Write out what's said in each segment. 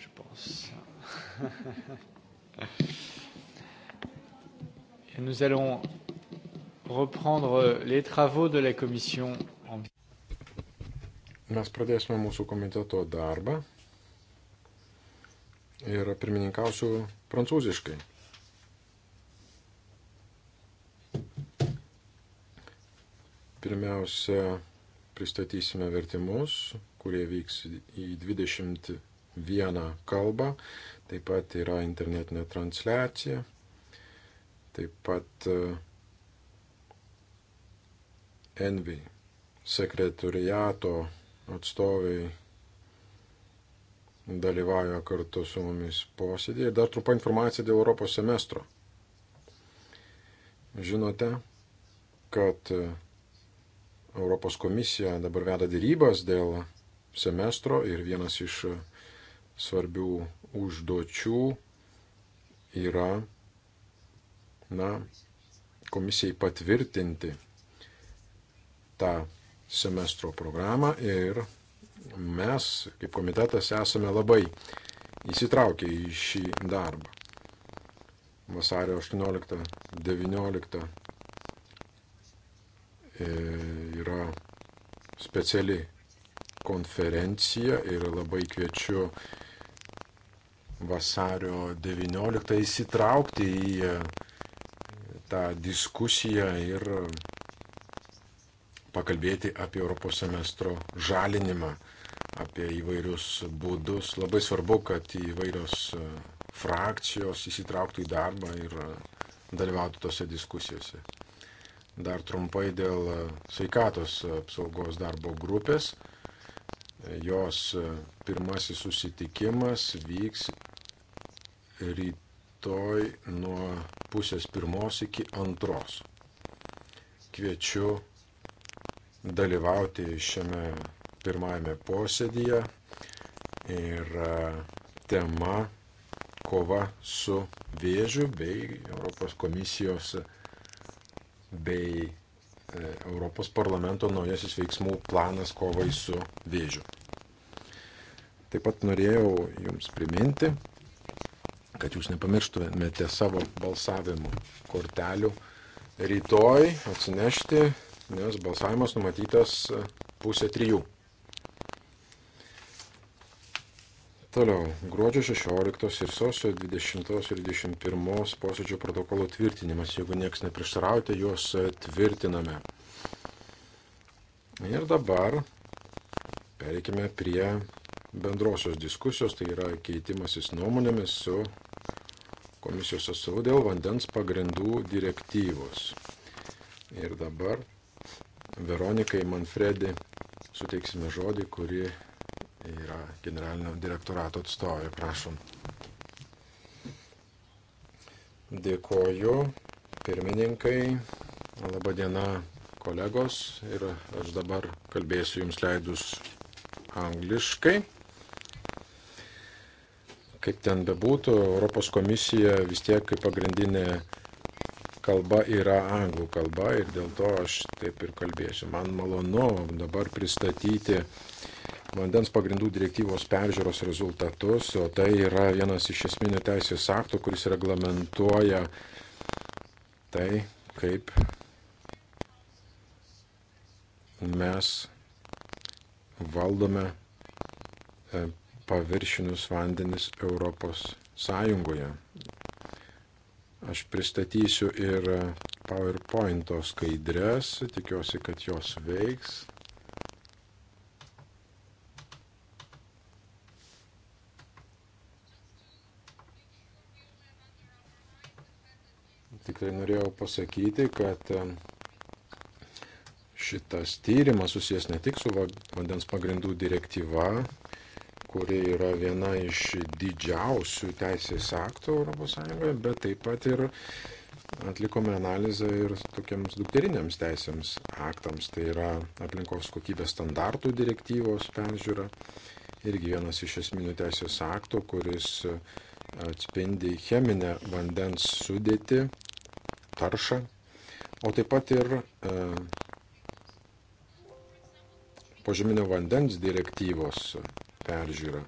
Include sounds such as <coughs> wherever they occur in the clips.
je pense. <laughs> Et nous allons reprendre euh, les travaux de la commission. Mes pradėsime mūsų komiteto darbą ir pirmininkausiu prancūziškai. Pirmiausia, pristatysime vertimus, kurie vyks į 20 vieną kalbą, taip pat yra internetinė transliacija, taip pat e, Envy sekretoriato atstovai dalyvauja kartu su mumis posėdėje. Dar trumpa informacija dėl Europos semestro. Žinote, kad e, Europos komisija dabar veda dėrybas dėl semestro ir vienas iš svarbių užduočių yra na, komisijai patvirtinti tą semestro programą ir mes, kaip komitetas, esame labai įsitraukę į šį darbą. Vasario 18-19 e, yra speciali konferencija ir labai kviečiu vasario 19 įsitraukti į e, tą diskusiją ir pakalbėti apie Europos semestro žalinimą, apie įvairius būdus. Labai svarbu, kad įvairios e, frakcijos įsitrauktų į darbą ir dalyvautų tose diskusijose. Dar trumpai dėl e, sveikatos apsaugos darbo grupės. Jos pirmasis susitikimas vyks rytoj nuo pusės pirmos iki antros. Kviečiu dalyvauti šiame pirmajame posėdyje ir tema kova su vėžiu bei Europos komisijos bei e, Europos parlamento naujasis veiksmų planas kovai su vėžiu. Taip pat norėjau Jums priminti, kad jūs nepamirštumėte savo balsavimo kortelių rytoj atsinešti, nes balsavimas numatytas pusė trijų. Toliau, gruodžio 16 ir sausio 20 ir 21 posėdžio protokolo tvirtinimas. Jeigu nieks neprieštaraujate, juos tvirtiname. Ir dabar pereikime prie bendrosios diskusijos, tai yra keitimasis nuomonėmis su komisijos atstovu dėl vandens pagrindų direktyvos. Ir dabar Veronikai Manfredi suteiksime žodį, kuri yra generalinio direktorato atstovė. Prašom. Dėkoju pirmininkai. Labadiena kolegos ir aš dabar kalbėsiu jums leidus angliškai. Kaip ten bebūtų, Europos komisija vis tiek kaip pagrindinė kalba yra anglų kalba ir dėl to aš taip ir kalbėsiu. Man malonu dabar pristatyti vandens pagrindų direktyvos peržiūros rezultatus, o tai yra vienas iš esminių teisės aktų, kuris reglamentuoja tai, kaip mes valdome e, paviršinius vandenis Europos Sąjungoje. Aš pristatysiu ir PowerPoint'o skaidrės, tikiuosi, kad jos veiks. Tik tai norėjau pasakyti, kad šitas tyrimas susijęs ne tik su vandens pagrindų direktyva, kuri yra viena iš didžiausių teisės aktų ES, bet taip pat ir atlikome analizę ir tokiams dukteriniams teisėms aktams, tai yra aplinkos kokybės standartų direktyvos peržiūra, irgi vienas iš esminių teisės aktų, kuris atspindi cheminę vandens sudėtį, taršą, o taip pat ir e, požeminio vandens direktyvos peržiūrą.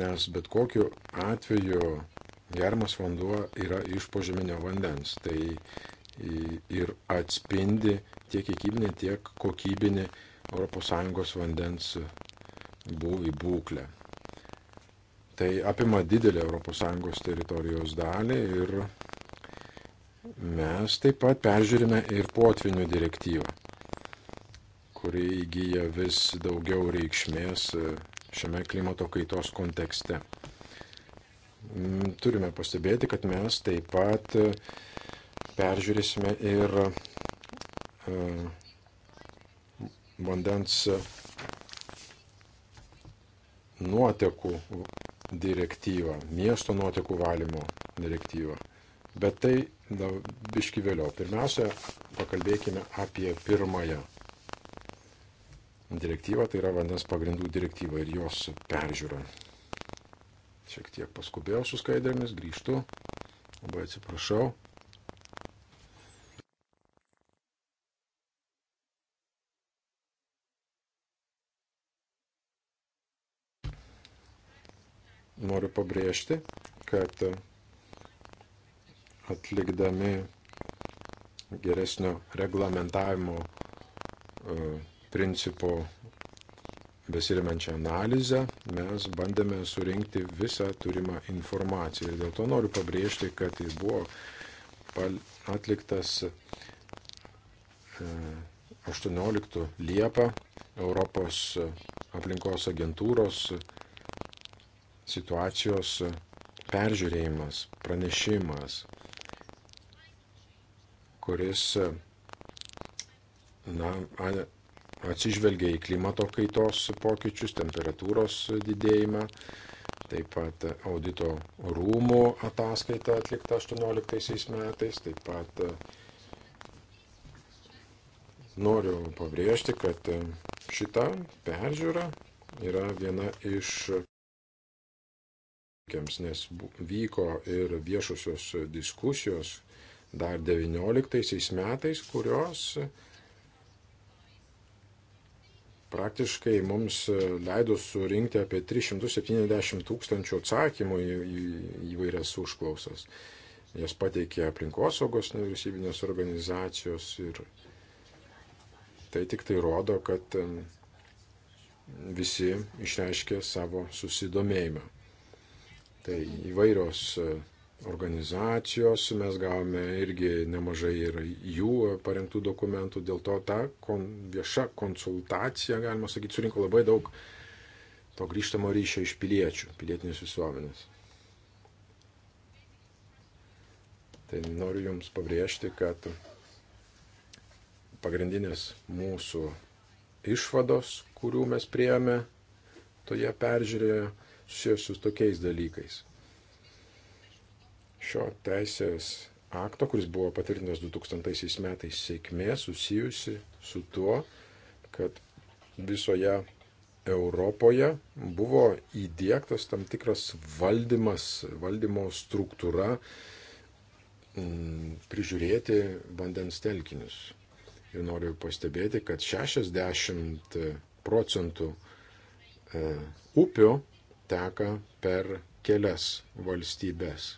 Nes bet kokiu atveju gerimas vanduo yra iš požeminio vandens. Tai ir atspindi tiek kiekybinį, tiek kokybinį ES vandens būvį būklę. Tai apima didelį ES teritorijos dalį ir mes taip pat peržiūrime ir potvinių direktyvą, kuri įgyja vis daugiau reikšmės šiame klimato kaitos kontekste. Mm, turime pastebėti, kad mes taip pat e, peržiūrėsime ir e, vandens nuotekų direktyvą, miesto nuotekų valymo direktyvą. Bet tai biški vėliau. Pirmiausia, pakalbėkime apie pirmąją direktyvą, tai yra vandens pagrindų direktyva ir jos peržiūra. Šiek tiek paskubėjau su skaidrėmis, grįžtu, labai atsiprašau. Noriu pabrėžti, kad atlikdami geresnio reglamentavimo uh, principu besirimančią analizę mes bandėme surinkti visą turimą informaciją. Ir dėl to noriu pabrėžti, kad jis buvo atliktas 18 e, Liepą Europos aplinkos agentūros situacijos peržiūrėjimas, pranešimas, kuris na, atsižvelgia į klimato kaitos pokyčius, temperatūros didėjimą. Taip pat audito rūmų ataskaita atlikta 18 metais. Taip pat e, noriu pabrėžti, kad e, šita peržiūra yra viena iš nes vyko ir viešusios diskusijos dar 19 metais, kurios praktiškai mums e, leido surinkti apie 370 tūkstančių atsakymų į, į įvairias užklausas. Jas pateikė aplinkosaugos nevyriausybinės organizacijos ir tai tik tai rodo, kad visi išreiškė savo susidomėjimą. Tai įvairios e, organizacijos, mes gavome irgi nemažai ir jų parengtų dokumentų, dėl to ta kon, vieša konsultacija, galima sakyti, surinko labai daug to grįžtamo ryšio iš piliečių, pilietinės visuomenės. Tai noriu Jums pabrėžti, kad pagrindinės mūsų išvados, kurių mes prieėmė toje peržiūrėje, susijusios su tokiais dalykais šio teisės akto, kuris buvo patvirtintas 2000 metais sėkmė susijusi su tuo, kad visoje Europoje buvo įdėktas tam tikras valdymas, valdymo struktūra m, mm, prižiūrėti vandens telkinius. Ir noriu pastebėti, kad 60 procentų e, upių teka per kelias valstybės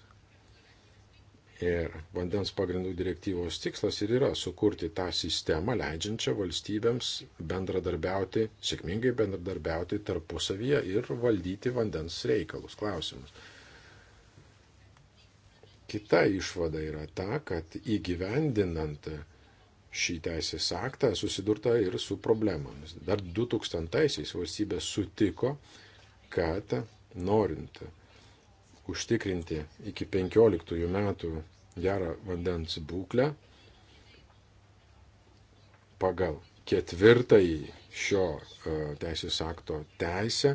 Ir vandens pagrindų direktyvos tikslas ir yra sukurti tą sistemą, leidžiančią valstybėms bendradarbiauti, sėkmingai bendradarbiauti tarpusavyje ir valdyti vandens reikalus, klausimus. Kita išvada yra ta, kad įgyvendinant šį teisės aktą susidurta ir su problemomis. Dar 2000-aisiais valstybė sutiko, kad norint užtikrinti iki 15 metų gerą vandens būklę pagal ketvirtąjį šio e, teisės akto teisę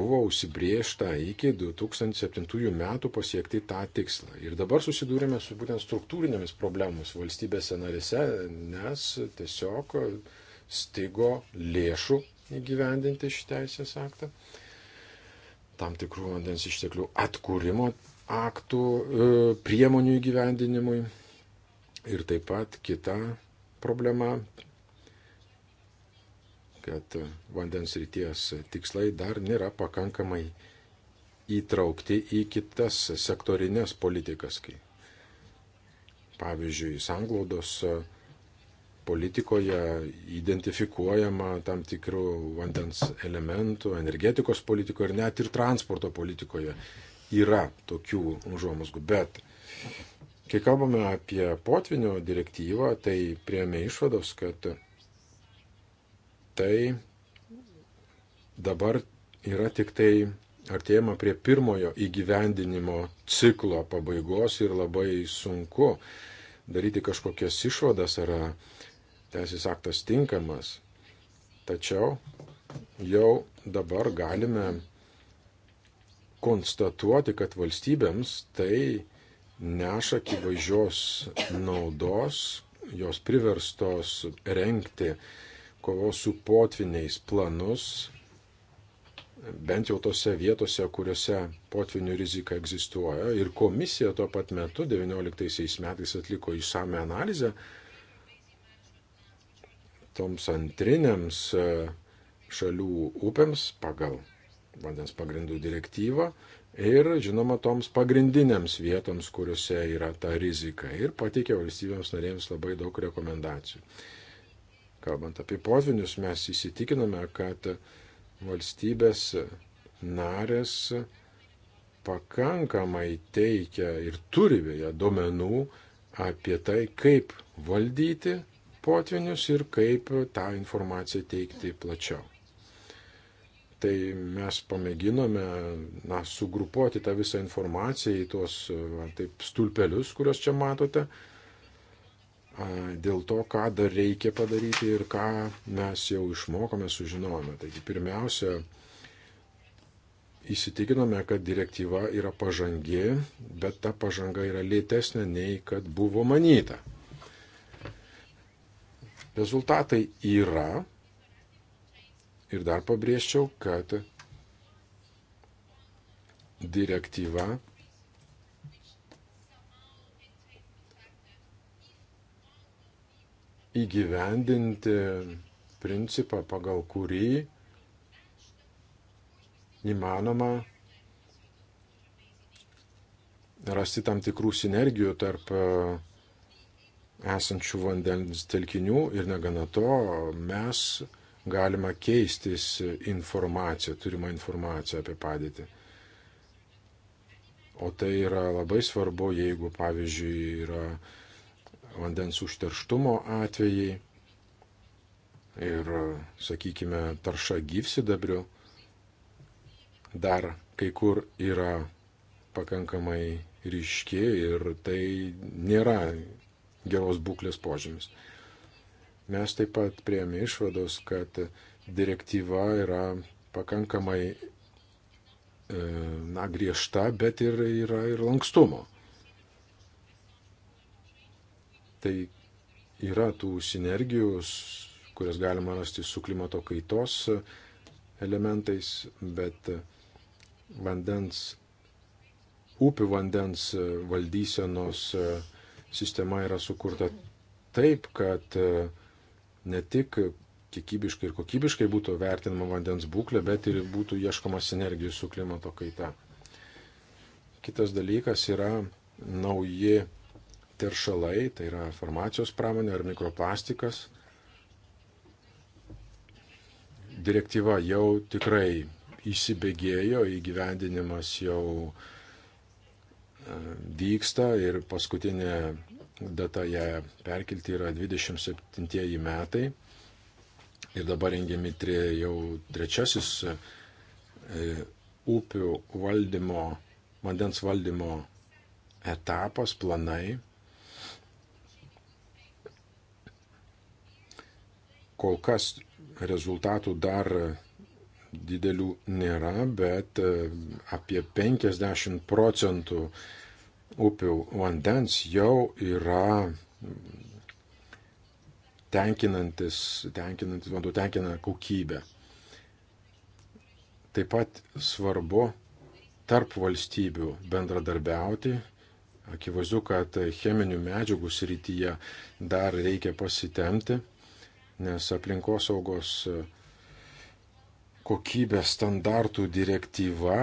buvo užsibriešta iki 2007 metų pasiekti tą tikslą. Ir dabar susidūrėme su būtent struktūrinėmis problemomis valstybėse narėse, nes tiesiog stigo lėšų įgyvendinti šį teisės aktą tam tikrų vandens išteklių atkūrimo aktų e, priemonių įgyvendinimui. Ir taip pat kita problema, kad vandens ryties tikslai dar nėra pakankamai įtraukti į kitas sektorinės politikas, kaip pavyzdžiui, sanglaudos politikoje identifikuojama tam tikrų vandens elementų, energetikos politikoje ir net ir transporto politikoje yra tokių užuomasgų. Bet kai kalbame apie potvinio direktyvą, tai prieėmė išvados, kad tai dabar yra tik tai artėjama prie pirmojo įgyvendinimo ciklo pabaigos ir labai sunku daryti kažkokias išvadas ar teisės aktas tinkamas, tačiau jau dabar galime konstatuoti, kad valstybėms tai neša akivaizdžios naudos, jos priverstos renkti kovos su potviniais planus, bent jau tose vietose, kuriuose potvinių rizika egzistuoja. Ir komisija tuo pat metu 19 metais atliko įsame analizę toms antrinėms e, šalių upėms pagal vandens pagrindų direktyvą ir, žinoma, toms pagrindinėms vietoms, kuriuose yra ta rizika. Ir pateikė valstybėms narėms labai daug rekomendacijų. Kalbant apie potvinius, mes įsitikiname, kad valstybės narės pakankamai teikia ir turi vėja duomenų apie tai, kaip valdyti potvinius ir kaip tą informaciją teikti plačiau. Tai mes pamėginome na, sugrupuoti tą visą informaciją į tuos ar taip stulpelius, kuriuos čia matote, dėl to, ką dar reikia padaryti ir ką mes jau išmokome, sužinojome. Taigi pirmiausia, įsitikinome, kad direktyva yra pažangi, bet ta pažanga yra lėtesnė nei kad buvo manyta. Rezultatai yra. Ir dar pabrėžčiau, kad direktyva įgyvendinti principą, pagal kurį įmanoma rasti tam tikrų sinergijų tarp esančių vandens telkinių ir negana to mes galime keistis informaciją, turimą informaciją apie padėtį. O tai yra labai svarbu, jeigu, pavyzdžiui, yra vandens užterštumo atvejai ir, sakykime, tarša gyvsidabriu. Dar kai kur yra pakankamai ryški ir tai nėra geros būklės požymis. Mes taip pat prieėmė išvados, kad direktyva yra pakankamai e, na, griežta, bet ir yra ir lankstumo. Tai yra tų sinergijų, kurias galima rasti su klimato kaitos elementais, bet vandens, upių vandens valdysenos uh, sistema yra sukurta taip, kad e, ne tik kiekybiškai ir kokybiškai būtų vertinama vandens būklė, bet ir būtų ieškoma sinergijų su klimato kaita. Kitas dalykas yra nauji teršalai, tai yra farmacijos pramonė ar mikroplastikas. Direktyva jau tikrai įsibėgėjo, įgyvendinimas jau uh, vyksta ir paskutinė data ją perkelti yra 27 metai. Ir dabar rengiami tre, jau trečiasis e, upių valdymo, vandens valdymo etapas, planai. Kol kas rezultatų dar didelių nėra, bet e, apie 50 procentų upių vandens jau yra mm, tenkinantis, tenkinantis vanduo tenkina kokybę. Taip pat svarbu tarp valstybių bendradarbiauti. Akivaizdu, kad cheminių medžiagų srityje dar reikia pasitemti, nes aplinkosaugos saugos kokybės standartų direktyva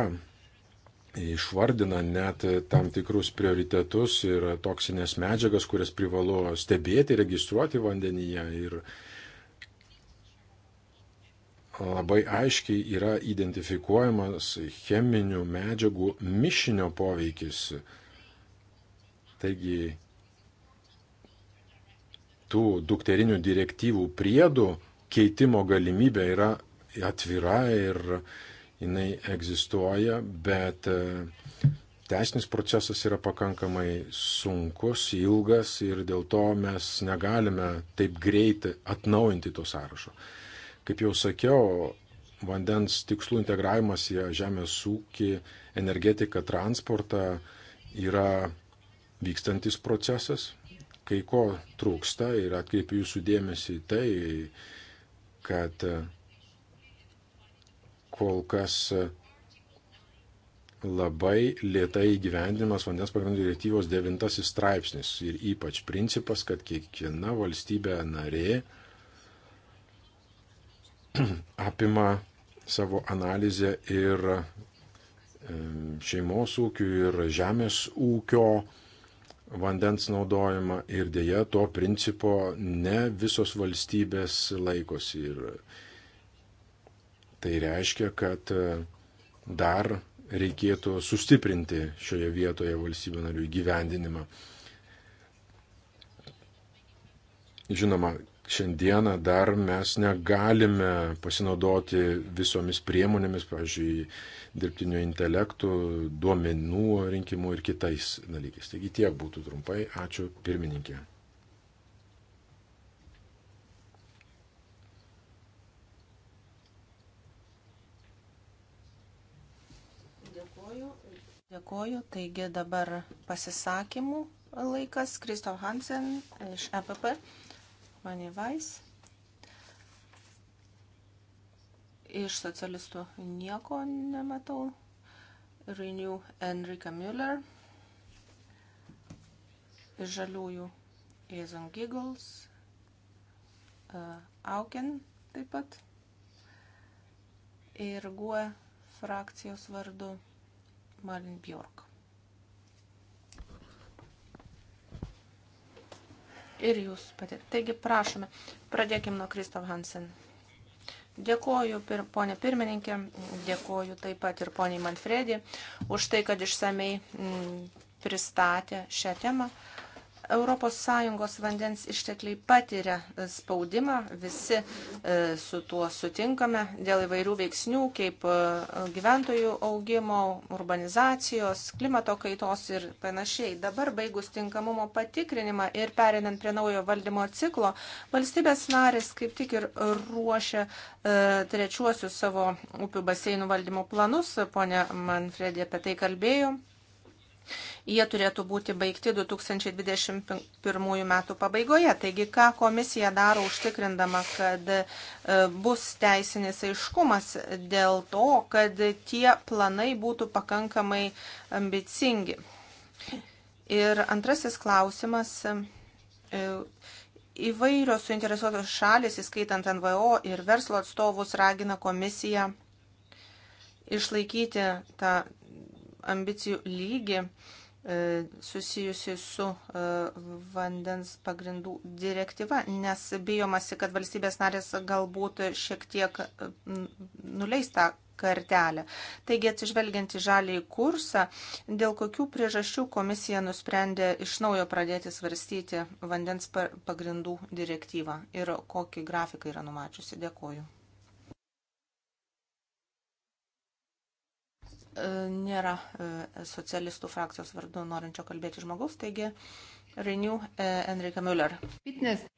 išvardina net tam tikrus prioritetus ir toksinės medžiagas, kurias privalu stebėti, registruoti vandenyje. Ir labai aiškiai yra identifikuojamas cheminių medžiagų mišinio poveikis. Taigi tų dukterinių direktyvų priedų keitimo galimybė yra atvira ir jinai egzistuoja, bet e, teisinis procesas yra pakankamai sunkus, ilgas ir dėl to mes negalime taip greitai atnaujinti to sąrašo. Kaip jau sakiau, vandens tikslų integravimas į žemės ūkį, energetiką, transportą yra vykstantis procesas, kai ko trūksta ir atkreipiu jūsų dėmesį tai, kad kol kas labai lietai gyvendimas vandens pagrindų direktyvos devintasis straipsnis ir ypač principas, kad kiekviena valstybė narė <clears throat> apima savo analizę ir e, šeimos ūkių ir žemės ūkio vandens naudojimą ir dėja to principo ne visos valstybės laikosi. Ir Tai reiškia, kad e, dar reikėtų sustiprinti šioje vietoje valstybių narių įgyvendinimą. Žinoma, šiandieną dar mes negalime pasinaudoti visomis priemonėmis, pavyzdžiui, dirbtinio intelektų, duomenų rinkimų ir kitais dalykais. Taigi tiek būtų trumpai. Ačiū pirmininkė. Dėkoju. Taigi dabar pasisakymų laikas. Kristo Hansen iš EPP. Mani Vais. Iš socialistų nieko nematau. Renew Enrika Müller. Iš žaliųjų Jason Giggles. Auken taip pat. Ir GUE frakcijos vardu Malin Bjork. Ir jūs pati. Taigi, prašome, pradėkime nuo Kristof Hansen. Dėkoju, pir, ponė pirmininkė, dėkoju taip pat ir poniai Manfredi už tai, kad išsamei m, mm, pristatė šią temą. ES vandens ištekliai patiria e, spaudimą, visi e, su tuo sutinkame dėl įvairių veiksnių, kaip e, gyventojų augimo, urbanizacijos, klimato kaitos ir panašiai. Dabar baigus tinkamumo patikrinimą ir perinant prie naujo valdymo ciklo, valstybės narės kaip tik ir ruošia trečiuosius savo upių baseinų valdymo planus. Pone Manfredė apie tai kalbėjo. Jie turėtų būti baigti 2021 m. pabaigoje. Taigi, ką komisija daro užtikrindama, kad e, bus teisinis aiškumas dėl to, kad tie planai būtų pakankamai ambicingi. Ir antrasis klausimas e, įvairios suinteresuotos šalis, įskaitant NVO ir verslo atstovus, ragina komisiją išlaikyti tą ambicijų lygį E, susijusi su e, vandens pagrindų direktyva, nes bijomasi, kad valstybės narės galbūt šiek tiek e, nuleista kartelę. Taigi, atsižvelgiant į žalį kursą, dėl kokių priežasčių komisija nusprendė iš naujo pradėti svarstyti vandens pagrindų direktyvą ir kokį grafiką yra numačiusi. Dėkuoju. E, nėra e, socialistų frakcijos vardu norinčio kalbėti žmogaus, taigi Renew e, Enrika Müller. Fitness.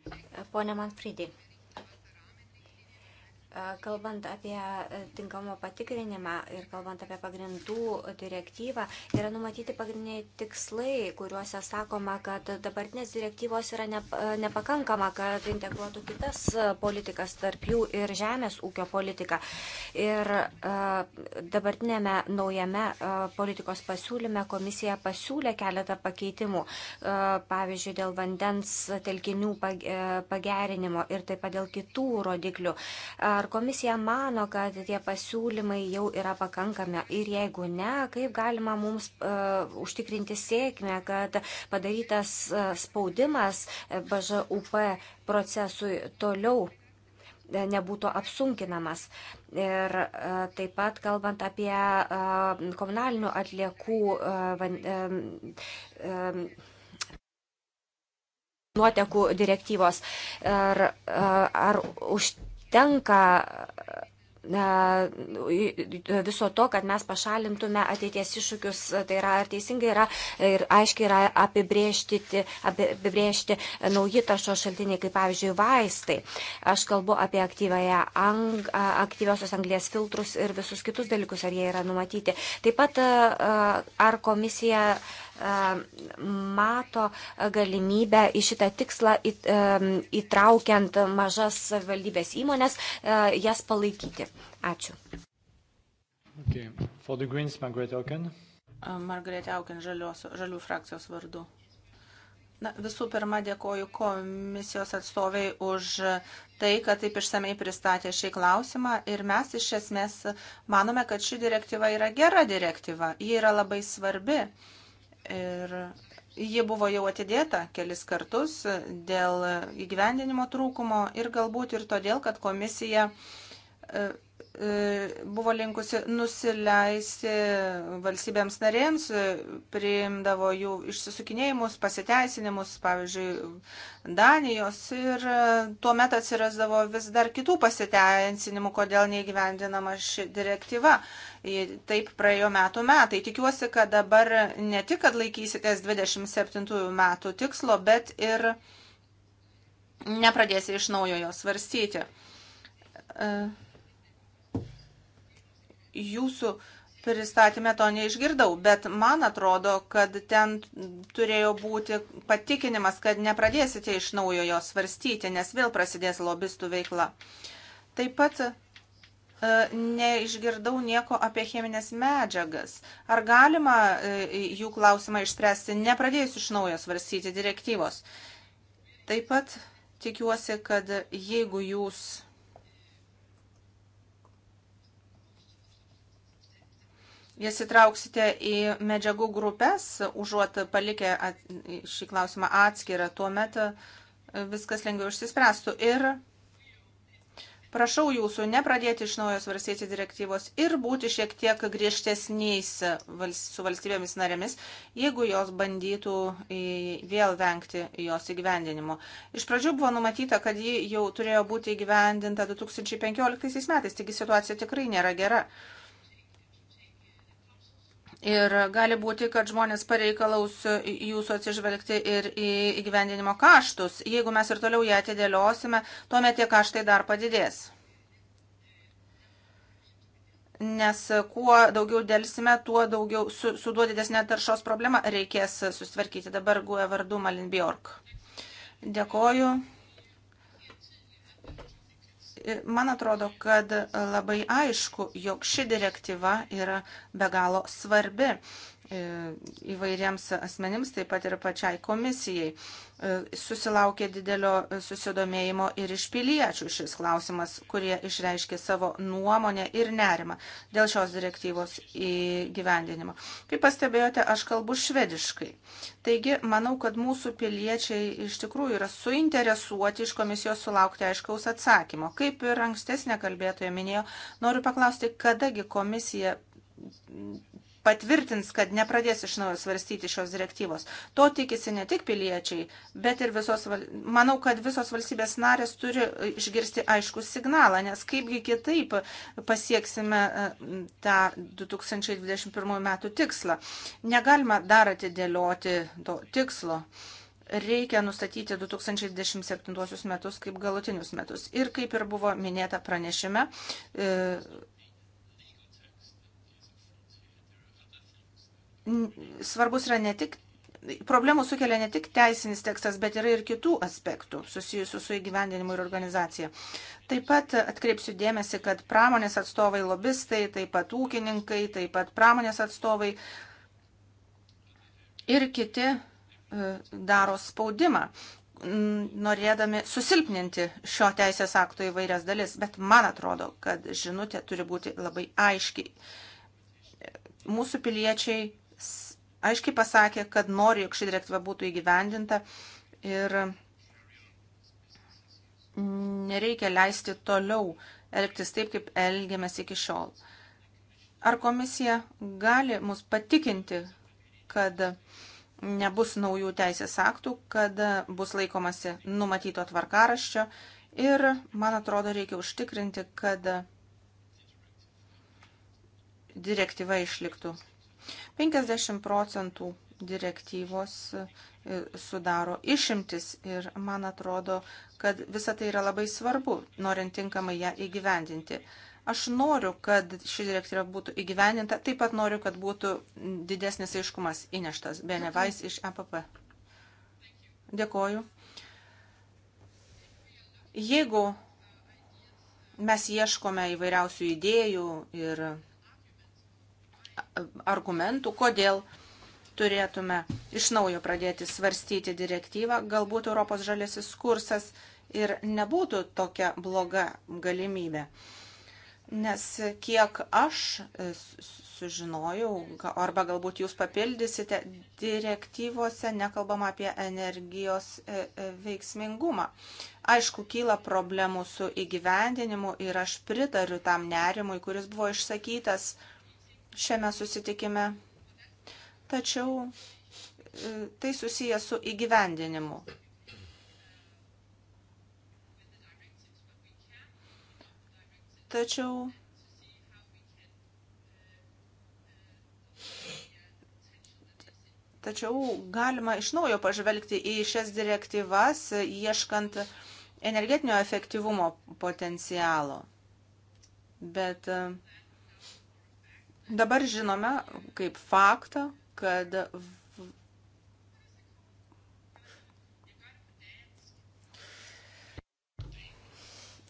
Pone Manfridi, kalbant apie e, tinkamą patikrinimą ir kalbant apie pagrindų direktyvą, yra numatyti pagrindiniai tikslai, kuriuose sakoma, kad dabartinės direktyvos yra e, nepakankama, kad integruotų kitas politikas, tarp jų ir žemės ūkio politika. Ir e, dabartinėme naujame politikos pasiūlyme komisija pasiūlė keletą pakeitimų, pavyzdžiui, dėl vandens telkinių pagerinimo ir taip pat dėl kitų rodiklių. Ar Ar komisija mano, kad tie pasiūlymai jau yra pakankami ir jeigu ne, kaip galima mums uh, užtikrinti sėkmę, kad padarytas uh, spaudimas e, BŽUP procesui toliau nebūtų apsunkinamas. Ir taip pat kalbant apie komunalinių atliekų nuotekų direktyvos. Ar, ar už, tenka viso to, kad mes pašalintume ateities iššūkius, tai yra ar teisingai yra ir aiškiai yra apibriežti, apibriežti nauji taršo šaltiniai, kaip pavyzdžiui vaistai. Aš kalbu apie ang, aktyviosios anglės filtrus ir visus kitus dalykus, ar jie yra numatyti. Taip pat ar komisija E, mato galimybę į šitą tikslą e, įtraukiant mažas valdybės įmonės, e, jas palaikyti. Ačiū. Okay. For the Greens, Margaret Auken. Margaret Auken, žalios, žalių frakcijos vardu. Na, visų pirma, dėkoju komisijos atstoviai už tai, kad taip išsamei pristatė šį klausimą. Ir mes iš esmės manome, kad ši direktyva yra gera direktyva. Ji yra labai svarbi. Uh, Ir ji buvo jau atidėta kelis kartus dėl įgyvendinimo trūkumo ir galbūt ir todėl, kad komisija e, E, buvo linkusi nusileisti valstybėms narėms, e, priimdavo jų išsisukinėjimus, pasiteisinimus, pavyzdžiui, Danijos ir e, tuo metu atsirasdavo vis dar kitų pasiteisinimų, kodėl neįgyvendinama ši direktyva. Taip praėjo metų metai. Tikiuosi, kad dabar ne tik, kad laikysitės 27 metų tikslo, bet ir nepradėsi iš naujo jo svarstyti. Uh jūsų pristatymę to neišgirdau, bet man atrodo, kad ten turėjo būti patikinimas, kad nepradėsite iš naujo jo svarstyti, nes vėl prasidės lobistų veikla. Taip pat e, neišgirdau nieko apie cheminės medžiagas. Ar galima e, jų klausimą išspręsti, nepradėjus iš naujo svarstyti direktyvos? Taip pat tikiuosi, kad jeigu jūs Jis įtrauksite į medžiagų grupės, užuot palikę at, šį klausimą atskirą, tuomet e, viskas lengviau išsispręstų. Ir prašau jūsų nepradėti iš naujo svarstyti direktyvos ir būti šiek tiek griežtesniais su valstybėmis narėmis, jeigu jos bandytų vėl vengti jos įgyvendinimo. Iš pradžių buvo numatyta, kad ji jau turėjo būti įgyvendinta 2015 metais, taigi situacija tikrai nėra gera. Ir gali būti, kad žmonės pareikalaus jūsų atsižvelgti ir į įgyvendinimo kaštus. Jeigu mes ir toliau ją atidėliosime, tuomet tie kaštai dar padidės. Nes kuo daugiau dėlsime, tuo daugiau su, su duo didesnė taršos problema reikės susitvarkyti. Dabar guoja vardu Malin Bjork. Dėkoju. Man atrodo, kad labai aišku, jog ši direktyva yra be galo svarbi e, įvairiems asmenims, taip pat ir pačiai komisijai. E, susilaukė didelio e, susidomėjimo ir iš piliečių šis klausimas, kurie išreiškė savo nuomonę ir nerimą dėl šios direktyvos įgyvendinimo. Kaip pastebėjote, aš kalbu švediškai. Taigi, manau, kad mūsų piliečiai iš tikrųjų yra suinteresuoti iš komisijos sulaukti aiškaus atsakymo. Kaip ir ankstesnė kalbėtoja minėjo, noriu paklausti, kadagi komisija patvirtins, kad nepradės iš naujo svarstyti šios direktyvos. To tikisi ne tik piliečiai, bet ir visos, manau, kad visos valstybės narės turi e, išgirsti aišku signalą, nes kaipgi kitaip pasieksime e, tą 2021 metų tikslą. Negalima dar atidėlioti to tikslo reikia nustatyti 2027 metus kaip galutinius metus. Ir kaip ir buvo minėta pranešime, e, svarbus yra ne tik, problemų sukelia ne tik teisinis tekstas, bet yra ir kitų aspektų susijusių su įgyvendinimu ir organizacija. Taip pat atkreipsiu dėmesį, kad pramonės atstovai, lobistai, taip pat ūkininkai, taip pat pramonės atstovai ir kiti e, daro spaudimą, norėdami susilpninti šio teisės akto įvairias dalis, bet man atrodo, kad žinutė turi būti labai aiškiai. Mūsų piliečiai aiškiai pasakė, kad nori, jog ši direktyva būtų įgyvendinta ir nereikia leisti toliau elgtis taip, kaip elgiamės iki šiol. Ar komisija gali mus patikinti, kad nebus naujų teisės aktų, kad bus laikomasi numatyto tvarkaraščio ir, man atrodo, reikia užtikrinti, kad direktyva išliktų 50 procentų direktyvos e, sudaro išimtis ir man atrodo, kad visa tai yra labai svarbu, norint tinkamai ją įgyvendinti. Aš noriu, kad ši direktyva būtų įgyvendinta, taip pat noriu, kad būtų didesnis aiškumas įneštas. Benevais iš EPP. Dėkoju. Jeigu mes ieškome įvairiausių idėjų ir argumentų, kodėl turėtume iš naujo pradėti svarstyti direktyvą, galbūt Europos žalėsis kursas ir nebūtų tokia bloga galimybė. Nes kiek aš sužinojau, arba galbūt jūs papildysite, direktyvose nekalbama apie energijos e, e, veiksmingumą. Aišku, kyla problemų su įgyvendinimu ir aš pritariu tam nerimui, kuris buvo išsakytas šiame susitikime, tačiau e, tai susiję su įgyvendinimu. Tačiau Tačiau galima iš naujo pažvelgti į šias direktyvas, ieškant energetinio efektyvumo potencialo. Bet uh, Dabar žinome kaip faktą, kad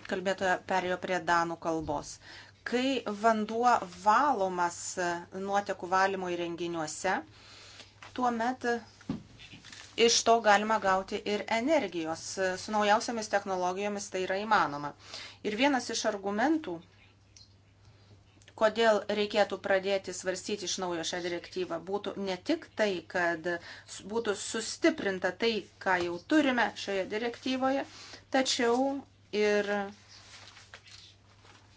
kalbėtoja perėjo prie danų kalbos. Kai vanduo valomas nuotekų valymo įrenginiuose, tuomet iš to galima gauti ir energijos. Su naujausiamis technologijomis tai yra įmanoma. Ir vienas iš argumentų kodėl reikėtų pradėti svarstyti iš naujo šią direktyvą, būtų ne tik tai, kad būtų sustiprinta tai, ką jau turime šioje direktyvoje, tačiau ir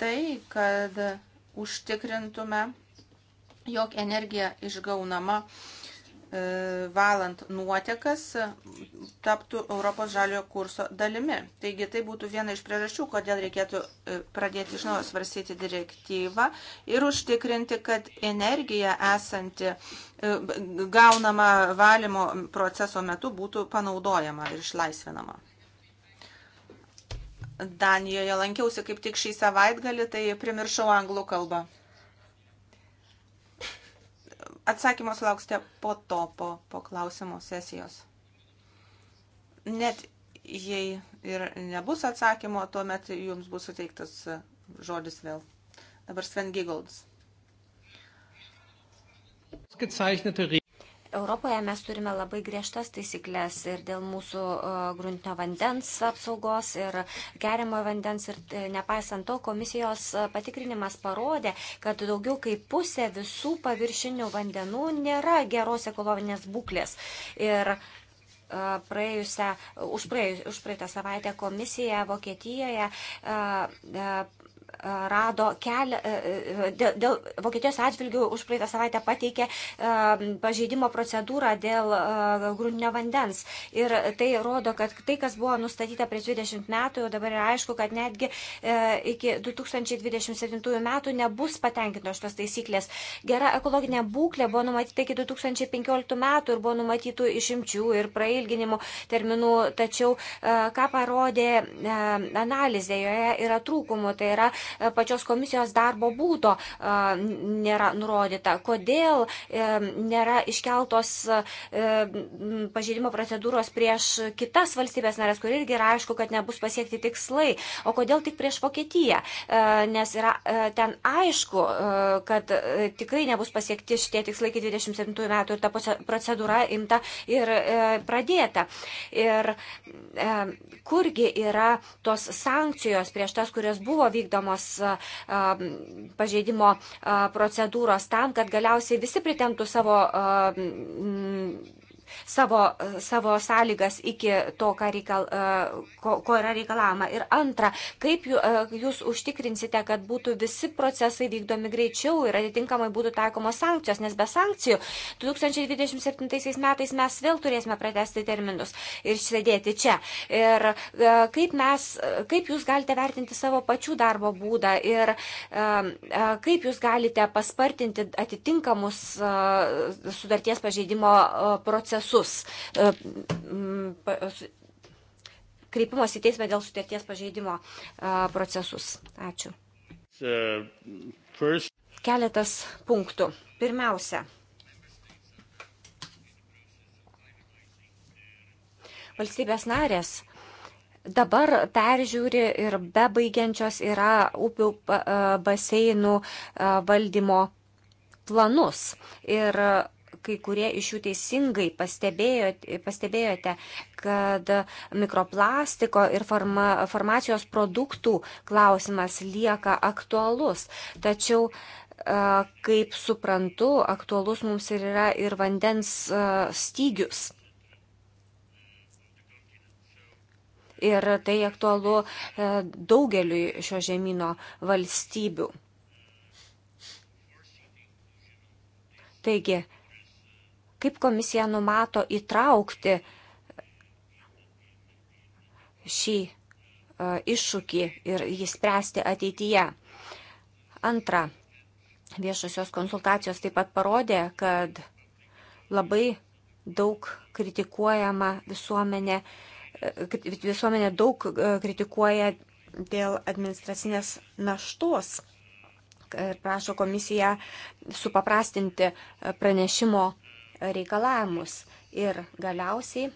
tai, kad užtikrintume, jog energija išgaunama uh, E, valant nuotekas e, taptų Europos žaliojo kurso dalimi. Taigi tai būtų viena iš priežasčių, kodėl reikėtų e, pradėti iš naujo svarstyti direktyvą ir užtikrinti, kad energija esanti gaunama valymo proceso metu būtų panaudojama ir išlaisvinama. Danijoje lankiausi kaip tik šį savaitgalį, tai primiršau anglų kalbą. Atsakymą sulauksite po to, po, po klausimų sesijos. Net jei ir nebus atsakymo, tuomet jums bus suteiktas žodis vėl. Dabar Sven Gigolds. Europoje mes turime labai griežtas taisyklės ir dėl mūsų e, gruntinio vandens apsaugos ir geriamojo vandens ir e, nepaisant to komisijos e, patikrinimas parodė, kad daugiau kaip pusė visų paviršinių vandenų nėra geros ekologinės būklės. Ir praėjusią, už, praėjus, už praeitą savaitę komisija Vokietijoje E, rado kelią, e, e, dėl, dėl Vokietijos atžvilgių už praeitą savaitę pateikė pažeidimo procedūrą dėl grūdinio vandens. Ir tai rodo, kad tai, kas buvo nustatyta prieš 20 metų, jau dabar yra aišku, kad netgi iki 2027 metų nebus patenkintos šios taisyklės. Gera ekologinė būklė buvo numatyta iki 2015 metų ir buvo numatytų išimčių ir prailginimų terminų. Tačiau, ką parodė analizė, joje yra trūkumų. Tai yra pačios komisijos darbo būdo nėra nurodyta. Kodėl e, nėra iškeltos e, pažeidimo procedūros prieš kitas valstybės narės, kur irgi yra aišku, kad nebus pasiekti tikslai. O kodėl tik prieš Vokietiją? E, nes yra ten aišku, kad tikrai nebus pasiekti šitie tikslai iki 27 metų ir ta procedūra imta ir pradėta. Ir kurgi yra tos sankcijos prieš tas, kurios buvo vykdomos tos pažeidimo procedūros tam, kad galiausiai visi pritemtų savo savo, savo sąlygas iki to, reikal, e, ko, ko yra reikalama. Ir antra, kaip e, jūs užtikrinsite, kad būtų visi procesai vykdomi greičiau ir atitinkamai būtų taikomos sankcijos, nes be sankcijų 2027 metais mes vėl turėsime pratesti terminus ir sėdėti čia. Ir e, kaip, mes, kaip jūs galite vertinti savo pačių darbo būdą ir kaip jūs galite paspartinti atitinkamus sudarties pažeidimo procesus procesus. E, kreipimas į teismą dėl sutarties pažeidimo e, procesus. Ačiū. Keletas punktų. Pirmiausia, valstybės narės dabar peržiūri ir bebaigiančios yra upių e, baseinų valdymo planus. Ir kai kurie iš jų teisingai pastebėjote, pastebėjote kad mikroplastiko ir farma, farmacijos produktų klausimas lieka aktualus. Tačiau kaip suprantu, aktualus mums ir yra ir vandens stygius. Ir tai aktualu e, daugeliui šio žemino valstybių. Taigi, Kaip komisija numato įtraukti šį e, iššūkį ir jį spręsti ateityje? Antra, viešosios konsultacijos taip pat parodė, kad labai daug kritikuojama visuomenė, e, visuomenė daug e, kritikuoja dėl administracinės naštos ir prašo komisiją supaprastinti pranešimo reikalavimus. Ir galiausiai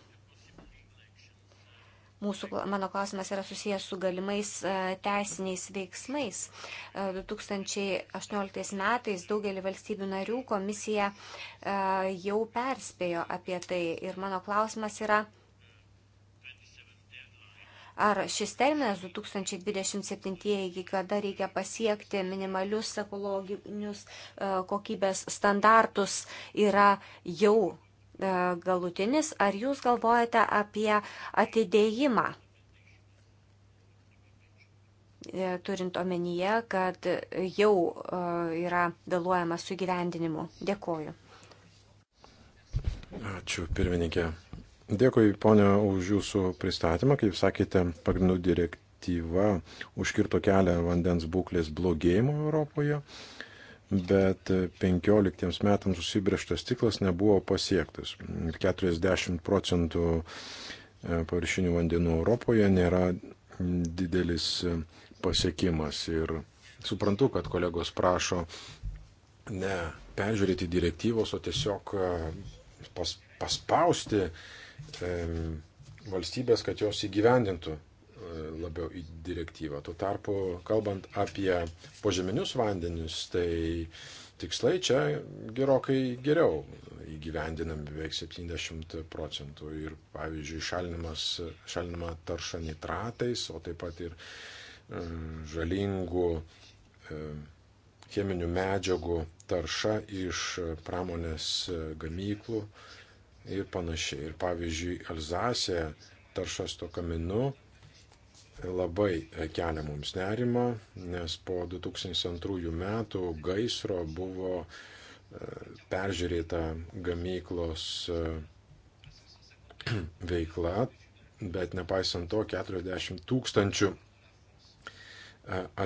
mūsų, mano klausimas yra susijęs su galimais e, teisiniais veiksmais. 2018 e, metais daugelį valstybių narių komisija e, jau perspėjo apie tai. Ir mano klausimas yra, Ar šis terminas 2027 iki kada reikia pasiekti minimalius ekologinius e, kokybės standartus yra jau e, galutinis, ar jūs galvojate apie atidėjimą, e, turint omenyje, kad jau yra vėluojama su gyvendinimu. Dėkoju. Ačiū, pirmininkė. Dėkui, ponia, už jūsų pristatymą. Kaip sakėte, pagrindų direktyva užkirto kelią vandens būklės blogėjimo Europoje, bet 15 metams susibrieštas tiklas nebuvo pasiektas. 40 procentų e, paviršinių vandenų Europoje nėra didelis e, pasiekimas. Ir suprantu, kad kolegos prašo ne peržiūrėti direktyvos, o tiesiog e, pas, paspausti valstybės, kad jos įgyvendintų e, labiau į direktyvą. Tuo tarpu, kalbant apie požeminius vandenis, tai tikslai čia gerokai geriau įgyvendinami beveik 70 procentų ir, pavyzdžiui, šalinama tarša nitratais, o taip pat ir e, žalingų e, cheminių medžiagų tarša iš pramonės gamyklų ir panašiai. Ir pavyzdžiui, Alzase taršas to kaminu labai kelia mums nerima, nes po 2002 metų gaisro buvo e, peržiūrėta gamyklos e, <clears throat> veikla, bet nepaisant to 40 tūkstančių e,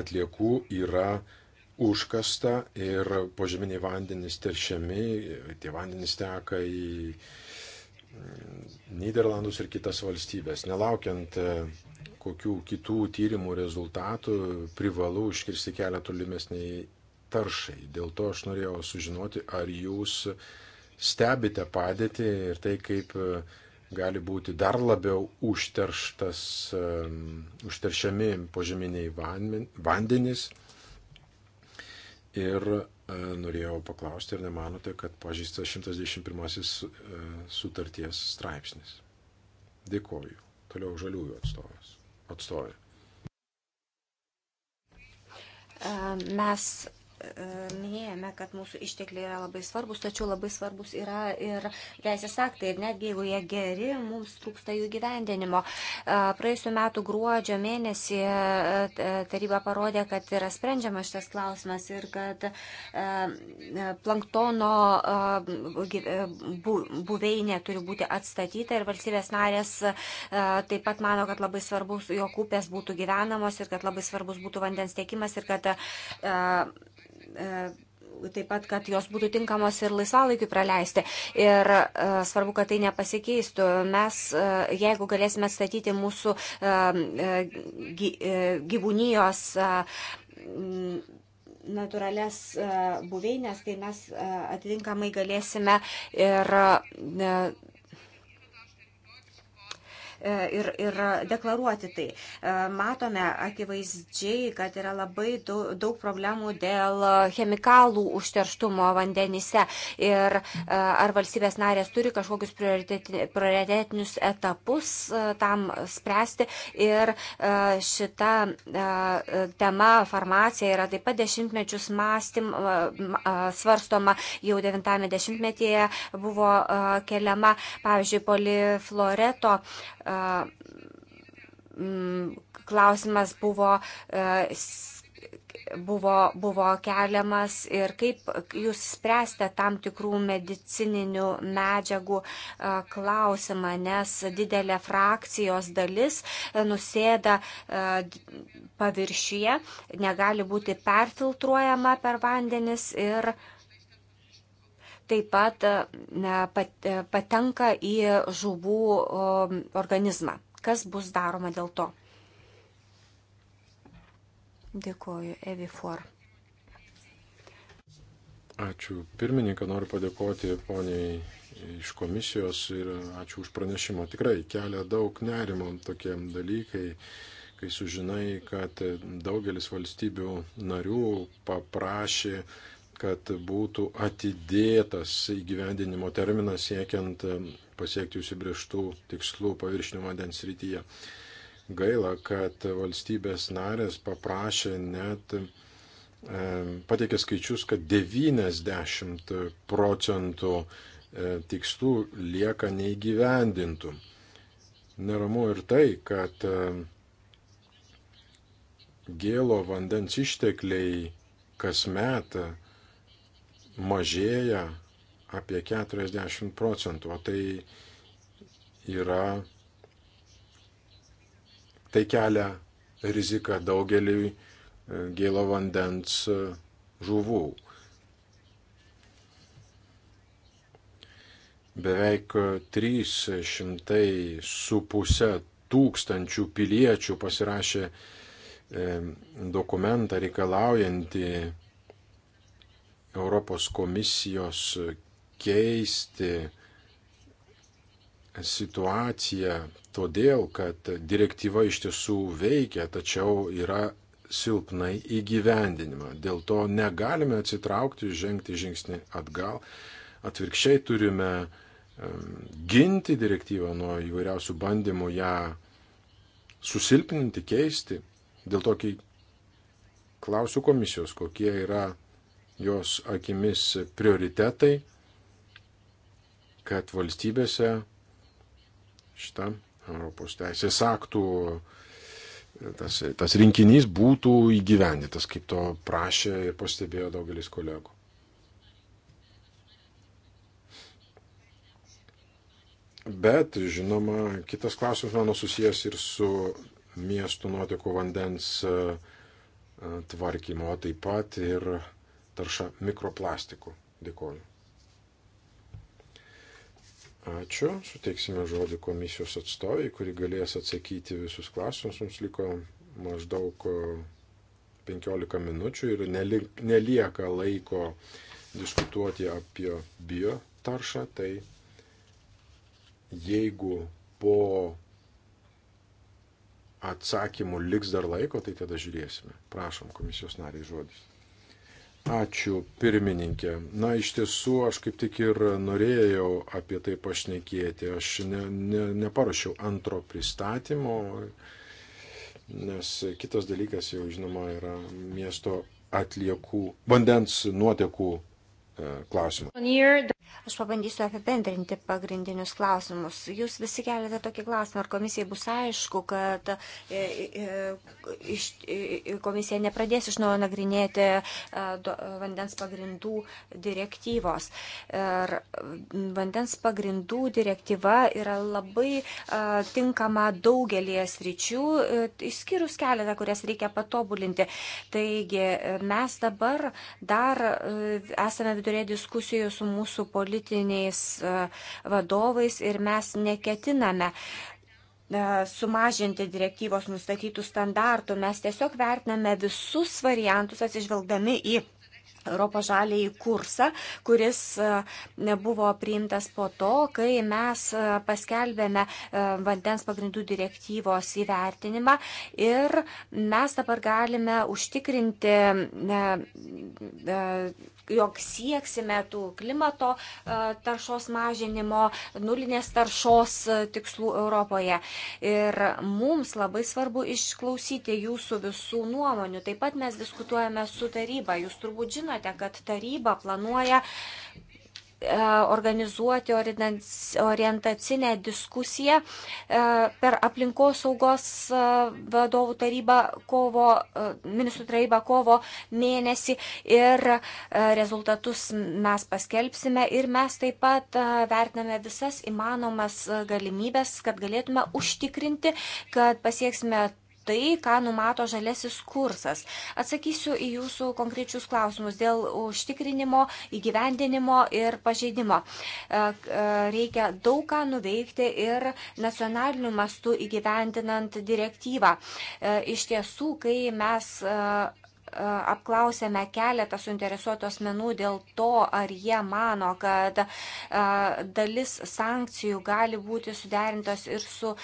atliekų yra užkasta ir požeminiai vandenys teršiami, tie vandenys teka į Niderlandus ir kitas valstybės. Nelaukiant e, kokių kitų tyrimų rezultatų, privalu užkirsti kelią tolimesniai taršai. Dėl to aš norėjau sužinoti, ar jūs stebite padėtį ir tai, kaip e, gali būti dar labiau užterštas, e, užteršiami požeminiai vandenys. Ir e, norėjau paklausti, ar nemanote, kad pažįstas 111 e, sutarties straipsnis. Dėkoju. Toliau žaliųjų atstovas. Atstovė. E, mes minėjome, kad mūsų ištekliai yra labai svarbus, tačiau labai svarbus yra ir teisės aktai. Ir netgi jeigu jie geri, mums trūksta jų gyvendinimo. Praėjusiu metu gruodžio mėnesį taryba parodė, kad yra sprendžiamas šitas klausimas ir kad planktono buveinė turi būti atstatyta ir valstybės narės taip pat mano, kad labai svarbus, jog upės būtų gyvenamos ir kad labai svarbus būtų vandens tiekimas ir kad E, taip pat, kad jos būtų tinkamos ir laisvalaikiu praleisti. Ir e, svarbu, kad tai nepasikeistų. Mes, e, jeigu galėsime statyti mūsų e, e, gy, e, gyvūnijos. E, natūralias e, buveinės, tai mes atitinkamai galėsime ir E, ir, ir deklaruoti tai. E, matome akivaizdžiai, kad yra labai daug problemų dėl chemikalų užterštumo vandenyse ir e, ar valstybės narės turi kažkokius prioritetinius etapus tam spręsti ir šita tema farmacija yra taip pat dešimtmečius mąstym, svarstoma jau 90-metyje buvo keliama, pavyzdžiui, polifloreto klausimas buvo, e, buvo, buvo keliamas ir kaip jūs spręsite tam tikrų medicininių medžiagų klausimą, nes didelė frakcijos dalis e, nusėda e, paviršyje, negali būti perfiltruojama per vandenis ir uh, taip pat e, e, patenka į žuvų organizmą. Kas bus daroma dėl to? Dėkuoju, Evi For. Ačiū pirmininką, noriu padėkoti poniai iš komisijos ir ačiū už pranešimą. Tikrai kelia daug nerimo tokie dalykai, kai sužinai, kad daugelis valstybių narių paprašė uh, kad būtų atidėtas įgyvendinimo terminas siekiant pasiekti užsibrieštų tikslų paviršinio vandens rytyje. Gaila, kad valstybės narės paprašė net e, pateikė skaičius, kad 90 procentų e, tikslų lieka neįgyvendintų. Neramu ir tai, kad e, gėlo vandens ištekliai kasmet metą mažėja apie 40 procentų, o tai yra, tai kelia riziką daugeliui e, gėlo vandens e, žuvų. Beveik 300 su pusė tūkstančių piliečių pasirašė e, dokumentą reikalaujantį Europos komisijos keisti situaciją todėl, kad direktyva iš tiesų veikia, tačiau yra silpnai įgyvendinima. Dėl to negalime atsitraukti, žengti žingsnį atgal. Atvirkščiai turime ginti direktyvą nuo įvairiausių bandymų ją susilpninti, keisti. Dėl to, kai klausiu komisijos, kokie yra jos akimis prioritetai, kad valstybėse šitą Europos teisės aktų tas, tas rinkinys būtų įgyvendytas, kaip to prašė ir pastebėjo daugelis kolegų. Bet, žinoma, kitas klausimas mano susijęs ir su miestų nuotekų vandens tvarkymo, taip pat ir tarša mikroplastikų. Dėkoju. Ačiū. Suteiksime žodį komisijos atstovai, kuri galės atsakyti visus klausimus. Mums liko maždaug 15 e, minučių ir nelieka laiko diskutuoti apie bio taršą. Tai jeigu po atsakymų liks dar laiko, tai tada žiūrėsime. Prašom, komisijos nariai žodis. Ačiū, pirmininkė. Na, iš tiesų, aš kaip tik ir norėjau apie tai pašnekėti. Aš ne, ne, neparašiau antro pristatymo, nes kitas dalykas jau, žinoma, yra miesto atliekų, vandens nuotekų E, klausimų. Aš pabandysiu apibendrinti pagrindinius klausimus. Jūs visi keliate tokį klausimą, ar komisijai bus aišku, kad e, e, komisija nepradės iš naujo nagrinėti vandens pagrindų direktyvos. Ir vandens pagrindų direktyva yra labai tinkama daugelį sričių, išskyrus keletą, kurias reikia patobulinti. Taigi mes dabar dar esame viduryje diskusijų su mūsų politiniais e, vadovais ir mes neketiname e, sumažinti direktyvos nustatytų standartų. Mes tiesiog vertiname visus variantus atsižvelgdami į Europos žaliai kursą, kuris e, buvo priimtas po to, kai mes e, paskelbėme e, vandens pagrindų direktyvos įvertinimą ir mes dabar galime užtikrinti, jog sieksime tų klimato taršos mažinimo, nulinės taršos tikslų Europoje. Ir mums labai svarbu išklausyti jūsų visų nuomonių. Taip pat mes diskutuojame su taryba. Jūs turbūt žinote, žinote, kad taryba planuoja e, organizuoti orientacinę diskusiją e, per aplinkosaugos e, vadovų tarybą kovo, ministrų tarybą kovo mėnesį ir rezultatus mes paskelbsime ir mes taip pat vertiname visas įmanomas galimybės, kad galėtume užtikrinti, kad pasieksime tai, ką numato žalesis kursas. Atsakysiu į jūsų konkrečius klausimus dėl užtikrinimo, įgyvendinimo ir pažeidimo. E, e, reikia daug ką nuveikti ir nacionaliniu mastu įgyvendinant direktyvą. E, iš tiesų, kai mes apklausėme keletą suinteresuotų asmenų dėl to, ar jie mano, kad dalis sankcijų gali būti suderintos ir su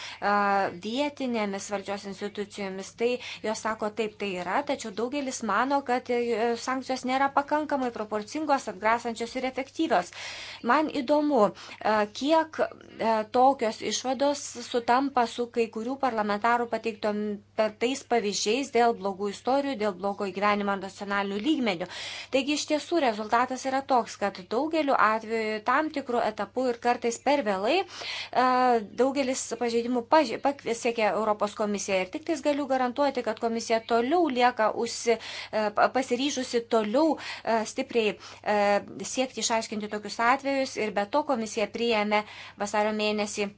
vietinėmis valdžios institucijomis. Tai jos sako, taip tai yra, tačiau daugelis mano, kad e, sankcijos nėra pakankamai proporcingos, atgrasančios ir efektyvios. Man įdomu, kiek e, tokios išvados sutampa su kai kurių parlamentarų pateiktais pavyzdžiais dėl blogų istorijų, dėl blogo įgyvenimą nacionalinių lygmenių. Taigi iš tiesų rezultatas yra toks, kad daugeliu atveju tam tikrų etapų ir kartais per vėlai e, daugelis pažeidimų pasiekia Europos komisiją. Ir tik tais galiu garantuoti, kad komisija toliau lieka užsi, e, pasiryžusi toliau e, stipriai siekti išaiškinti tokius atvejus. Ir be to komisija priėmė vasario mėnesį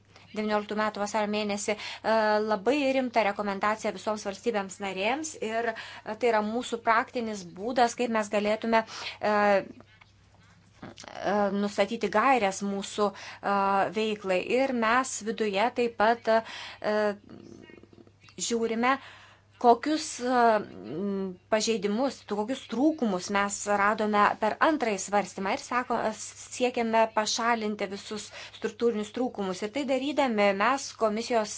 19 metų vasario mėnesį e, labai rimtą rekomendaciją visoms valstybėms narėms ir e, tai yra mūsų praktinis būdas, kaip mes galėtume e, nustatyti gairias mūsų veiklai. Ir mes viduje taip pat žiūrime, kokius pažeidimus, kokius trūkumus mes radome per antrąjį svarstymą ir sako, siekiame pašalinti visus struktūrinius trūkumus. Ir tai darydami mes komisijos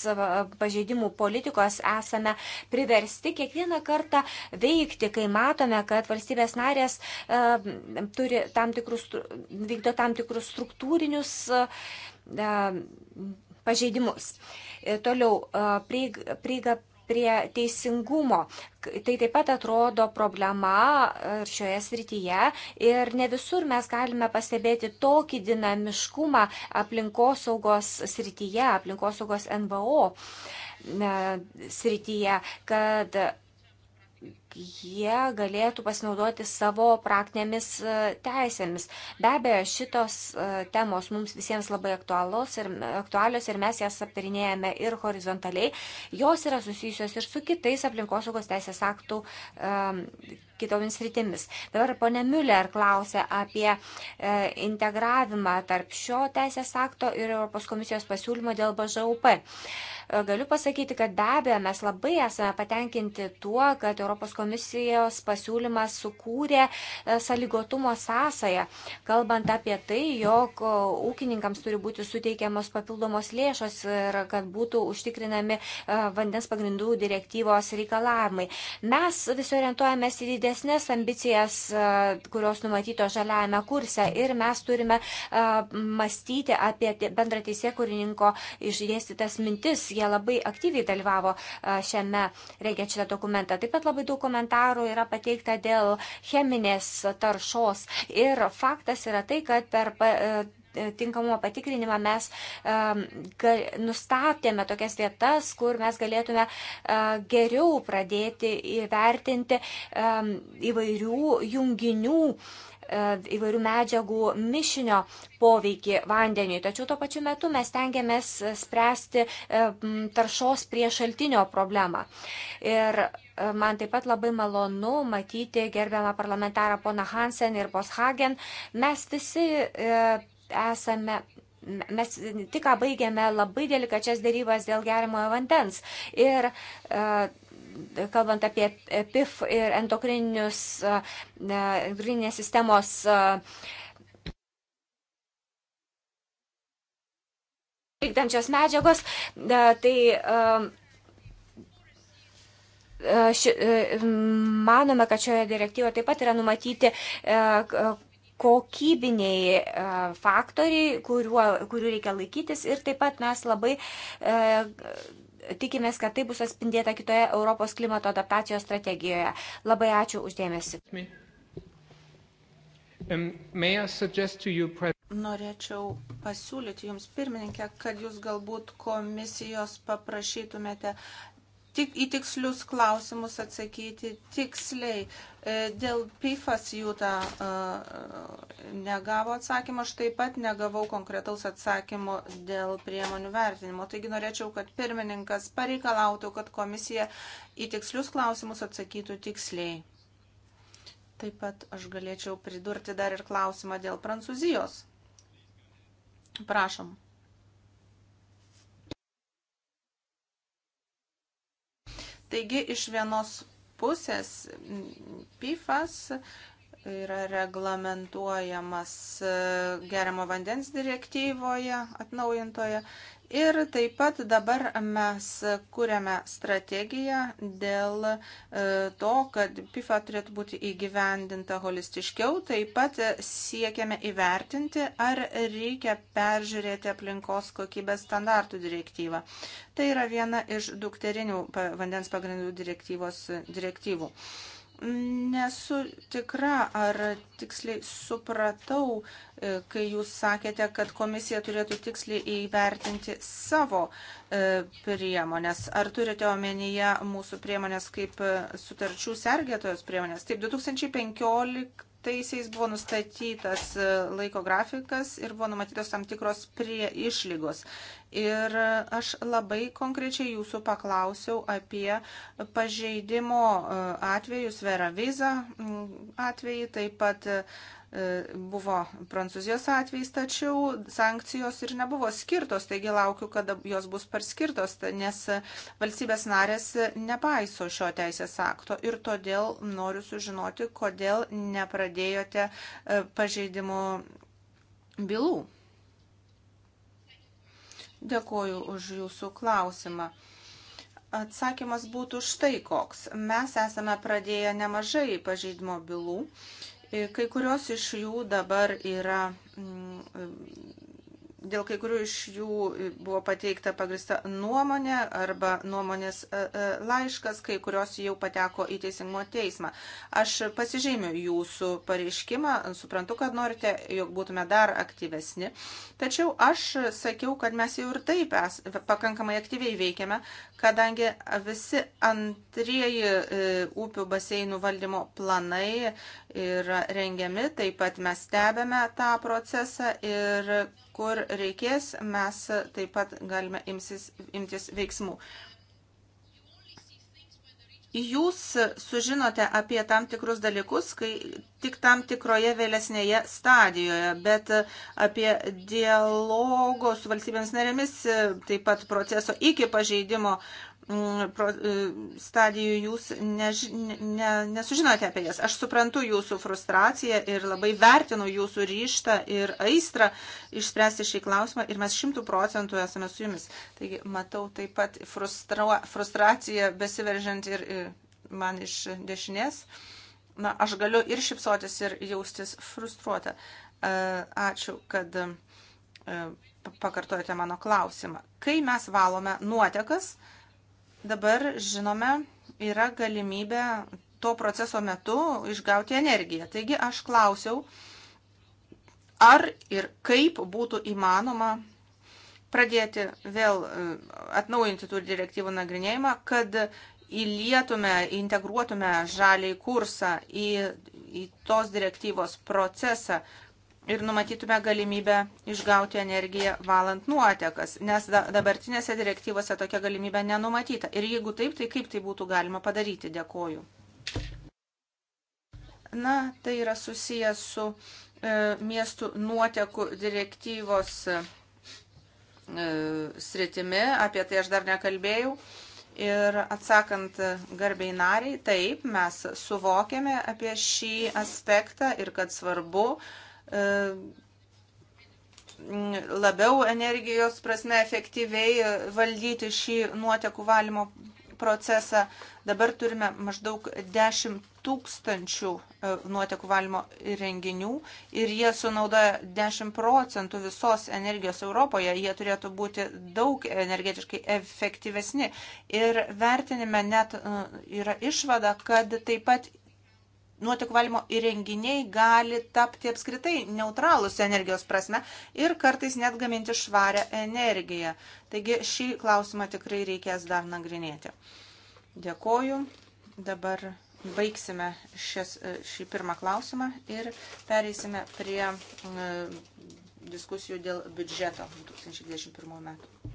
pažeidimų politikos esame priversti kiekvieną kartą veikti, kai matome, kad valstybės narės turi tam tikrus, vykdo tam tikrus struktūrinius pažeidimus. E, toliau, prieiga prie teisingumo. Tai taip pat atrodo problema e, šioje srityje ir ne visur mes galime pastebėti tokį dinamiškumą aplinkosaugos srityje, aplinkosaugos NVO e, srityje, kad jie galėtų pasinaudoti savo praktinėmis e, teisėmis. Be abejo, šitos e, temos mums visiems labai aktualios ir, e, aktualios ir mes jas aptarinėjame ir horizontaliai. Jos yra susijusios ir su kitais aplinkosaugos teisės aktų um, kitomis rytimis. Dabar ponė Müller klausė apie e, integravimą tarp šio teisės akto ir Europos komisijos pasiūlymo dėl BŽUP. E, galiu pasakyti, kad be abejo mes labai esame patenkinti tuo, kad Europos komisija komisijos pasiūlymas sukūrė e, sąlygotumo sąsają, kalbant apie tai, jog e, ūkininkams turi būti suteikiamos papildomos lėšos ir kad būtų užtikrinami e, vandens pagrindų direktyvos reikalavimai. Mes visi orientuojamės į didesnės ambicijas, kurios numatyto žaliajame kurse ir mes turime mąstyti apie bendrą teisėkurininko išdėstytas mintis. Jie labai aktyviai dalyvavo šiame rengiant šitą dokumentą. Taip pat labai daug komentarų komentarų yra pateikta dėl cheminės taršos. Ir faktas yra tai, kad per e, tinkamumo patikrinimą mes e, nustatėme tokias vietas, kur mes galėtume e, geriau pradėti įvertinti įvairių junginių E, įvairių medžiagų mišinio poveikį vandeniui. Tačiau tuo pačiu metu mes tengiamės spręsti e, taršos prie šaltinio problemą. Ir e, man taip pat labai malonu matyti gerbiamą parlamentarą poną Hansen ir poshagen. Mes visi esame mes tik ką baigėme labai delikačias dėrybas dėl gerimojo vandens. Ir e, kalbant apie PIF ir endokrininius, endokrininės sistemos vykdančios medžiagos, tai ši, manome, kad šioje direktyvoje taip pat yra numatyti kokybiniai faktoriai, kuriuo, kurių reikia laikytis ir taip pat mes labai tikimės, kad tai bus atspindėta kitoje Europos klimato adaptacijos strategijoje. Labai ačiū uždėmesi. Um, Norėčiau pasiūlyti Jums, pirmininkė, kad Jūs galbūt komisijos paprašytumėte tik į tikslius klausimus atsakyti tiksliai. E, dėl PIFAS jų tą e, negavo atsakymą, aš taip pat negavau konkretaus atsakymo dėl priemonių vertinimo. Taigi norėčiau, kad pirmininkas pareikalautų, kad komisija į tikslius klausimus atsakytų tiksliai. Taip pat aš galėčiau pridurti dar ir klausimą dėl Prancūzijos. Prašom. Taigi iš vienos pusės PIFAS yra reglamentuojamas e, geriamo vandens direktyvoje atnaujintoje. Ir taip pat dabar mes kūrėme strategiją dėl e, to, kad PIFA turėtų būti įgyvendinta holistiškiau. Taip pat siekiame įvertinti, ar reikia peržiūrėti aplinkos kokybės standartų direktyvą. Tai yra viena iš dukterinių vandens pagrindų direktyvos direktyvų. Nesu tikra, ar tiksliai supratau, e, kai jūs sakėte, kad komisija turėtų tiksliai įvertinti savo e, priemonės. Ar turite omenyje mūsų priemonės kaip e, sutarčių sergėtojos priemonės? Taip, 2015 Taisiais buvo nustatytas e, laiko grafikas ir buvo numatytos tam tikros prie išlygos. Ir e, aš labai konkrečiai jūsų paklausiau apie pažeidimo e, atvejus, Vera Visa atvejį, taip pat E, buvo Prancūzijos atvejs, tačiau sankcijos ir nebuvo skirtos, taigi laukiu, kada jos bus parskirtos, nes valstybės narės nepaiso šio teisės akto ir todėl noriu sužinoti, kodėl nepradėjote e, pažeidimų bylų. Dėkuoju už jūsų klausimą. Atsakymas būtų štai koks. Mes esame pradėję nemažai pažeidimo bylų Kai kurios iš jų dabar yra mm, Dėl kai kurių iš jų buvo pateikta pagrista nuomonė arba nuomonės e, e, laiškas, kai kurios jau pateko į teisingumo teismą. Aš pasižymiu jūsų pareiškimą, suprantu, kad norite, jog būtume dar aktyvesni, tačiau aš sakiau, kad mes jau ir taip es, pakankamai aktyviai veikiame, kadangi visi antrieji e, upių baseinų valdymo planai yra rengiami, taip pat mes stebėme tą procesą ir Kur reikės, mes taip pat galime imsis, imtis veiksmų. Jūs sužinote apie tam tikrus dalykus, kai tik tam tikroje vėlesnėje stadijoje, bet apie dialogo su valstybėmis narėmis, taip pat proceso iki pažeidimo Mm, e, stadijų jūs než, ne, nesužinote apie jas. Aš suprantu jūsų frustraciją ir labai vertinu jūsų ryštą ir aistrą išspręsti šį klausimą ir mes šimtų procentų esame su jumis. Taigi matau taip pat frustra, frustraciją besiveržiant ir, ir man iš dešinės. Na, aš galiu ir šipsotis, ir jaustis frustruotą. E, ačiū, kad e, pakartojate mano klausimą. Kai mes valome nuotekas, dabar žinome, yra galimybė to proceso metu išgauti energiją. Taigi aš klausiau, ar ir kaip būtų įmanoma pradėti vėl e, atnaujinti tų direktyvų nagrinėjimą, kad įlietume, integruotume žaliai kursą į, į tos direktyvos procesą, ir numatytume galimybę išgauti energiją valant nuotekas, nes dabartinėse direktyvose tokia galimybė nenumatyta. Ir jeigu taip, tai kaip tai būtų galima padaryti? Dėkoju. Na, tai yra susijęs su e, miestų nuotekų direktyvos e, sritimi, apie tai aš dar nekalbėjau. Ir atsakant garbiai nariai, taip, mes suvokėme apie šį aspektą ir kad svarbu, e, E, labiau energijos prasme efektyviai valdyti šį nuotekų valymo procesą. Dabar turime maždaug 10 tūkstančių e, nuotekų valymo renginių ir jie sunaudoja 10 procentų visos energijos Europoje. Jie turėtų būti daug energetiškai efektyvesni. Ir vertinime net e, yra išvada, kad taip pat nuotekų valymo įrenginiai gali tapti apskritai neutralus energijos prasme ir kartais net gaminti švarę energiją. Taigi šį klausimą tikrai reikės dar nagrinėti. Dėkoju. Dabar baigsime šias, šį pirmą klausimą ir pereisime prie e, diskusijų dėl biudžeto 2021 metų.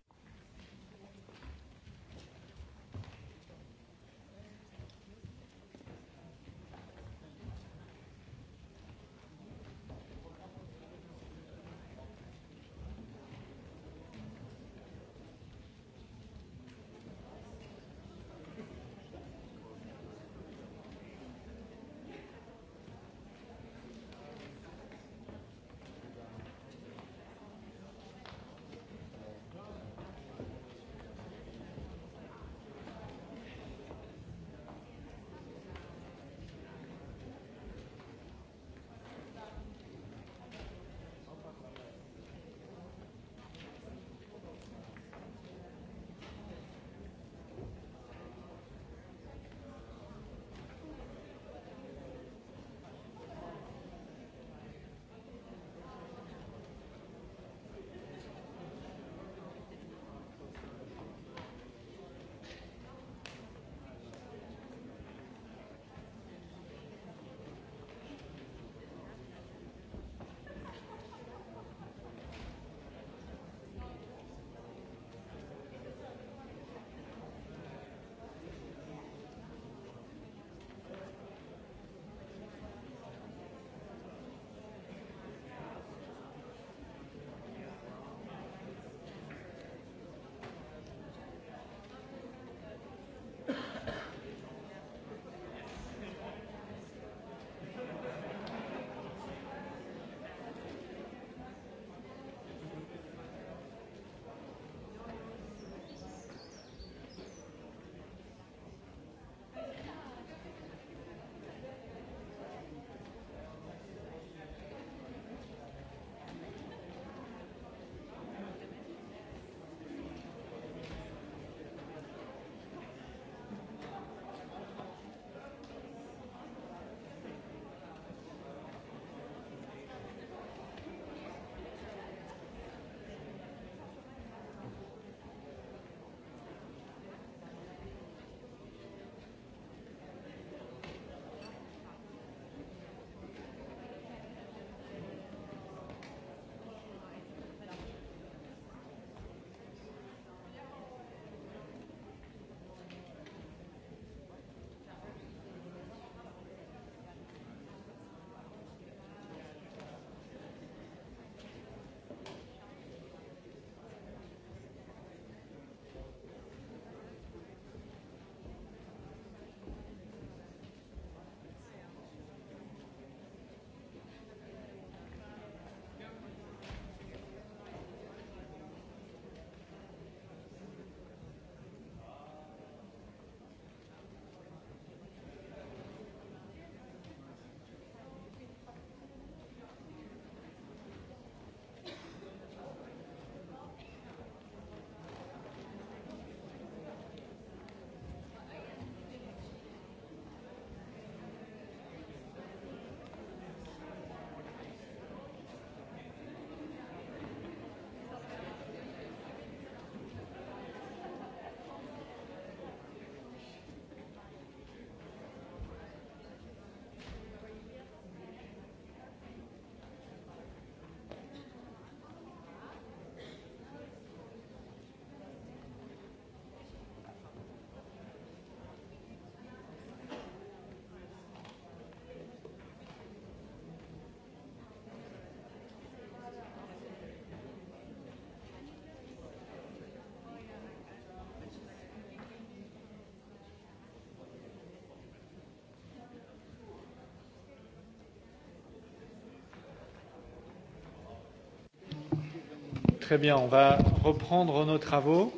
Très bien, on va reprendre nos travaux.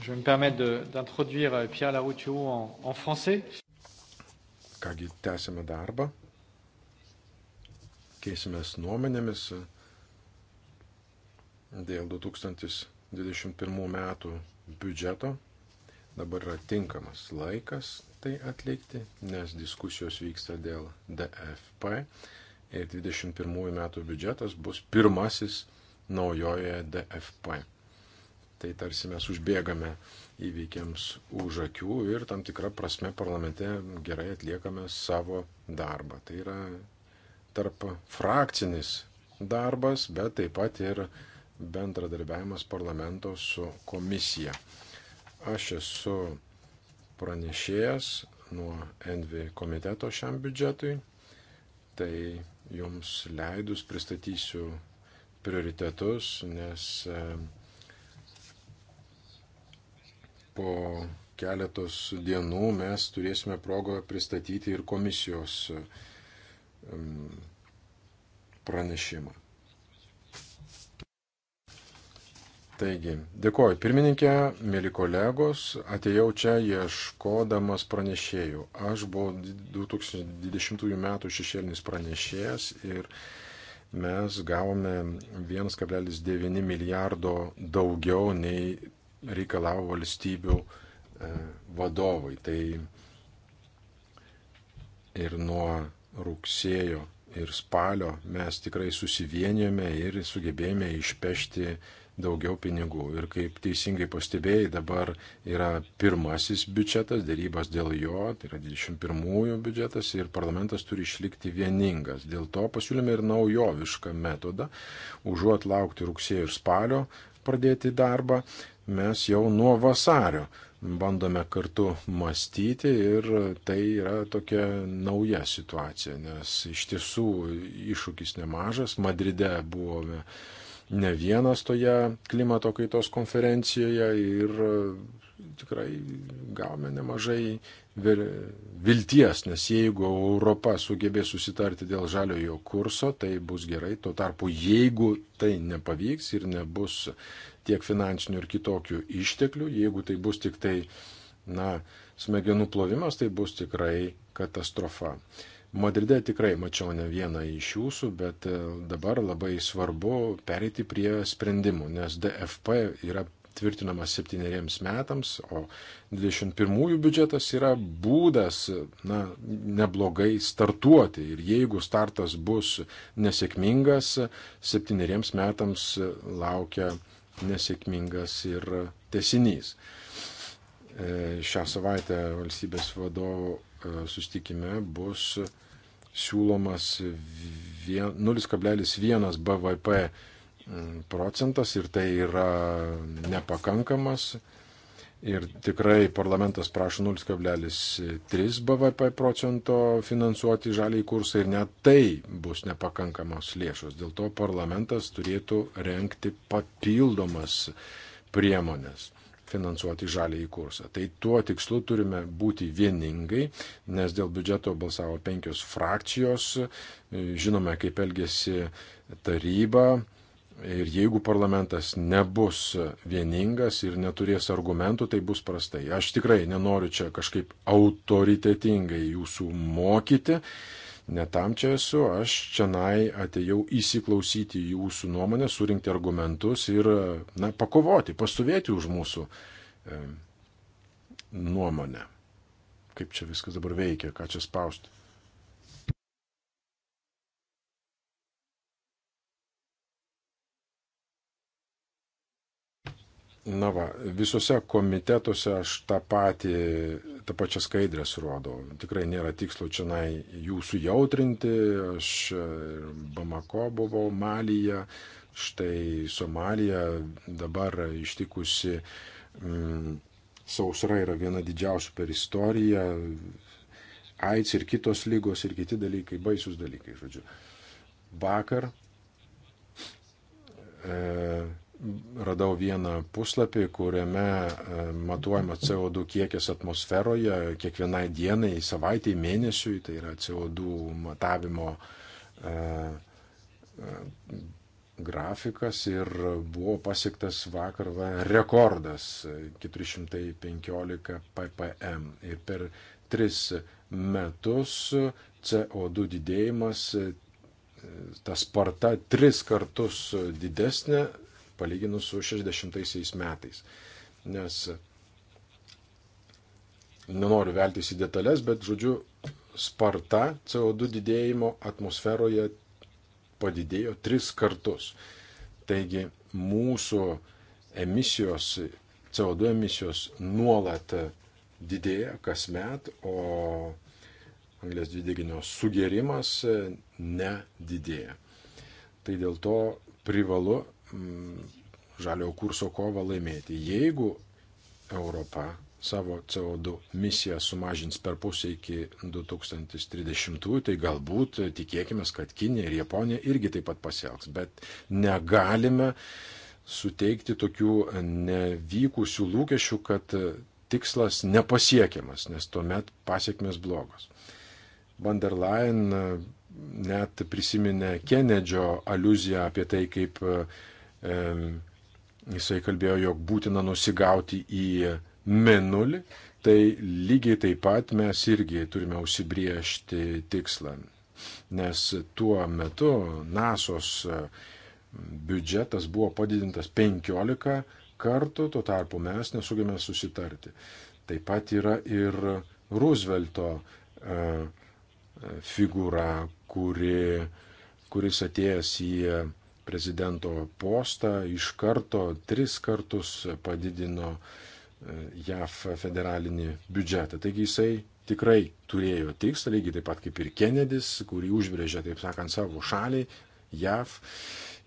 Je vais me permettre d'introduire euh, Pierre Larouture en, en français. Kągi, tęsime darbą, keisimės nuomenėmis dėl 2021 metų biudžeto. Dabar yra tinkamas laikas tai atlikti, nes diskusijos vyksta dėl DFP ir 2021 metų biudžetas bus pirmasis naujoje DFP. Tai tarsi mes užbėgame įvykiams už akių ir tam tikrą prasme parlamente gerai atliekame savo darbą. Tai yra tarp frakcinis darbas, bet taip pat ir bendradarbiavimas parlamento su komisija. Aš esu pranešėjas nuo NV komiteto šiam biudžetui, tai jums leidus pristatysiu prioritetus, nes e, po keletos dienų mes turėsime progą pristatyti ir komisijos e, pranešimą. Taigi, dėkoju pirmininkė, mėly kolegos, atėjau čia ieškodamas pranešėjų. Aš buvau 2020 m. šešėlinis pranešėjas ir mes gavome 1,9 milijardo daugiau nei reikalavo valstybių e, vadovai. Tai ir nuo rugsėjo ir spalio mes tikrai susivienijome ir sugebėjome išpešti daugiau pinigų. Ir kaip teisingai pastebėjai, dabar yra pirmasis biudžetas, dėrybas dėl jo, tai yra 21-ųjų biudžetas ir parlamentas turi išlikti vieningas. Dėl to pasiūlėme ir naujovišką metodą, užuot laukti rugsėjo ir spalio pradėti darbą, mes jau nuo vasario bandome kartu mąstyti ir tai yra tokia nauja situacija, nes iš tiesų iššūkis nemažas. Madride buvome ne vienas toje klimato kaitos konferencijoje ir e, tikrai gavome nemažai vilties, nes jeigu Europa sugebės susitarti dėl žaliojo kurso, tai bus gerai. Tuo tarpu, jeigu tai nepavyks ir nebus tiek finansinių ir kitokių išteklių, jeigu tai bus tik tai, na, smegenų plovimas, tai bus tikrai katastrofa. Madride tikrai mačiau ne vieną iš jūsų, bet e, dabar labai svarbu pereiti prie sprendimų, nes DFP yra tvirtinamas septyneriems metams, o 21-ųjų biudžetas yra būdas, na, neblogai startuoti. Ir jeigu startas bus nesėkmingas, septyneriems metams laukia nesėkmingas ir tesinys. E, šią savaitę valstybės vadovo e, sustikime bus siūlomas 0,1 BVP mm, procentas ir tai yra nepakankamas. Ir tikrai parlamentas prašo 0,3 BVP procento finansuoti žaliai kursai ir net tai bus nepakankamos lėšos. Dėl to parlamentas turėtų renkti papildomas priemonės finansuoti žalį į kursą. Tai tuo tikslu turime būti vieningai, nes dėl biudžeto balsavo penkios frakcijos, e, žinome, kaip elgėsi taryba, Ir jeigu parlamentas nebus vieningas ir neturės argumentų, tai bus prastai. Aš tikrai nenoriu čia kažkaip autoritetingai jūsų mokyti, Ne tam čia esu, aš čianai atėjau įsiklausyti jūsų nuomonę, surinkti argumentus ir, na, pakovoti, pastovėti už mūsų e, nuomonę. Kaip čia viskas dabar veikia, ką čia spausti. Na va, visose komitetuose aš tą patį, tą pačią skaidrę surodau. Tikrai nėra tikslo čia jūsų jautrinti. Aš e, Bamako buvau, Malija, štai Somalija dabar ištikusi mm, sausra yra viena didžiausių per istoriją. AIDS ir kitos lygos ir kiti dalykai, baisus dalykai, žodžiu. Vakar e, radau vieną puslapį, kuriame e, matuojama CO2 kiekis atmosferoje kiekvienai dienai, savaitai, mėnesiui, tai yra CO2 matavimo e, e, grafikas ir buvo pasiektas vakar va, rekordas 415 ppm. Ir per tris metus CO2 didėjimas, ta sparta tris kartus didesnė palyginus su 60 metais. Nes nenoriu veltis į detalės, bet žodžiu, sparta CO2 didėjimo atmosferoje padidėjo tris kartus. Taigi mūsų emisijos, CO2 emisijos nuolat didėja kasmet, o anglės dvideginio sugerimas nedidėja. Tai dėl to privalu Mm, žaliojo kurso kovą laimėti. Jeigu Europa savo CO2 misiją sumažins per pusę iki 2030, tai galbūt tikėkime, kad Kinė ir Japonija irgi taip pat pasielgs. Bet negalime suteikti tokių nevykusių lūkesčių, kad tikslas nepasiekiamas, nes tuomet pasiekmes blogos. Van der Leyen e, net prisiminė Kenedžio aluziją apie tai, kaip e, jisai kalbėjo, jog būtina nusigauti į menulį, tai lygiai taip pat mes irgi turime užsibriežti tikslą. Nes tuo metu NASOS biudžetas buvo padidintas 15 kartų, tuo tarpu mes nesugėme susitarti. Taip pat yra ir Roosevelto figūra, kuri, kuris atėjęs į prezidento postą, iš karto tris kartus padidino e, JAF federalinį biudžetą. Taigi jisai tikrai turėjo tikslą, lygiai taip pat kaip ir Kenedis, kurį užbrėžė, taip sakant, savo šaliai, JAF.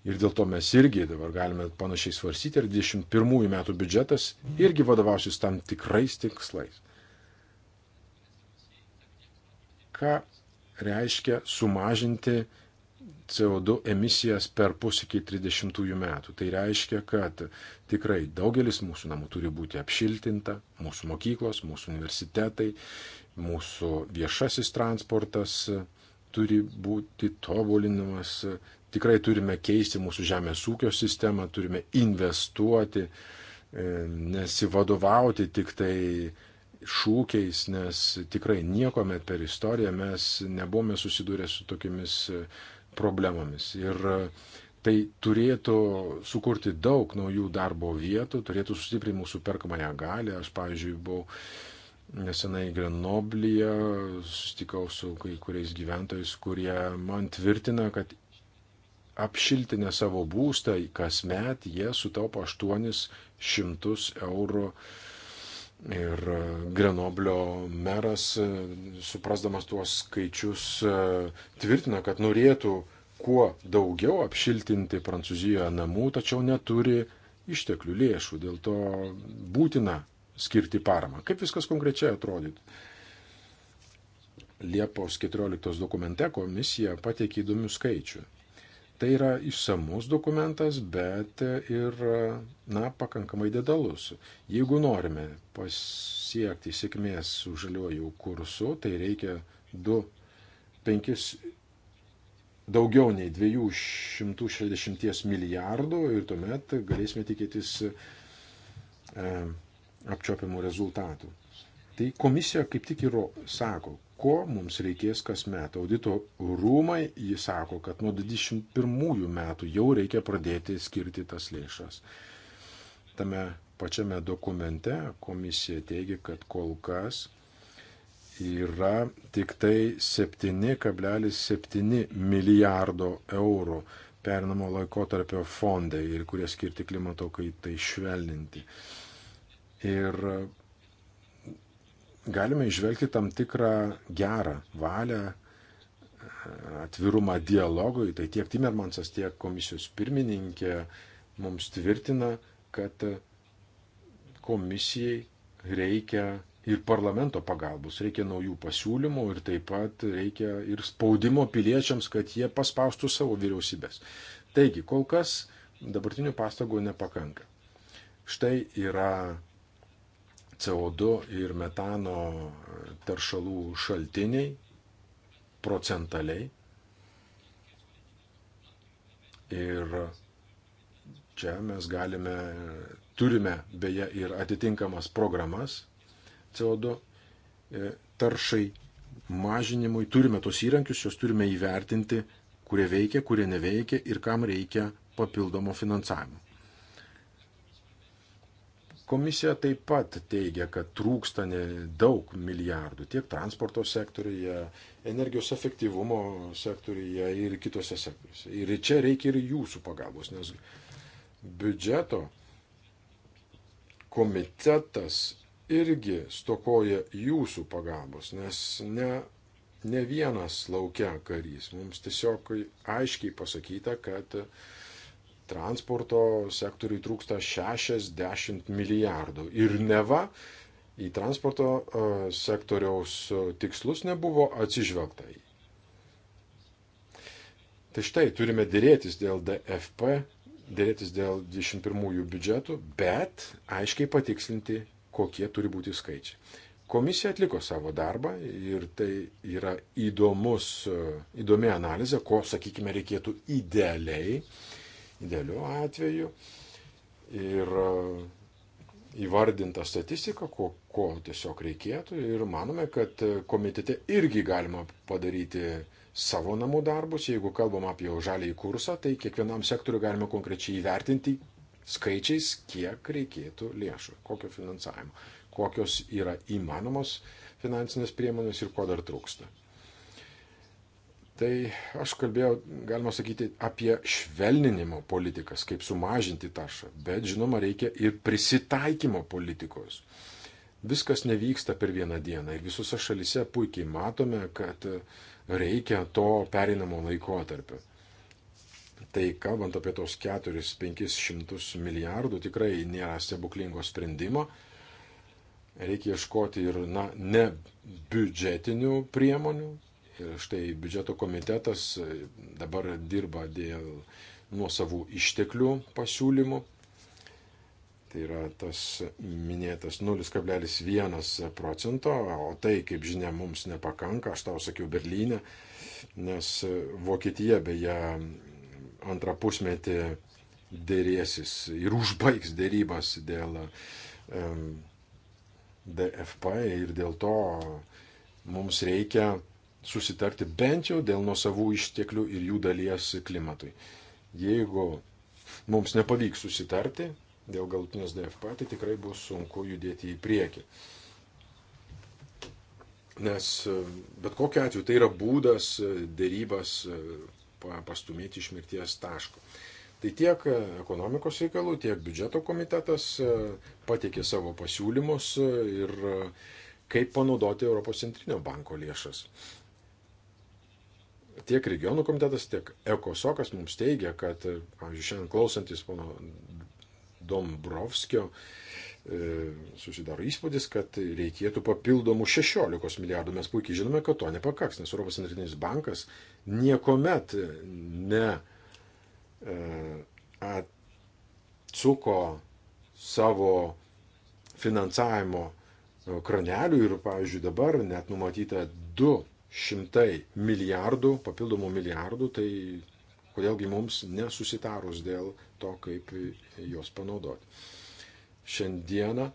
Ir dėl to mes irgi dabar galime panašiai svarsyti, ar 21 metų biudžetas irgi vadovausis tam tikrais tikslais. Ką reiškia sumažinti CO2 emisijas per pus iki 30 metų. Tai reiškia, kad tikrai daugelis mūsų namų turi būti apšiltinta, mūsų mokyklos, mūsų universitetai, mūsų viešasis transportas turi būti tobulinamas. Tikrai turime keisti mūsų žemės ūkio sistemą, turime investuoti, e, nesivadovauti tik tai šūkiais, nes tikrai nieko met per istoriją mes nebuvome susidūrę su tokiamis problemomis. Ir e, tai turėtų sukurti daug naujų darbo vietų, turėtų sustiprinti mūsų perkamąją galę. Aš, pavyzdžiui, buvau nesenai Grenoblyje, sustikau su kai kuriais gyventojais, kurie man tvirtina, kad apšiltinę savo būstą kasmet jie sutaupo 800 eurų Ir e, Grenoblio meras, e, suprasdamas tuos skaičius, e, tvirtina, kad norėtų kuo daugiau apšiltinti Prancūzijoje namų, tačiau neturi išteklių lėšų. Dėl to būtina skirti paramą. Kaip viskas konkrečiai atrodytų? Liepos 14 dokumente komisija pateikė įdomių skaičių. Tai yra išsamus dokumentas, bet ir, na, pakankamai dedalus. Jeigu norime pasiekti sėkmės su žaliuoju kursu, tai reikia 2, 5, daugiau nei 260 milijardų ir tuomet galėsime tikėtis e, apčiopiamų rezultatų. Tai komisija kaip tik ir sako, ko mums reikės kasmet. Audito rūmai, jis sako, kad nuo 21 metų jau reikia pradėti skirti tas lėšas. Tame pačiame dokumente komisija teigia, kad kol kas yra tik tai 7,7 milijardo eurų pernamo laikotarpio fondai ir kurie skirti klimato kaitai švelninti. Ir galime išvelgti tam tikrą gerą valią, atvirumą dialogui. Tai tiek Timermansas, tiek komisijos pirmininkė mums tvirtina, kad komisijai reikia ir parlamento pagalbos, reikia naujų pasiūlymų ir taip pat reikia ir spaudimo piliečiams, kad jie paspaustų savo vyriausybės. Taigi, kol kas dabartinių pastangų nepakanka. Štai yra CO2 ir metano teršalų šaltiniai procentaliai. Ir čia mes galime, turime beje ir atitinkamas programas CO2 e, taršai mažinimui. Turime tos įrankius, juos turime įvertinti, kurie veikia, kurie neveikia ir kam reikia papildomo finansavimo. Komisija taip pat teigia, kad trūksta daug milijardų tiek transporto sektoriuje, energijos efektyvumo sektoriuje ir kitose sektoriuose. Ir čia reikia ir jūsų pagalbos, nes biudžeto komitetas irgi stokoja jūsų pagalbos, nes ne, ne vienas laukia karys. Mums tiesiog aiškiai pasakyta, kad uh, transporto sektoriui trūksta 60 milijardų. Ir neva į transporto e, sektoriaus tikslus nebuvo atsižvelgta. Tai štai turime dėrėtis dėl DFP, dėrėtis dėl 21 biudžetų, bet aiškiai patikslinti, kokie turi būti skaičiai. Komisija atliko savo darbą ir tai yra įdomus, e, įdomi analizė, ko, sakykime, reikėtų idealiai idealiu atveju. Ir e, įvardinta statistika, ko, ko tiesiog reikėtų ir manome, kad komitete irgi galima padaryti savo namų darbus. Jeigu kalbam apie žalį į kursą, tai kiekvienam sektoriu galima konkrečiai įvertinti skaičiais, kiek reikėtų lėšų, kokio finansavimo, kokios yra įmanomos finansinės priemonės ir ko dar trūksta. Tai aš kalbėjau, galima sakyti, apie švelninimo politikas, kaip sumažinti taršą, bet žinoma reikia ir prisitaikymo politikos. Viskas nevyksta per vieną dieną ir visose šalise puikiai matome, kad reikia to pereinamo laikotarpio. Tai kalbant apie tos 4-500 milijardų, tikrai nėra stebuklingo sprendimo. Reikia ieškoti ir, na, ne biudžetinių priemonių, Štai biudžeto komitetas dabar dirba dėl nuosavų išteklių pasiūlymų. Tai yra tas minėtas 0,1 procento, o tai, kaip žinia, mums nepakanka, aš tau sakiau Berlyne, nes Vokietija beje antrą pusmetį dėrėsis ir užbaigs dėrybas dėl DFP ir dėl to mums reikia susitarti bent jau dėl nuosavų išteklių ir jų dalies klimatui. Jeigu mums nepavyks susitarti dėl galutinės DFP, tai tikrai bus sunku judėti į priekį. Nes e, bet kokiu atveju tai yra būdas e, dėrybas e, pastumėti iš mirties taško. Tai tiek ekonomikos reikalų, tiek biudžeto komitetas pateikė savo pasiūlymus ir kaip panaudoti Europos centrinio banko lėšas tiek regionų komitetas, tiek ekosokas mums teigia, kad, e, pavyzdžiui, šiandien klausantis pono Dombrovskio e, susidaro įspūdis, kad reikėtų papildomų 16 milijardų. Mes puikiai žinome, kad to nepakaks, nes Europos centrinis bankas niekuomet ne e, atsuko savo finansavimo kranelių ir, pavyzdžiui, dabar net numatyta 2 šimtai milijardų, papildomų milijardų, tai kodėlgi mums nesusitarus dėl to, kaip juos panaudoti. Šiandieną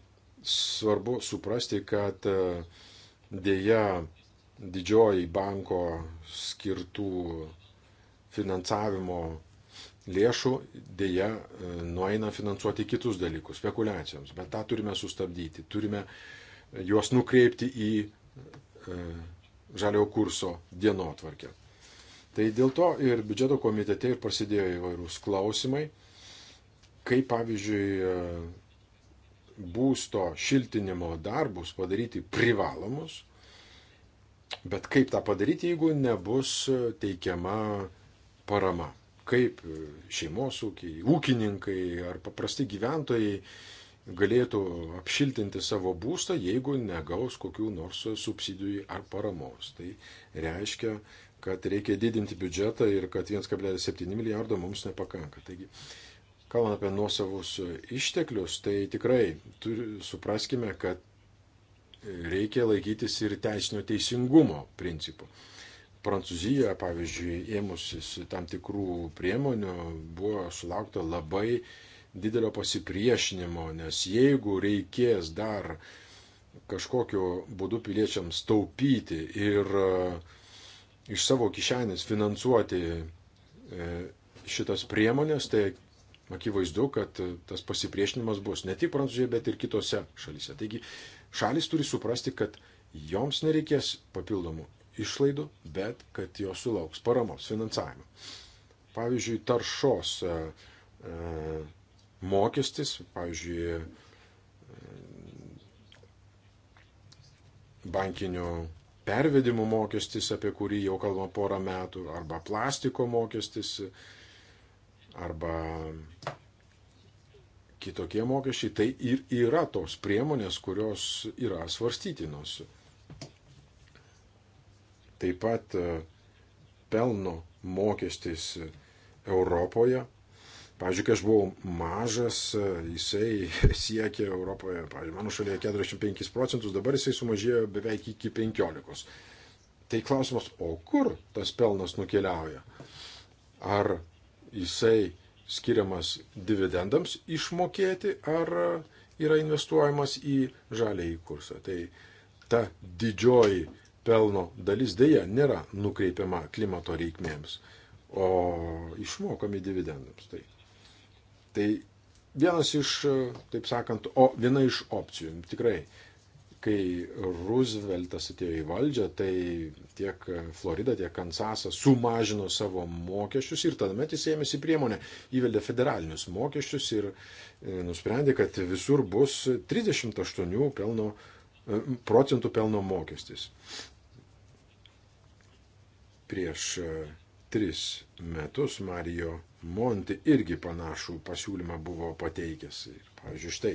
svarbu suprasti, kad e, dėja didžioji banko skirtų finansavimo lėšų dėja e, nueina finansuoti kitus dalykus, spekulacijoms, bet tą turime sustabdyti, turime juos nukreipti į e, žaliojo kurso dienotvarkę. Tai dėl to ir biudžeto komitete ir prasidėjo įvairūs klausimai, kaip pavyzdžiui e, būsto šiltinimo darbus padaryti privalomus, bet kaip tą padaryti, jeigu nebus e, teikiama parama. Kaip e, šeimos ūkiai, ūkininkai ar paprasti gyventojai galėtų apšiltinti savo būstą, jeigu negaus kokių nors subsidijų ar paramos. Tai reiškia, kad reikia didinti biudžetą ir kad 1,7 milijardo mums nepakanka. Taigi, kalbant apie nuosavus išteklius, tai tikrai turi, supraskime, kad reikia laikytis ir teisinio teisingumo principų. Prancūzija, pavyzdžiui, ėmusis tam tikrų priemonių, buvo sulaukta labai uh, didelio pasipriešinimo, nes jeigu reikės dar kažkokiu būdu piliečiams taupyti ir e, iš savo kišenės finansuoti e, šitas priemonės, tai akivaizdu, kad e, tas pasipriešinimas bus ne tik Prancūzijoje, bet ir kitose šalyse. Taigi šalis turi suprasti, kad joms nereikės papildomų išlaidų, bet kad jos sulauks paramos, finansavimo. Pavyzdžiui, taršos mokestis, pavyzdžiui, bankinio pervedimų mokestis, apie kurį jau kalbam porą metų, arba plastiko mokestis, arba kitokie mokesčiai, tai ir yra tos priemonės, kurios yra svarstytinos. Taip pat e, pelno mokestis Europoje Pavyzdžiui, kai aš buvau mažas, jisai <laughs> siekė Europoje, pavyzdžiui, mano šalyje 45 procentus, dabar jisai sumažėjo beveik iki 15. Tai klausimas, o kur tas pelnas nukeliauja? Ar jisai skiriamas dividendams išmokėti, ar yra investuojamas į žaliąjį kursą? Tai ta didžioji pelno dalis dėja nėra nukreipiama klimato reikmėms, o išmokami dividendams. Tai Tai vienas iš, taip sakant, o viena iš opcijų. Tikrai, kai Rooseveltas atėjo į valdžią, tai tiek Florida, tiek Kansasas sumažino savo mokesčius ir tada jis ėmėsi priemonę, įvedė federalinius mokesčius ir e, nusprendė, kad visur bus 38 pelno, e, procentų pelno mokestis. Prieš e, tris metus Marijo Monti irgi panašų pasiūlymą buvo pateikęs. Ir, pavyzdžiui, štai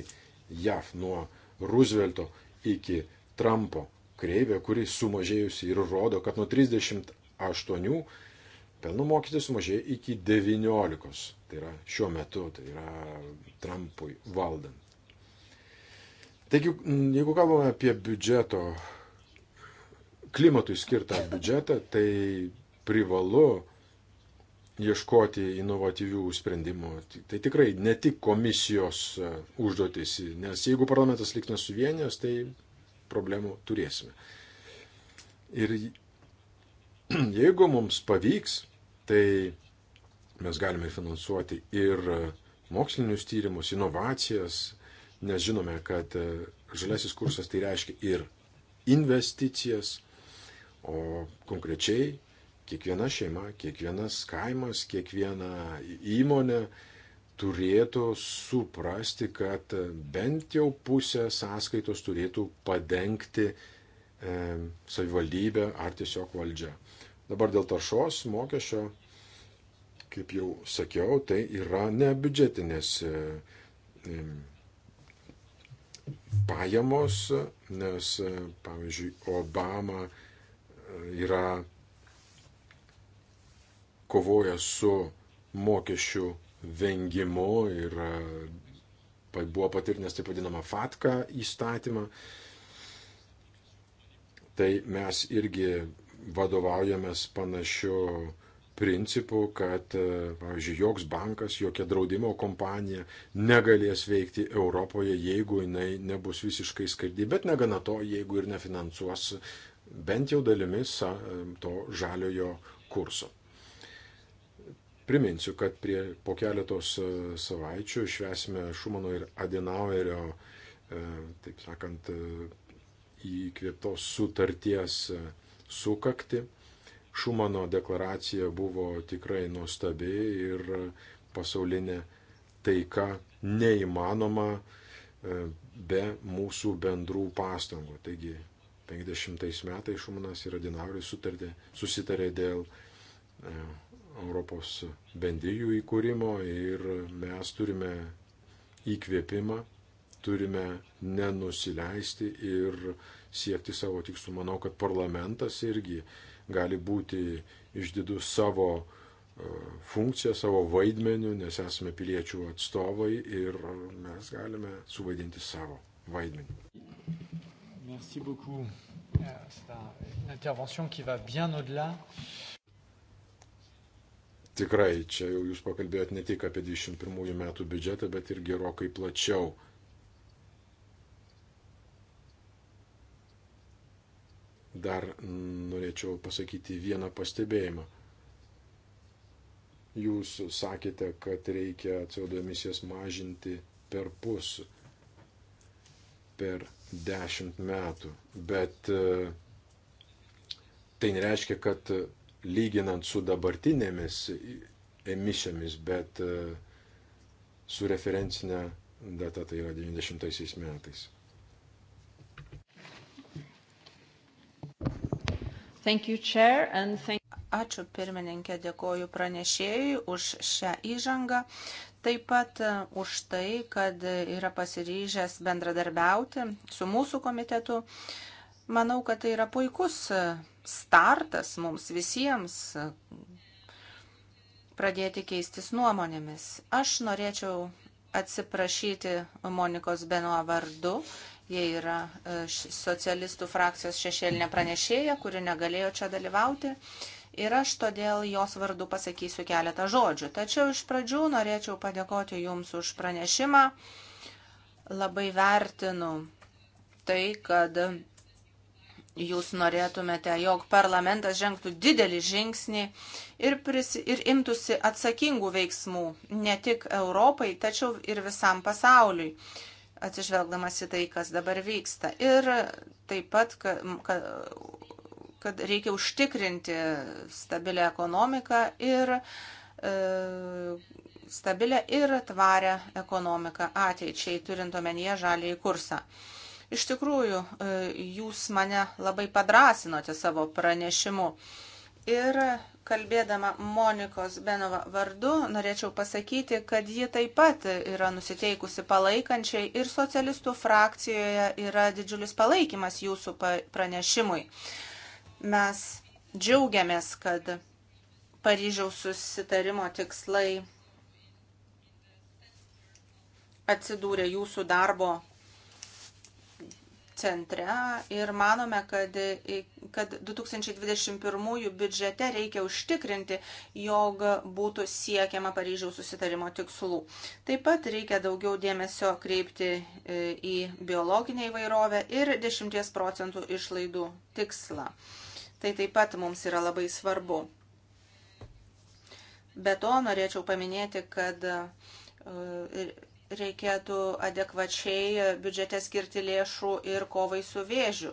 JAV nuo Roosevelto iki Trumpo kreivė, kuri sumažėjusi ir rodo, kad nuo 38 pelno mokestis sumažėjo iki 19. Tai yra šiuo metu, tai yra Trumpui valdant. Taigi, jeigu kalbame apie biudžeto, klimatui skirtą biudžetą, tai privalu ieškoti inovatyvių sprendimų. Tai tikrai ne tik komisijos e, užduotis, nes jeigu parlamentas liks nesuvienijęs, tai problemų turėsime. Ir <clears throat> jeigu mums pavyks, tai mes galime finansuoti ir e, mokslinius tyrimus, inovacijas, nes žinome, kad e, žaliasis kursas tai reiškia ir investicijas, o konkrečiai kiekviena šeima, kiekvienas kaimas, kiekviena įmonė turėtų suprasti, kad bent jau pusę sąskaitos turėtų padengti e, savivaldybė ar tiesiog valdžia. Dabar dėl taršos mokesčio, kaip jau sakiau, tai yra ne biudžetinės e, e, pajamos, nes, e, pavyzdžiui, Obama e, yra kovoja su mokesčių vengimu ir e, buvo patvirtinęs taip vadinamą FATKA įstatymą. Tai mes irgi vadovaujamės panašiu principu, kad, e, pavyzdžiui, joks bankas, jokia draudimo kompanija negalės veikti Europoje, jeigu jinai nebus visiškai skardi, bet negana to, jeigu ir nefinansuos bent jau dalimis e, to žaliojo kurso. Priminsiu, kad prie, po keletos e, savaičių švesime Šumano ir Adenauerio, e, taip sakant, e, įkvėptos sutarties sukakti. Šumano deklaracija buvo tikrai nuostabi ir pasaulinė taika neįmanoma be mūsų bendrų pastangų. Taigi 50 metais Šumanas ir Adenaueris susitarė dėl Europos bendrijų įkūrimo ir mes turime įkvėpimą, turime nenusileisti ir siekti savo tikslų. Manau, kad parlamentas irgi gali būti išdidus savo e, funkciją, savo vaidmeniu, nes esame piliečių atstovai ir mes galime suvaidinti savo vaidmenį. Merci beaucoup. Euh, c'est une intervention qui va bien au-delà. Euh, Tikrai, čia jau jūs pakalbėjot ne tik apie 21 metų biudžetą, bet ir gerokai plačiau. Dar norėčiau pasakyti vieną pastebėjimą. Jūs sakėte, kad reikia CO2 emisijas mažinti per pus, per 10 metų, bet e, tai nereiškia, kad lyginant su dabartinėmis emisijomis, bet e, su referencinė data tai yra 90 metais. Thank you, Chair, and thank Ačiū pirmininkė, dėkoju pranešėjui už šią įžangą, taip pat e, už tai, kad yra pasiryžęs bendradarbiauti su mūsų komitetu. Uh, Manau, kad tai yra puikus startas mums visiems pradėti keistis nuomonėmis. Aš norėčiau atsiprašyti Monikos Beno vardu. Jie yra e, socialistų frakcijos šešėlinė pranešėja, kuri negalėjo čia dalyvauti. Ir aš todėl jos vardu pasakysiu keletą žodžių. Tačiau iš pradžių norėčiau padėkoti Jums už pranešimą. Labai vertinu tai, kad jūs norėtumėte, jog parlamentas žengtų didelį žingsnį ir, pris, ir imtųsi atsakingų veiksmų ne tik Europai, tačiau ir visam pasauliui, atsižvelgdamas į tai, kas dabar vyksta. Ir taip pat, kad, kad, kad reikia užtikrinti stabilę ekonomiką ir e, stabilę ir tvarę ekonomiką ateičiai, turint omenyje žalį į kursą. E, Iš tikrųjų, e, jūs mane labai padrasinote savo pranešimu. Ir kalbėdama Monikos Benova vardu, norėčiau pasakyti, kad ji taip pat yra nusiteikusi palaikančiai ir socialistų frakcijoje yra didžiulis palaikymas jūsų pranešimui. Mes džiaugiamės, kad Paryžiaus susitarimo tikslai atsidūrė jūsų darbo centre ir manome, kad, kad 2021 biudžete reikia užtikrinti, jog būtų siekiama Paryžiaus susitarimo tikslų. Taip pat reikia daugiau dėmesio kreipti e, į biologinę įvairovę ir 10 procentų išlaidų tikslą. Tai taip pat mums yra labai svarbu. Be to norėčiau paminėti, kad e, reikėtų adekvačiai biudžete skirti lėšų ir kovai su vėžiu.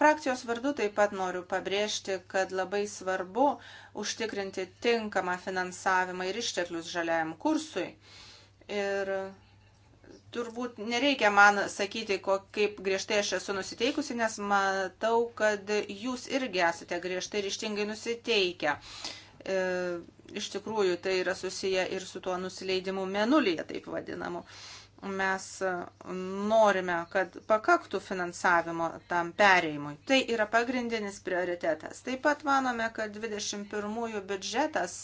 Frakcijos vardu taip pat noriu pabrėžti, kad labai svarbu užtikrinti tinkamą finansavimą ir išteklius žaliajam kursui. Ir turbūt nereikia man sakyti, kaip griežtai aš esu nusiteikusi, nes matau, kad jūs irgi esate griežtai ryštingai nusiteikę. Uh, E, iš tikrųjų tai yra susiję ir su tuo nusileidimu menulyje, taip vadinamu. Mes e, norime, kad pakaktų finansavimo tam pereimui. Tai yra pagrindinis prioritetas. Taip pat manome, kad 21 biudžetas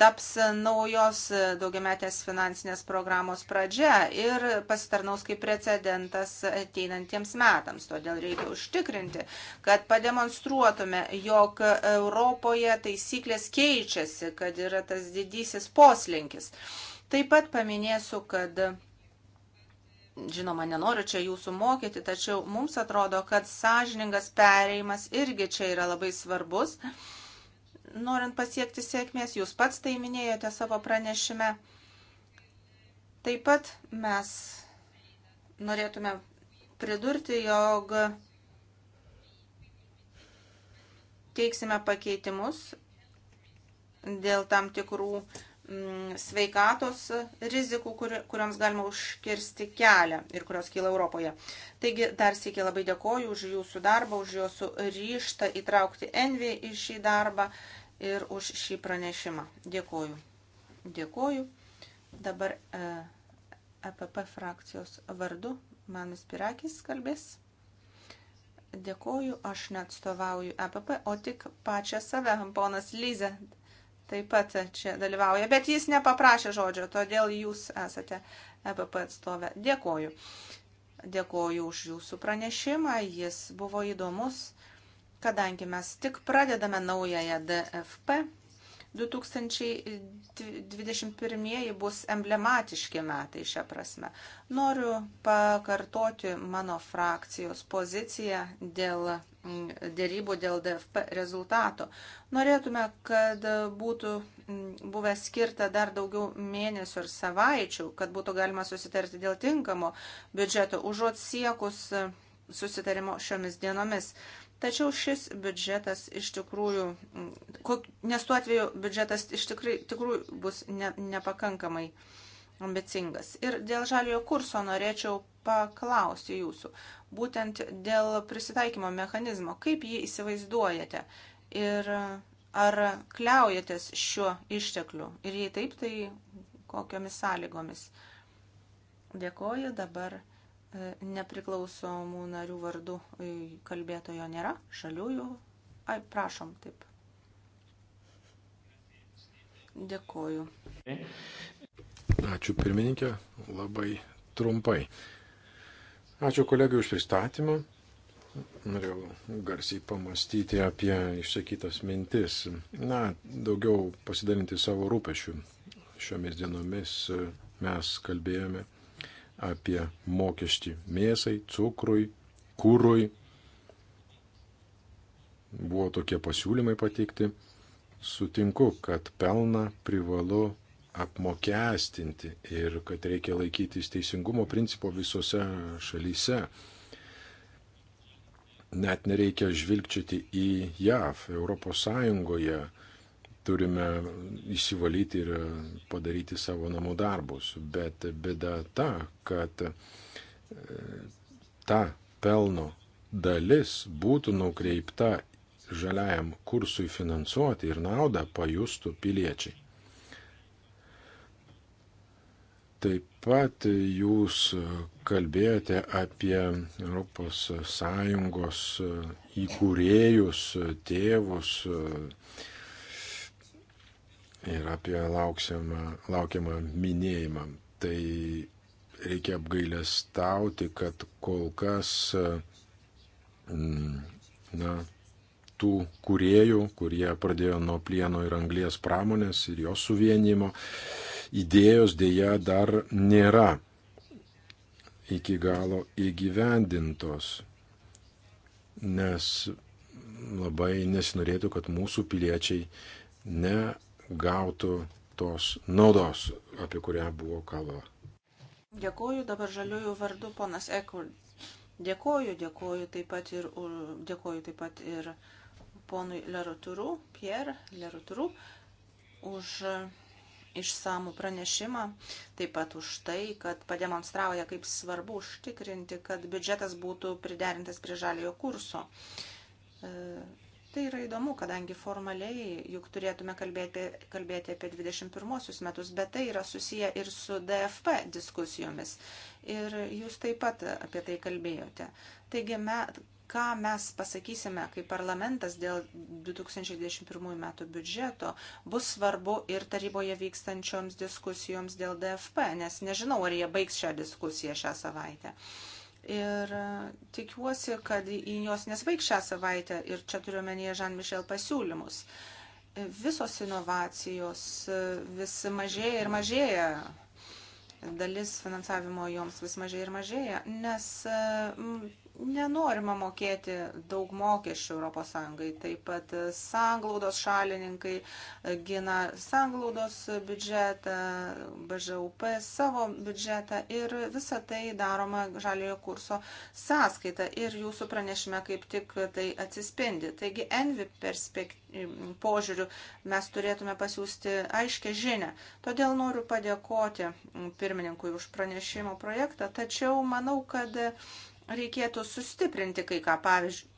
taps naujos e, daugiametės finansinės programos pradžia ir pasitarnaus kaip precedentas ateinantiems metams. Todėl reikia užtikrinti, kad pademonstruotume, jog Europoje taisyklės keičiasi, kad yra tas didysis poslinkis. Taip pat paminėsiu, kad Žinoma, nenoriu čia jūsų mokyti, tačiau mums atrodo, kad sąžiningas pereimas irgi čia yra labai svarbus. Uh, norint pasiekti sėkmės, jūs pats tai minėjote savo pranešime. Taip pat mes norėtume pridurti, jog teiksime pakeitimus dėl tam tikrų mm, sveikatos rizikų, kuriams galima užkirsti kelią ir kurios kyla Europoje. Taigi dar sėkiai labai dėkoju už jūsų darbą, už jūsų ryštą įtraukti Envį į šį darbą ir už šį pranešimą. Dėkoju. Dėkoju. Dabar e, EPP frakcijos vardu Manus Pirakis kalbės. Dėkoju, aš neatstovauju EPP, o tik pačią save. Ponas Lyze taip pat čia dalyvauja, bet jis nepaprašė žodžio, todėl jūs esate EPP atstovė. Dėkoju. Dėkoju už jūsų pranešimą, jis buvo įdomus kadangi mes tik pradedame naująją DFP, 2021 bus emblematiški metai šią prasme. Noriu pakartoti mano frakcijos poziciją dėl mm, dėrybų dėl DFP rezultato. Norėtume, kad būtų mm, buvę skirta dar daugiau mėnesių ir savaičių, kad būtų galima susitarti dėl tinkamo biudžeto, užuot siekus mm, susitarimo šiomis dienomis. Tačiau šis biudžetas iš tikrųjų, nes tuo atveju biudžetas iš tikrai, tikrųjų bus ne, nepakankamai ambicingas. Ir dėl žaliojo kurso norėčiau paklausti jūsų, būtent dėl prisitaikymo mechanizmo, kaip jį įsivaizduojate ir ar kliaujatės šiuo ištekliu ir jei taip, tai kokiomis sąlygomis. Dėkoju dabar E, nepriklausomų narių vardų e, kalbėtojo nėra, šaliųjų. Ai, prašom, taip. Dėkoju. Ačiū pirmininkė, labai trumpai. Ačiū kolegai už pristatymą. Norėjau garsiai pamastyti apie išsakytas mintis. Na, daugiau pasidalinti savo rūpešių. Šiomis dienomis e, mes kalbėjome apie mokestį mėsai, cukrui, kūrui. Buvo tokie pasiūlymai pateikti. Sutinku, kad pelną privalu apmokestinti ir kad reikia laikytis teisingumo principo visose šalyse. Net nereikia žvilgčioti į JAV, ES turime įsivalyti ir padaryti savo namų darbus. Bet bėda ta, kad e, ta pelno dalis būtų nukreipta žaliajam kursui finansuoti ir naudą pajustų piliečiai. Taip pat jūs kalbėjote apie ES įkūrėjus, tėvus, ir apie lauksiamą, laukiamą minėjimą. Tai reikia apgailestauti, kad kol kas mm, na, tų kuriejų, kurie pradėjo nuo plieno ir anglės pramonės ir jos suvienimo, idėjos dėja dar nėra iki galo įgyvendintos, nes labai nesinorėtų, kad mūsų piliečiai ne gautų tos naudos, apie kurią buvo kalba. Dėkoju dabar žaliųjų vardu, ponas Ekul. Dėkoju, dėkoju taip pat ir, dėkoju taip pat ir ponui Leruturu, Pierre Leruturu, už išsamų pranešimą, taip pat už tai, kad pademonstrauja, kaip svarbu užtikrinti, kad biudžetas būtų priderintas prie žaliojo kurso. E, Tai yra įdomu, kadangi formaliai juk turėtume kalbėti, kalbėti apie 21 metus, bet tai yra susiję ir su DFP diskusijomis. Ir jūs taip pat apie tai kalbėjote. Taigi, me, ką mes pasakysime kaip parlamentas dėl 2021 metų biudžeto, bus svarbu ir taryboje vykstančioms diskusijoms dėl DFP, nes nežinau, ar jie baigs šią diskusiją šią savaitę. Uh, Ir e, tikiuosi, kad jos nesvaig šią savaitę ir čia turiu menyje Žan-Mišel pasiūlymus. E, visos inovacijos e, vis mažėja ir mažėja dalis finansavimo joms vis mažėja ir mažėja, nes nenorima mokėti daug mokesčių ES. Taip pat sanglaudos šalininkai gina sanglaudos biudžetą, BŽUP savo biudžetą ir visa tai daroma žaliojo kurso sąskaita ir jūsų pranešime kaip tik tai atsispindi. Taigi Envi požiūriu mes turėtume pasiūsti aiškę žinę. Todėl noriu padėkoti pirmininkui už pranešimo projektą, tačiau manau, kad reikėtų sustiprinti kai ką. Pavyzdžiui,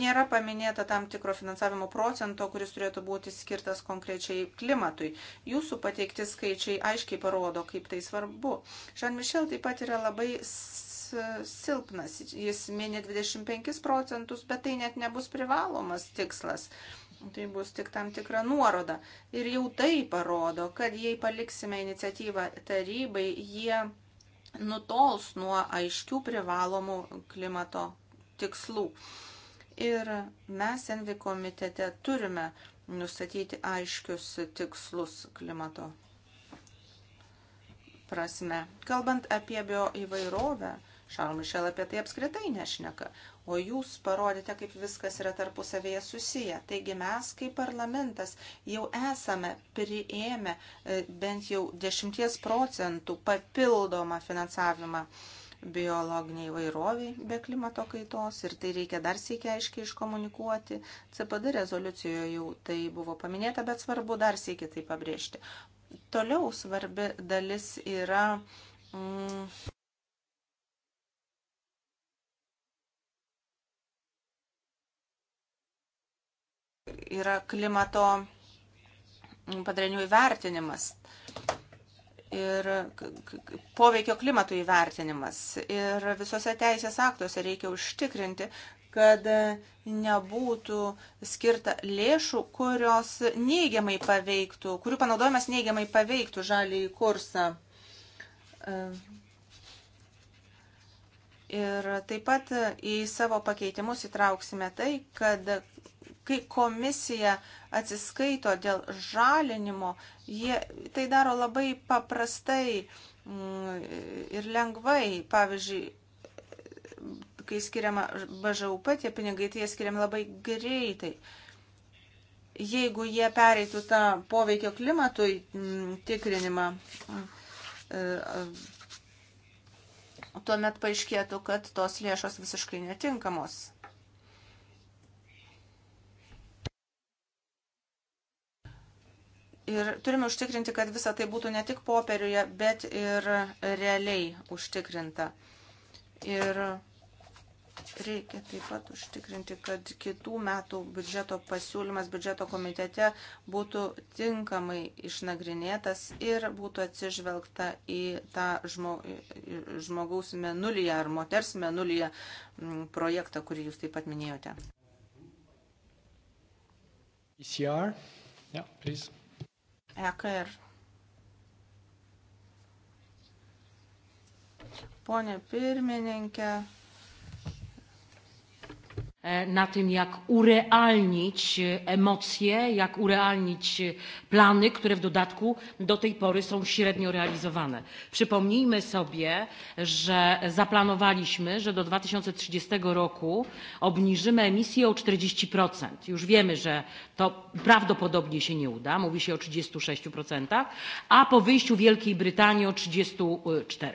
nėra paminėta tam tikro finansavimo procento, kuris turėtų būti skirtas konkrečiai klimatui. Jūsų pateikti skaičiai aiškiai parodo, kaip tai svarbu. Žan Mišel taip pat yra labai silpnas. Jis mini 25 procentus, bet tai net nebus privalomas tikslas. Tai bus tik tam tikra nuoroda. Ir jau tai parodo, kad jei paliksime iniciatyvą tarybai, jie nutols nuo aiškių privalomų klimato tikslų. Ir mes Envi komitete turime nustatyti aiškius tikslus klimato prasme. Kalbant apie bioįvairovę, įvairovę, Šalmišel apie tai apskritai nešneka, o jūs parodėte, kaip viskas yra tarpusavėje susiję. Taigi mes kaip parlamentas jau esame priėmę e, bent jau 10 procentų papildomą finansavimą biologiniai vairoviai be klimato kaitos ir tai reikia dar sėkiai aiškiai iškomunikuoti. CPD rezoliucijoje jau tai buvo paminėta, bet svarbu dar sėkiai tai pabrėžti. Toliau svarbi dalis yra. Mm, yra klimato padarinių įvertinimas ir poveikio klimatų įvertinimas. Ir visose teisės aktuose reikia užtikrinti, kad nebūtų skirta lėšų, kurios neigiamai paveiktų, kurių panaudojimas neigiamai paveiktų žalį kursą. Ir taip pat į savo pakeitimus įtrauksime tai, kad Kai komisija atsiskaito dėl žalinimo, jie tai daro labai paprastai mm, ir lengvai. Pavyzdžiui, kai skiriama BŽUP, tie pinigai tai jie skiriami labai greitai. Jeigu jie pereitų tą poveikio klimatui mm, tikrinimą, e, e, tuomet paaiškėtų, kad tos lėšos visiškai netinkamos. Ir turime užtikrinti, kad visa tai būtų ne tik popieriuje, bet ir realiai užtikrinta. Ir reikia taip pat užtikrinti, kad kitų metų biudžeto pasiūlymas biudžeto komitete būtų tinkamai išnagrinėtas ir būtų atsižvelgta į tą žmo, žmogaus menulyje ar moters menulyje mm, projektą, kurį jūs taip pat minėjote. ECR. Yeah, please. EKR. Pone pirmininkė, E, na tym, jak urealnić e, emocje, jak urealnić e, plany, które w dodatku do tej pory są średnio realizowane. Przypomnijmy sobie, że zaplanowaliśmy, że do 2030 roku obniżymy emisję o 40%. Już wiemy, że to prawdopodobnie się nie uda, mówi się o 36%, a po wyjściu Wielkiej Brytanii o 34%.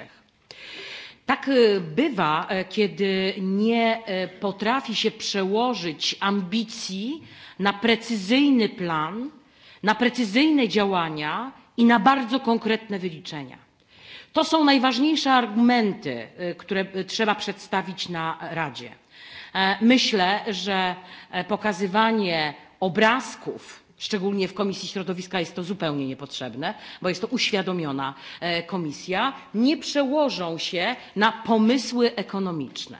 Tak e, bywa, e, kiedy nie e, potrafi się przełożyć ambicji na precyzyjny plan, na precyzyjne działania i na bardzo konkretne wyliczenia. To są najważniejsze argumenty, które trzeba przedstawić na Radzie. Myślę, że pokazywanie obrazków szczególnie w Komisji Środowiska jest to zupełnie niepotrzebne, bo jest to uświadomiona e, komisja, nie przełożą się na pomysły ekonomiczne.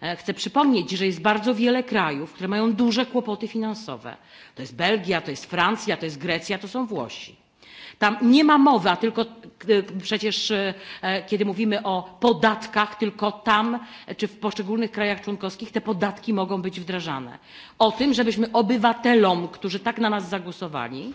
E, chcę przypomnieć, że jest bardzo wiele krajów, które mają duże kłopoty finansowe. To jest Belgia, to jest Francja, to jest Grecja, to są Włosi Tam nie ma mowa, tylko e, przecież e, e, kiedy mówimy o podatkach, tylko tam czy w poszczególnych krajach członkowskich te podatki mogą być wdrażane. O tym, żebyśmy obywatelom, którzy tak na nas zagłosowali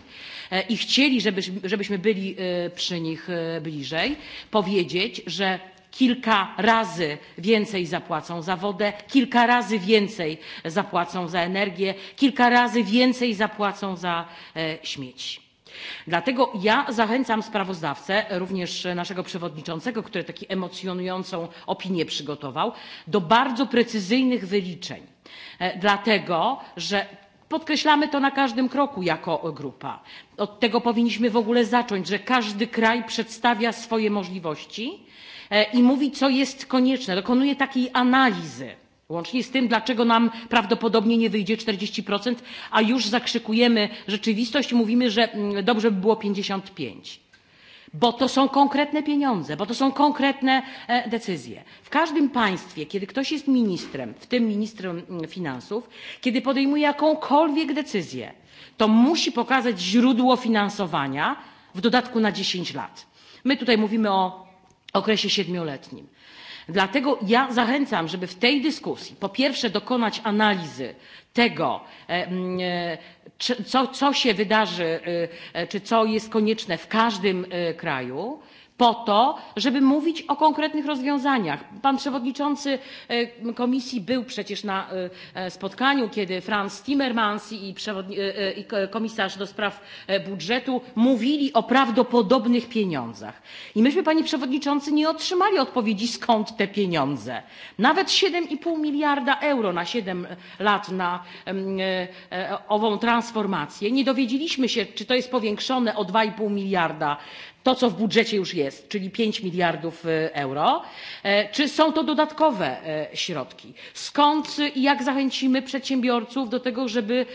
i chcieli, żeby, żebyśmy byli przy nich bliżej, powiedzieć, że kilka razy więcej zapłacą za wodę, kilka razy więcej zapłacą za energię, kilka razy więcej zapłacą za śmieci. Dlatego ja zachęcam sprawozdawcę, również naszego przewodniczącego, który taką emocjonującą opinię przygotował, do bardzo precyzyjnych wyliczeń, e, dlatego że Podkreślamy to na każdym kroku jako grupa. Od tego powinniśmy w ogóle zacząć, że każdy kraj przedstawia swoje możliwości e, i mówi, co jest konieczne, dokonuje takiej analizy Łącznie z tym, dlaczego nam prawdopodobnie nie wyjdzie 40%, a już zakrzykujemy rzeczywistość i mówimy, że mm, dobrze by było 55 bo to są konkretne pieniądze, bo to są konkretne e, decyzje. W każdym państwie, kiedy ktoś jest ministrem, w tym ministrem mm, finansów, kiedy podejmuje jakąkolwiek decyzję, to musi pokazać źródło finansowania w dodatku na 10 lat. My tutaj mówimy o okresie siedmioletnim. Dlatego ja zachęcam, żeby w tej dyskusji po pierwsze dokonać analizy tego, e, e, co, co się wydarzy, e, czy co jest konieczne w każdym kraju, po to, żeby mówić o konkretnych rozwiązaniach. Pan przewodniczący e, komisji był przecież na e, e, spotkaniu, kiedy Franz Timmermans i, i komisarz do spraw budżetu mówili o prawdopodobnych pieniądzach. I myśmy, panie przewodniczący, nie otrzymali odpowiedzi, skąd te pieniądze. Nawet 7,5 miliarda euro na 7 lat na ową transformację. Nie dowiedzieliśmy się, czy to jest powiększone o 2,5 miliarda to co w budżecie już jest czyli pięć miliardów e, euro e, czy są to dodatkowe e, środki skąd i jak zachęcimy przedsiębiorców do tego żeby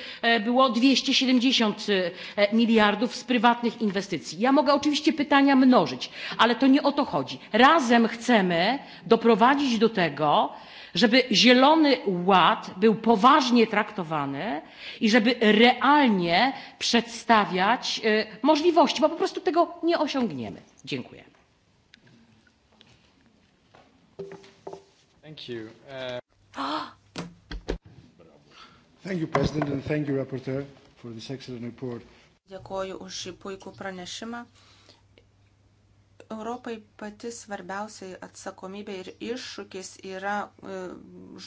było dwieście siedemdziesiąt miliardów z prywatnych inwestycji? ja mogę oczywiście pytania mnożyć ale to nie o to chodzi razem chcemy doprowadzić do tego żeby zielony ład był poważnie traktowany i żeby realnie przedstawiać e, możliwości bo po prostu tego nie osiągniemy. dziękuję. Thank you. Uh... Thank you, President, and thank you, Rapporteur, for this excellent report. Dėkoju už šį puikų pranešimą. Europai pati svarbiausia atsakomybė ir iššūkis yra e,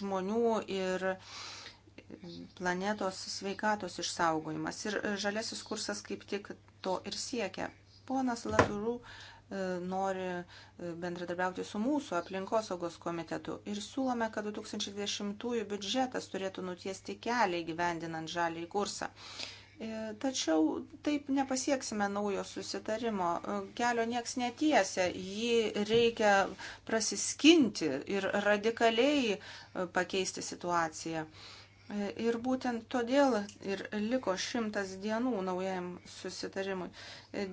žmonių ir planetos sveikatos išsaugojimas. Ir e, žalesis kursas kaip tik to ir siekia. Ponas Laturų e, nori bendradarbiauti su mūsų aplinkosaugos komitetu ir siūlome, kad 2020 biudžetas turėtų nutiesti kelią įgyvendinant žalį kursą. E, tačiau taip nepasieksime naujo susitarimo. E, kelio nieks netiesia, jį reikia prasiskinti ir radikaliai e, pakeisti situaciją. Ir būtent todėl ir liko šimtas dienų naujajam susitarimui.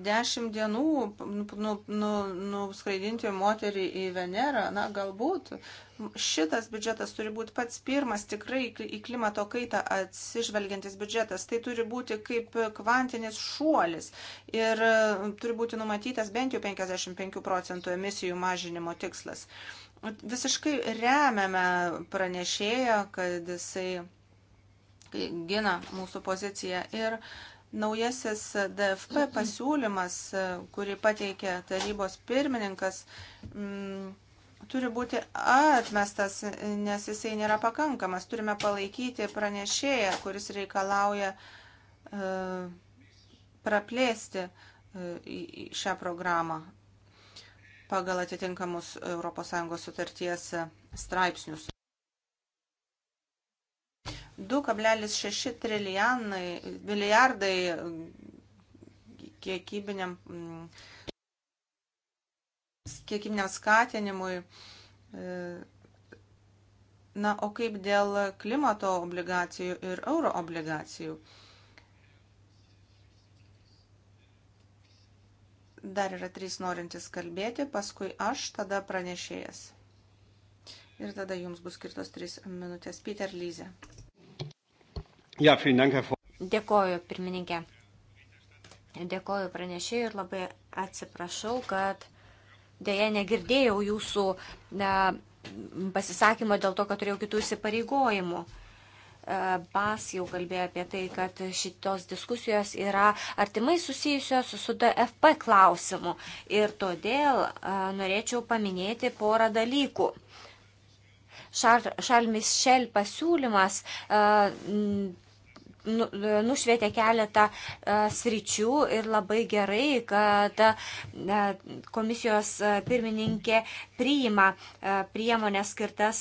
Dešimt dienų nuskraidinti nu, nu, nu moterį į Venerą, na galbūt šitas biudžetas turi būti pats pirmas tikrai į klimato kaitą atsižvelgiantis biudžetas. Tai turi būti kaip kvantinis šuolis ir e, turi būti numatytas bent jau 55 procentų emisijų mažinimo tikslas. Visiškai remiame pranešėją, kad jisai gina mūsų poziciją. Ir naujasis DFP pasiūlymas, kurį pateikė tarybos pirmininkas, m, mm, turi būti atmestas, nes jisai nėra pakankamas. Turime palaikyti pranešėją, kuris reikalauja e, praplėsti e, šią programą pagal atitinkamus ES sutarties straipsnius. 2,6 trilijonai, milijardai mm, kiekybiniam, mm, kiekybiniam skatinimui. E, na, o kaip dėl klimato obligacijų ir euro obligacijų? Dar yra trys norintys kalbėti, paskui aš, tada pranešėjas. Ir tada jums bus skirtos trys minutės. Peter Lyze. Ja, dank, Herr... Dėkoju, pirmininkė. Dėkoju pranešėjui ir labai atsiprašau, kad dėja negirdėjau jūsų ne, pasisakymo dėl to, kad turėjau kitų įsipareigojimų. E, Bas jau kalbėjo apie tai, kad šitos diskusijos yra artimai susijusios su DFP klausimu ir todėl e, norėčiau paminėti porą dalykų. Šarl Mišel pasiūlymas e, Nu, e, nušvietė keletą e, sričių ir labai gerai, kad e, komisijos pirmininkė priima priemonės skirtas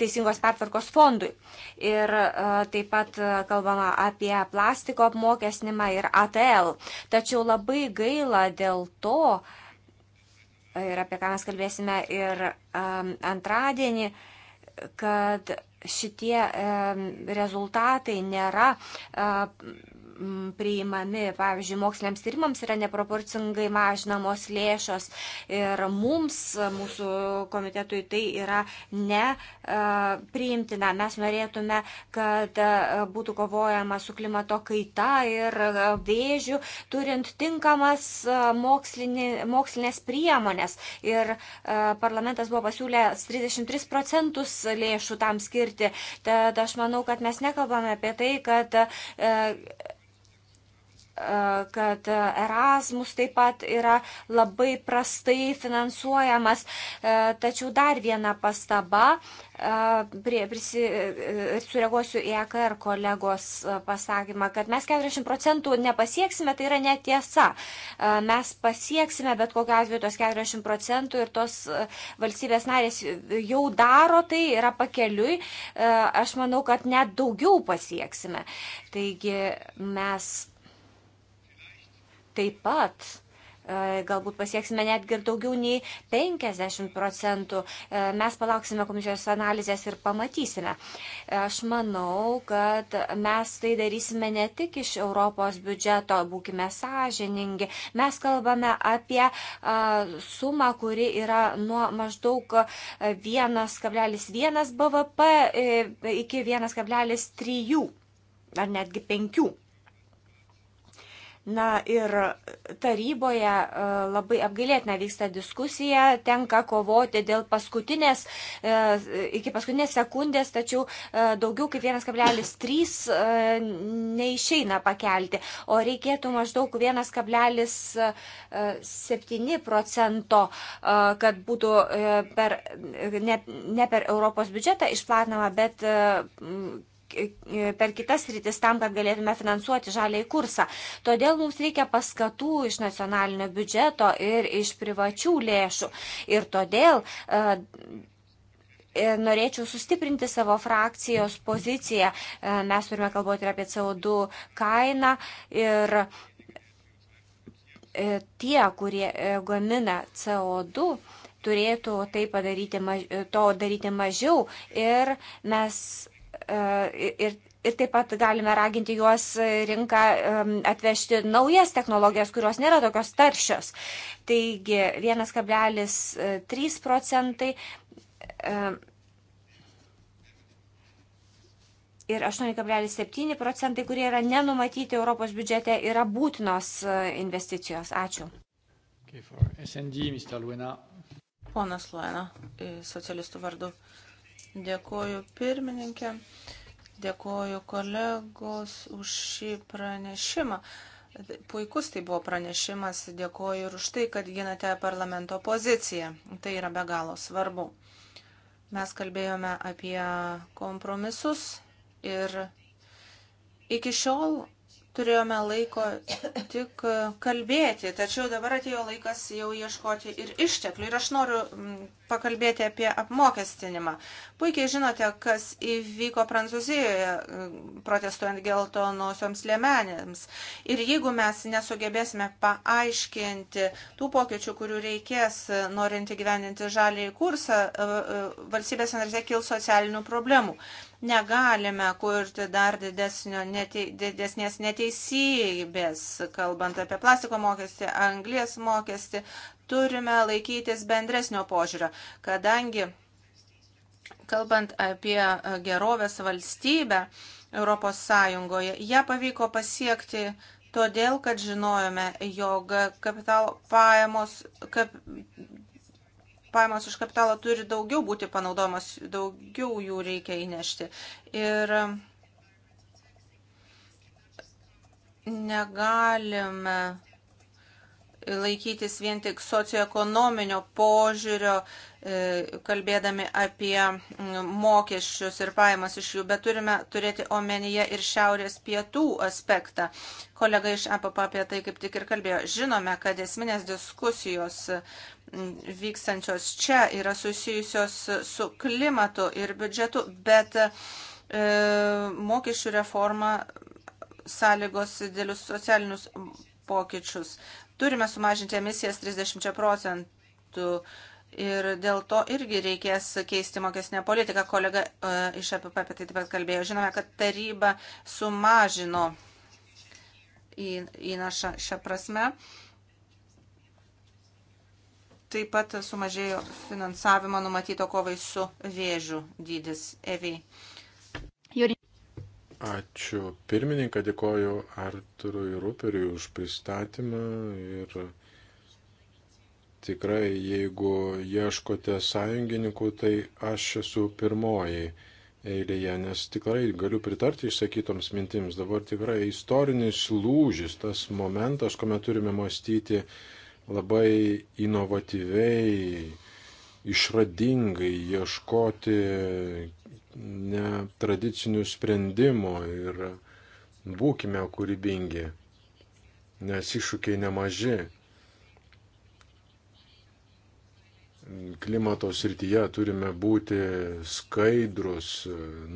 teisingos pertvarkos fondui. Ir taip pat kalbama apie plastiko apmokesnimą ir ATL. Tačiau labai gaila dėl to, ir apie ką mes kalbėsime ir um, antradienį, uh, kad šitie rezultatai nėra priimami, pavyzdžiui, moksliniams tyrimams yra neproporcingai mažinamos lėšos ir mums, mūsų komitetui, tai yra nepriimtina. E, mes norėtume, kad e, būtų kovojama su klimato kaita ir e, vėžiu, turint tinkamas mokslinį, mokslinės priemonės. Ir parlamentas buvo pasiūlęs 33 procentus lėšų tam skirti. Tad aš manau, kad mes nekalbame apie tai, kad kad Erasmus taip pat yra labai prastai finansuojamas. E, tačiau dar viena pastaba, e, prie, prisi, e, sureaguosiu į EKR kolegos pasakymą, kad mes 40 procentų nepasieksime, tai yra netiesa. Mes pasieksime bet kokiu atveju tos 40 procentų ir tos valstybės narės jau daro tai, yra pakeliui. Aš manau, kad net daugiau pasieksime. Taigi mes taip pat e, galbūt pasieksime netgi ir daugiau nei 50 procentų. E, mes palauksime komisijos analizės ir pamatysime. Aš manau, kad mes tai darysime ne tik iš Europos biudžeto, būkime sąžiningi. Mes kalbame apie e, sumą, kuri yra nuo maždaug 1,1 BVP iki 1,3 ar netgi 5. Na ir taryboje e, labai apgailėtina vyksta diskusija, tenka kovoti dėl paskutinės, e, iki paskutinės sekundės, tačiau e, daugiau kaip 1,3 neišeina pakelti, o reikėtų maždaug 1,7 procento, kad būtų per, ne, ne per Europos biudžetą išplatinama, bet per kitas rytis tam, kad galėtume finansuoti žaliai kursą. Todėl mums reikia paskatų iš nacionalinio biudžeto ir iš privačių lėšų. Ir todėl e, e, norėčiau sustiprinti savo frakcijos poziciją. E, mes turime kalbėti ir apie CO2 kainą ir tie, kurie gamina CO2, turėtų tai padaryti, to daryti mažiau ir mes E, ir, ir taip pat galime raginti juos rinką e, atvežti naujas technologijas, kurios nėra tokios taršios. Taigi 1,3 procentai e, ir 8,7 procentai, kurie yra nenumatyti Europos biudžete, yra būtinos investicijos. Ačiū. Okay, SND, Ponas Luena, socialistų vardu. Uh, Dėkoju pirmininkė, dėkoju kolegos už šį pranešimą. Puikus tai buvo pranešimas, dėkoju ir už tai, kad ginate parlamento poziciją. Tai yra be galo svarbu. Mes kalbėjome apie kompromisus ir iki šiol turėjome laiko tik kalbėti, tačiau dabar atėjo laikas jau ieškoti ir išteklių. Ir aš noriu pakalbėti apie apmokestinimą. Puikiai žinote, kas įvyko Prancūzijoje protestuojant geltonosioms lėmenėms. Ir jeigu mes nesugebėsime paaiškinti tų pokyčių, kurių reikės norint įgyvendinti žalį kursą, e, e, valstybės narėse kils socialinių problemų. Negalime kurti dar nete, didesnės neteisybės, kalbant apie plastiko mokestį, anglės mokestį, turime laikytis bendresnio požiūrio, kadangi, kalbant apie gerovės valstybę Europos Sąjungoje, ją pavyko pasiekti todėl, kad žinojome, jog kapitalo pajamos, kap, pajamos iš kapitalo turi daugiau būti panaudomas, daugiau jų reikia įnešti. Ir um, negalime laikytis vien tik socioekonominio požiūrio, e, kalbėdami apie mm, mokesčius ir pajamas iš jų, bet turime turėti omenyje ir šiaurės pietų aspektą. Kolega iš EPP apie tai kaip tik ir kalbėjo. Žinome, kad esminės diskusijos vykstančios čia yra susijusios su klimatu ir biudžetu, bet e, mokesčių reforma sąlygos dėlius socialinius pokyčius. Turime sumažinti emisijas 30 procentų ir dėl to irgi reikės keisti mokesnę politiką. Kolega e, iš APP e apie tai taip pat kalbėjo. Žinome, kad taryba sumažino įnašą šią prasme. E, Taip pat sumažėjo finansavimo numatyto kovai su vėžiu dydis EVI. Ačiū pirmininką, dėkoju Arturui Ruperiui už pristatymą ir tikrai, jeigu ieškote sąjungininkų, tai aš esu pirmoji eilėje, nes tikrai galiu pritarti išsakytoms mintims. Dabar tikrai istorinis lūžis, tas momentas, kuomet turime mąstyti labai inovatyviai, išradingai ieškoti netradicinių sprendimų ir būkime kūrybingi, nes iššūkiai nemaži. Klimato srityje turime būti skaidrus,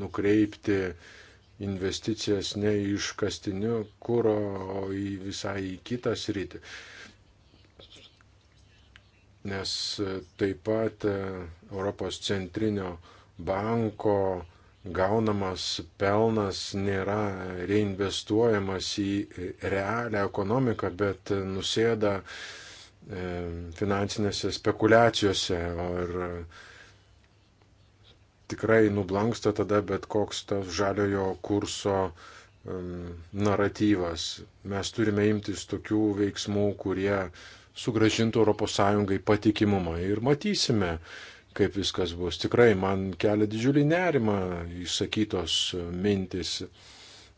nukreipti investicijas ne iš kastinių kūro, o į visai į kitą sritį nes e, taip pat e, Europos centrinio banko gaunamas pelnas nėra reinvestuojamas į e, realią ekonomiką, bet nusėda finansinėse spekulacijose ir tikrai nublanksta tada bet koks tas žaliojo kurso naratyvas. Mes turime imtis tokių veiksmų, kurie sugražintų ES patikimumą. Ir matysime, kaip viskas bus. Tikrai man kelia didžiulį nerimą išsakytos mintis.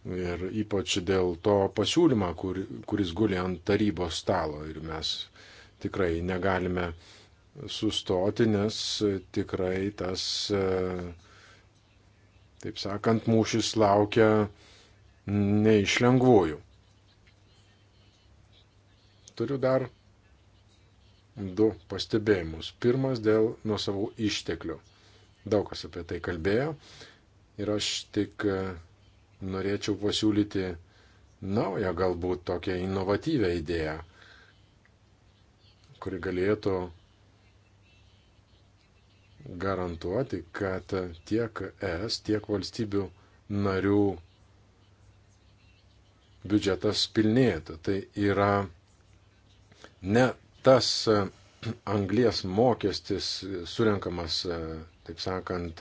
Ir ypač dėl to pasiūlymą, kur, kuris guli ant tarybos stalo. Ir mes tikrai negalime sustoti, nes tikrai tas, taip sakant, mūšis laukia neišlengvųjų. Turiu dar du pastebėjimus. Pirmas dėl nuosavų išteklių. Daug kas apie tai kalbėjo ir aš tik e, norėčiau pasiūlyti naują, galbūt tokią inovatyvę idėją, kuri galėtų garantuoti, kad tiek ES, tiek valstybių narių biudžetas pilnėtų. Tai yra ne tas eh, anglės mokestis eh, surenkamas, eh, taip sakant,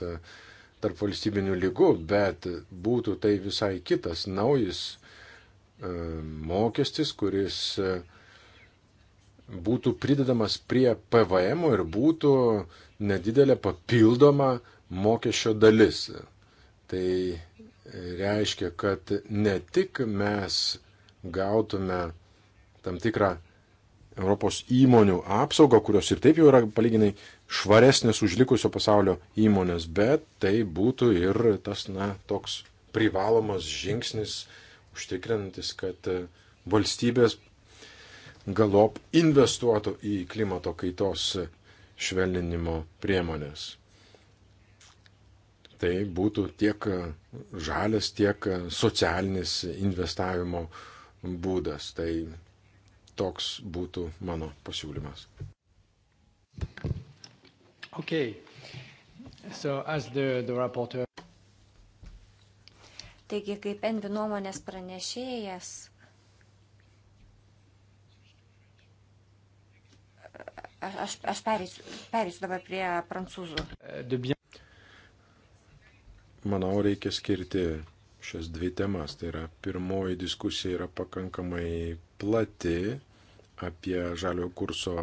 tarp valstybinių lygų, bet būtų tai visai kitas naujas mokestis, kuris būtų pridedamas prie PVM ir būtų nedidelė papildoma mokesčio dalis. Tai reiškia, kad ne tik mes gautume tam tikrą Europos įmonių apsaugą, kurios ir taip jau yra palyginai švaresnės už likusio pasaulio įmonės, bet tai būtų ir tas, na, toks privalomas žingsnis užtikrinantis, kad e, valstybės galop investuotų į klimato kaitos švelninimo priemonės. Tai būtų tiek e, žalės, tiek e, socialinis investavimo būdas. Tai Toks būtų mano pasiūlymas. Okay. So, the, the rapporteur... Taigi, kaip Envi nuomonės pranešėjas, aš, aš perėsiu, perėsiu dabar prie prancūzų. Manau, reikia skirti šias dvi temas. Tai yra, pirmoji diskusija yra pakankamai plati, apie žalio kurso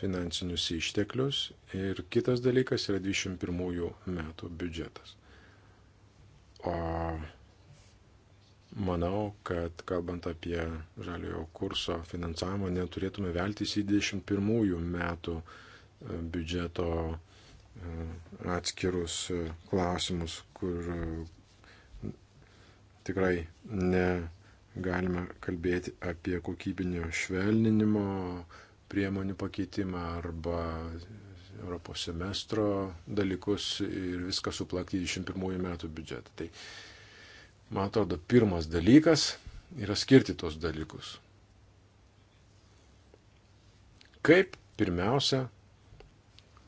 finansinius išteklius ir kitas dalykas yra 21 metų biudžetas. O manau, kad kalbant apie žaliojo kurso finansavimą, neturėtume veltis į 21 metų e, biudžeto e, atskirus e, klausimus, kur tikrai ne galime kalbėti apie kokybinio švelninimo priemonių pakeitimą arba Europos semestro dalykus ir viską suplakti į 21 metų biudžetą. Tai, man atrodo, pirmas dalykas yra skirti tos dalykus. Kaip pirmiausia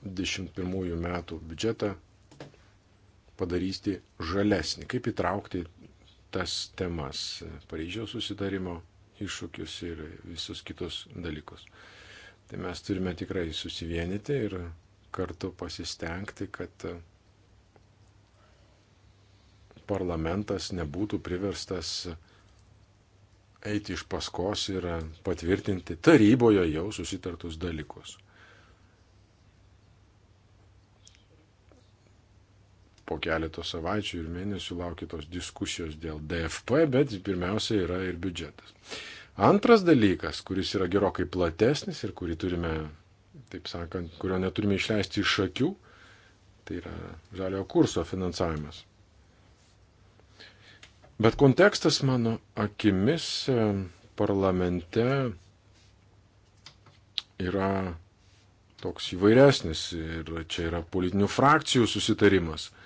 21 metų biudžetą padaryti žalesnį, kaip įtraukti tas temas - Paryžiaus susitarimo iššūkius ir visus kitus dalykus. Tai mes turime tikrai susivienyti ir kartu pasistengti, kad parlamentas nebūtų priverstas eiti iš paskos ir patvirtinti taryboje jau susitartus dalykus. po keleto savaičių ir mėnesių laukia tos diskusijos dėl DFP, bet pirmiausia yra ir biudžetas. Antras dalykas, kuris yra gerokai platesnis ir kurį turime, taip sakant, kurio neturime išleisti iš akių, tai yra žaliojo kurso finansavimas. Bet kontekstas mano akimis e, parlamente yra toks įvairesnis ir čia yra politinių frakcijų susitarimas –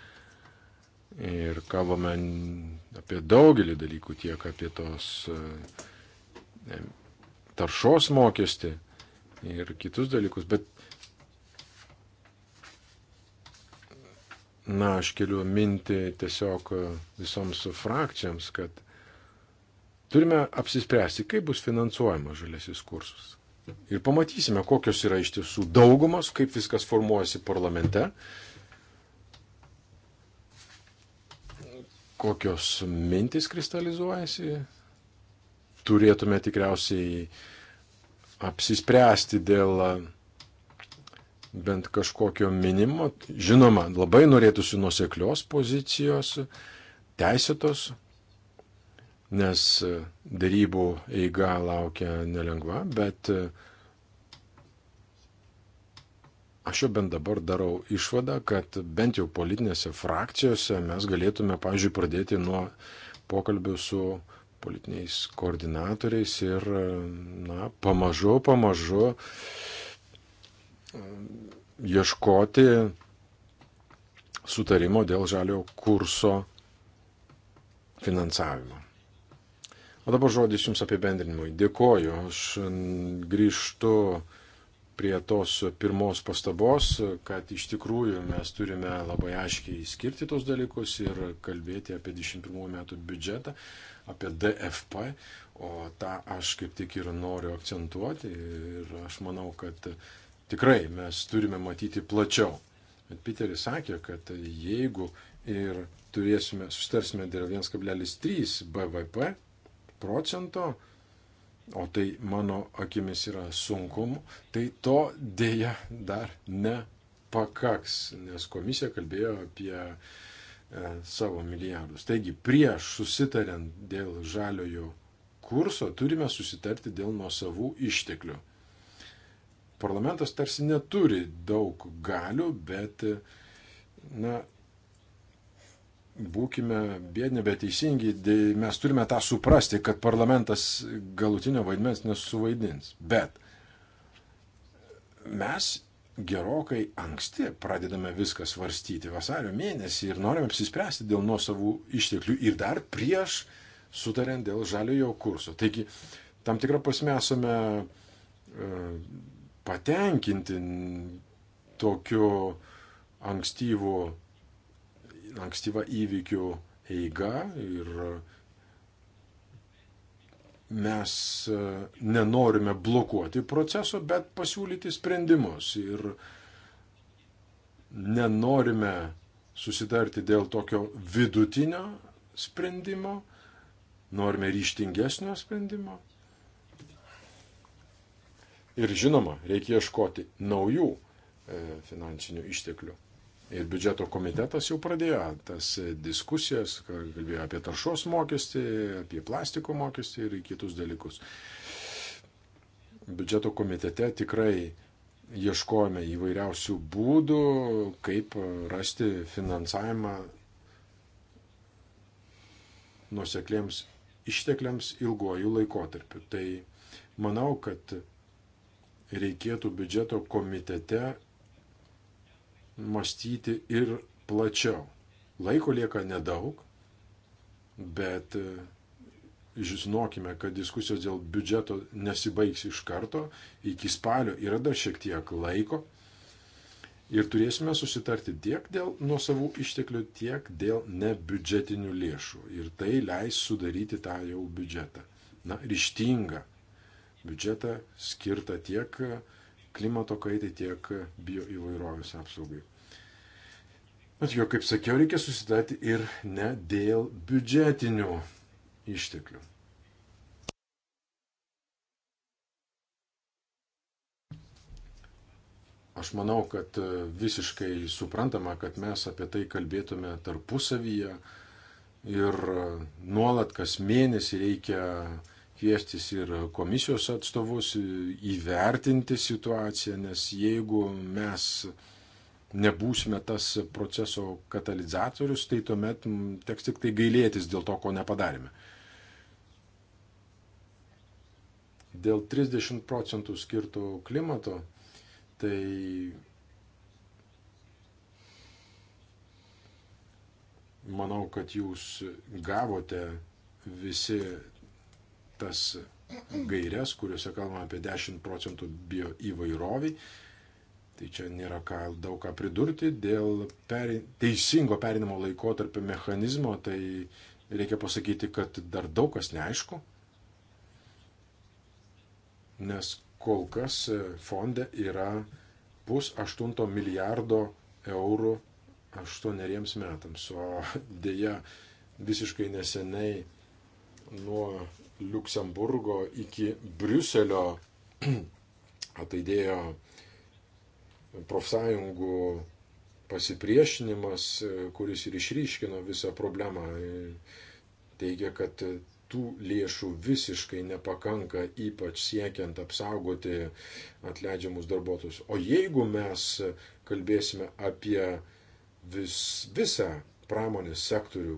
Ir kalbame apie daugelį dalykų, tiek apie tos e, taršos mokestį ir kitus dalykus, bet, na, aš keliu mintį tiesiog e, visoms frakcijoms, kad turime apsispręsti, kaip bus finansuojamas žalėsis kursus. Ir pamatysime, kokios yra iš tiesų daugumos, kaip viskas formuojasi parlamente. Uh, kokios mintys kristalizuojasi. Turėtume tikriausiai apsispręsti dėl bent kažkokio minimo. Žinoma, labai norėtųsi nuseklios pozicijos, teisėtos, nes darybų eiga laukia nelengva, bet uh, aš jau bent dabar darau išvadą kad bent jau politinėse frakcijose mes galėtume pavyzdžiui pradėti nuo pokalbių su politiniais koordinatoriais ir na, pamažu, pamažu e, ieškoti sutarimo dėl žalio kurso finansavimo. O dabar žodis Jums apibendrinimui. Dėkoju. Aš grįžtu prie tos pirmos pastabos, kad iš tikrųjų mes turime labai aiškiai skirti tos dalykus ir kalbėti apie 21 metų biudžetą, apie DFP, o tą aš kaip tik ir noriu akcentuoti ir aš manau, kad tikrai mes turime matyti plačiau. Bet Piteris sakė, kad jeigu ir turėsime, sustarsime dėl 1,3 BVP procento, o tai mano akimis yra sunkumų, tai to dėja dar nepakaks, nes komisija kalbėjo apie e, savo milijardus. Taigi prieš susitariant dėl žaliojo kurso turime susitarti dėl nuosavų išteklių. Parlamentas tarsi neturi daug galių, bet na, būkime bėdini, bet teisingi, mes turime tą suprasti, kad parlamentas galutinio vaidmens nesuvaidins. Bet mes gerokai anksti pradedame viską svarstyti vasario mėnesį ir norime apsispręsti dėl nuosavų išteklių ir dar prieš sutariant dėl žaliojo kurso. Taigi, tam tikrą prasme esame e, patenkinti tokiu ankstyvu ankstyva įvykių eiga ir mes e, nenorime blokuoti proceso, bet pasiūlyti sprendimus ir nenorime susitarti dėl tokio vidutinio sprendimo, norime ryštingesnio sprendimo. Ir žinoma, reikia ieškoti naujų e, finansinių išteklių. Ir biudžeto komitetas jau pradėjo tas diskusijas, kalbėjo apie taršos mokestį, apie plastiko mokestį ir kitus dalykus. Biudžeto komitete tikrai ieškojame įvairiausių būdų, kaip rasti finansavimą nusekliems ištekliams ilgojų laikotarpių. Tai manau, kad reikėtų biudžeto komitete mąstyti ir plačiau. Laiko lieka nedaug, bet e, žinokime, kad diskusijos dėl biudžeto nesibaigs iš karto, iki spalio yra dar šiek tiek laiko ir turėsime susitarti tiek dėl nuosavų išteklių, tiek dėl nebiudžetinių lėšų ir tai leis sudaryti tą jau biudžetą. Na, ryštingą biudžetą skirtą tiek uh, klimato kaitai, tiek bioįvairovės apsaugai. Bet jo, kaip sakiau, reikia susitarti ir ne dėl biudžetinių išteklių. Aš manau, kad e, visiškai suprantama, kad mes apie tai kalbėtume tarpusavyje ir e, nuolat kas mėnesį reikia kviestis ir komisijos atstovus įvertinti situaciją, nes jeigu mes nebūsime tas proceso katalizatorius, tai tuomet teks tik tai gailėtis dėl to, ko nepadarėme. Dėl 30 procentų skirtų klimato, tai manau, kad jūs gavote visi tas gairias, kuriuose kalbame apie 10 procentų bio įvairovį. Tai čia nėra ką, daug ką pridurti. Dėl peri, teisingo perinimo laiko tarp mechanizmo, tai reikia pasakyti, kad dar daug kas neaišku. Nes kol kas fonde yra pus 8 milijardo eurų 8 metams. O dėja visiškai neseniai nuo Luksemburgo iki Briuselio ataidėjo <clears throat> profsąjungų pasipriešinimas, e, kuris ir išryškino visą problemą. E, teigia, kad e, tų lėšų visiškai nepakanka, ypač siekiant apsaugoti atleidžiamus darbuotojus. O jeigu mes kalbėsime apie vis, visą pramonės sektorių,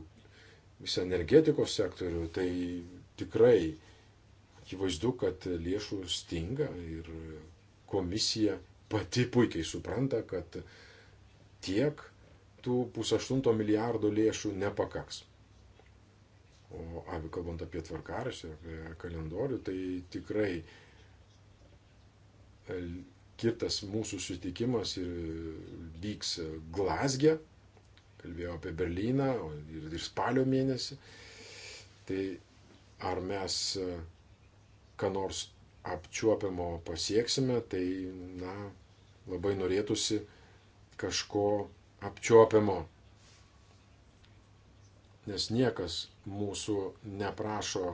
visą energetikos sektorių, tai tikrai akivaizdu, kad lėšų stinga ir komisija pati puikiai supranta, kad tiek tų pusaštunto milijardo lėšų nepakaks. O abi kalbant apie tvarkaraštį, apie kalendorių, tai tikrai e, kitas mūsų sutikimas ir vyks Glasge, kalbėjau apie Berliną ir, ir spalio mėnesį. Tai ar mes e, ką nors apčiuopiamo pasieksime, tai, na, labai norėtųsi kažko apčiuopiamo. Nes niekas mūsų neprašo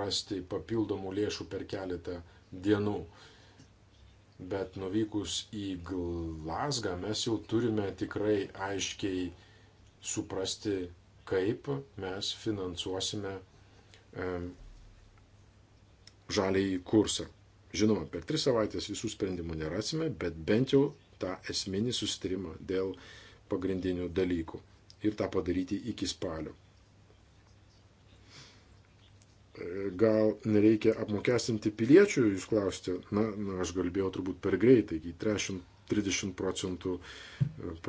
rasti papildomų lėšų per keletą dienų. Bet nuvykus į Glasgą mes jau turime tikrai aiškiai suprasti, kaip mes finansuosime E, žaliai kursą. Žinoma, per tris savaitės visų sprendimų nerasime, bet bent jau tą esminį sustarimą dėl pagrindinių dalykų ir tą padaryti iki spalio. E, gal nereikia apmokestinti piliečių, jūs klausite, na, na aš galbėjau turbūt per greitai, iki 30 procentų e,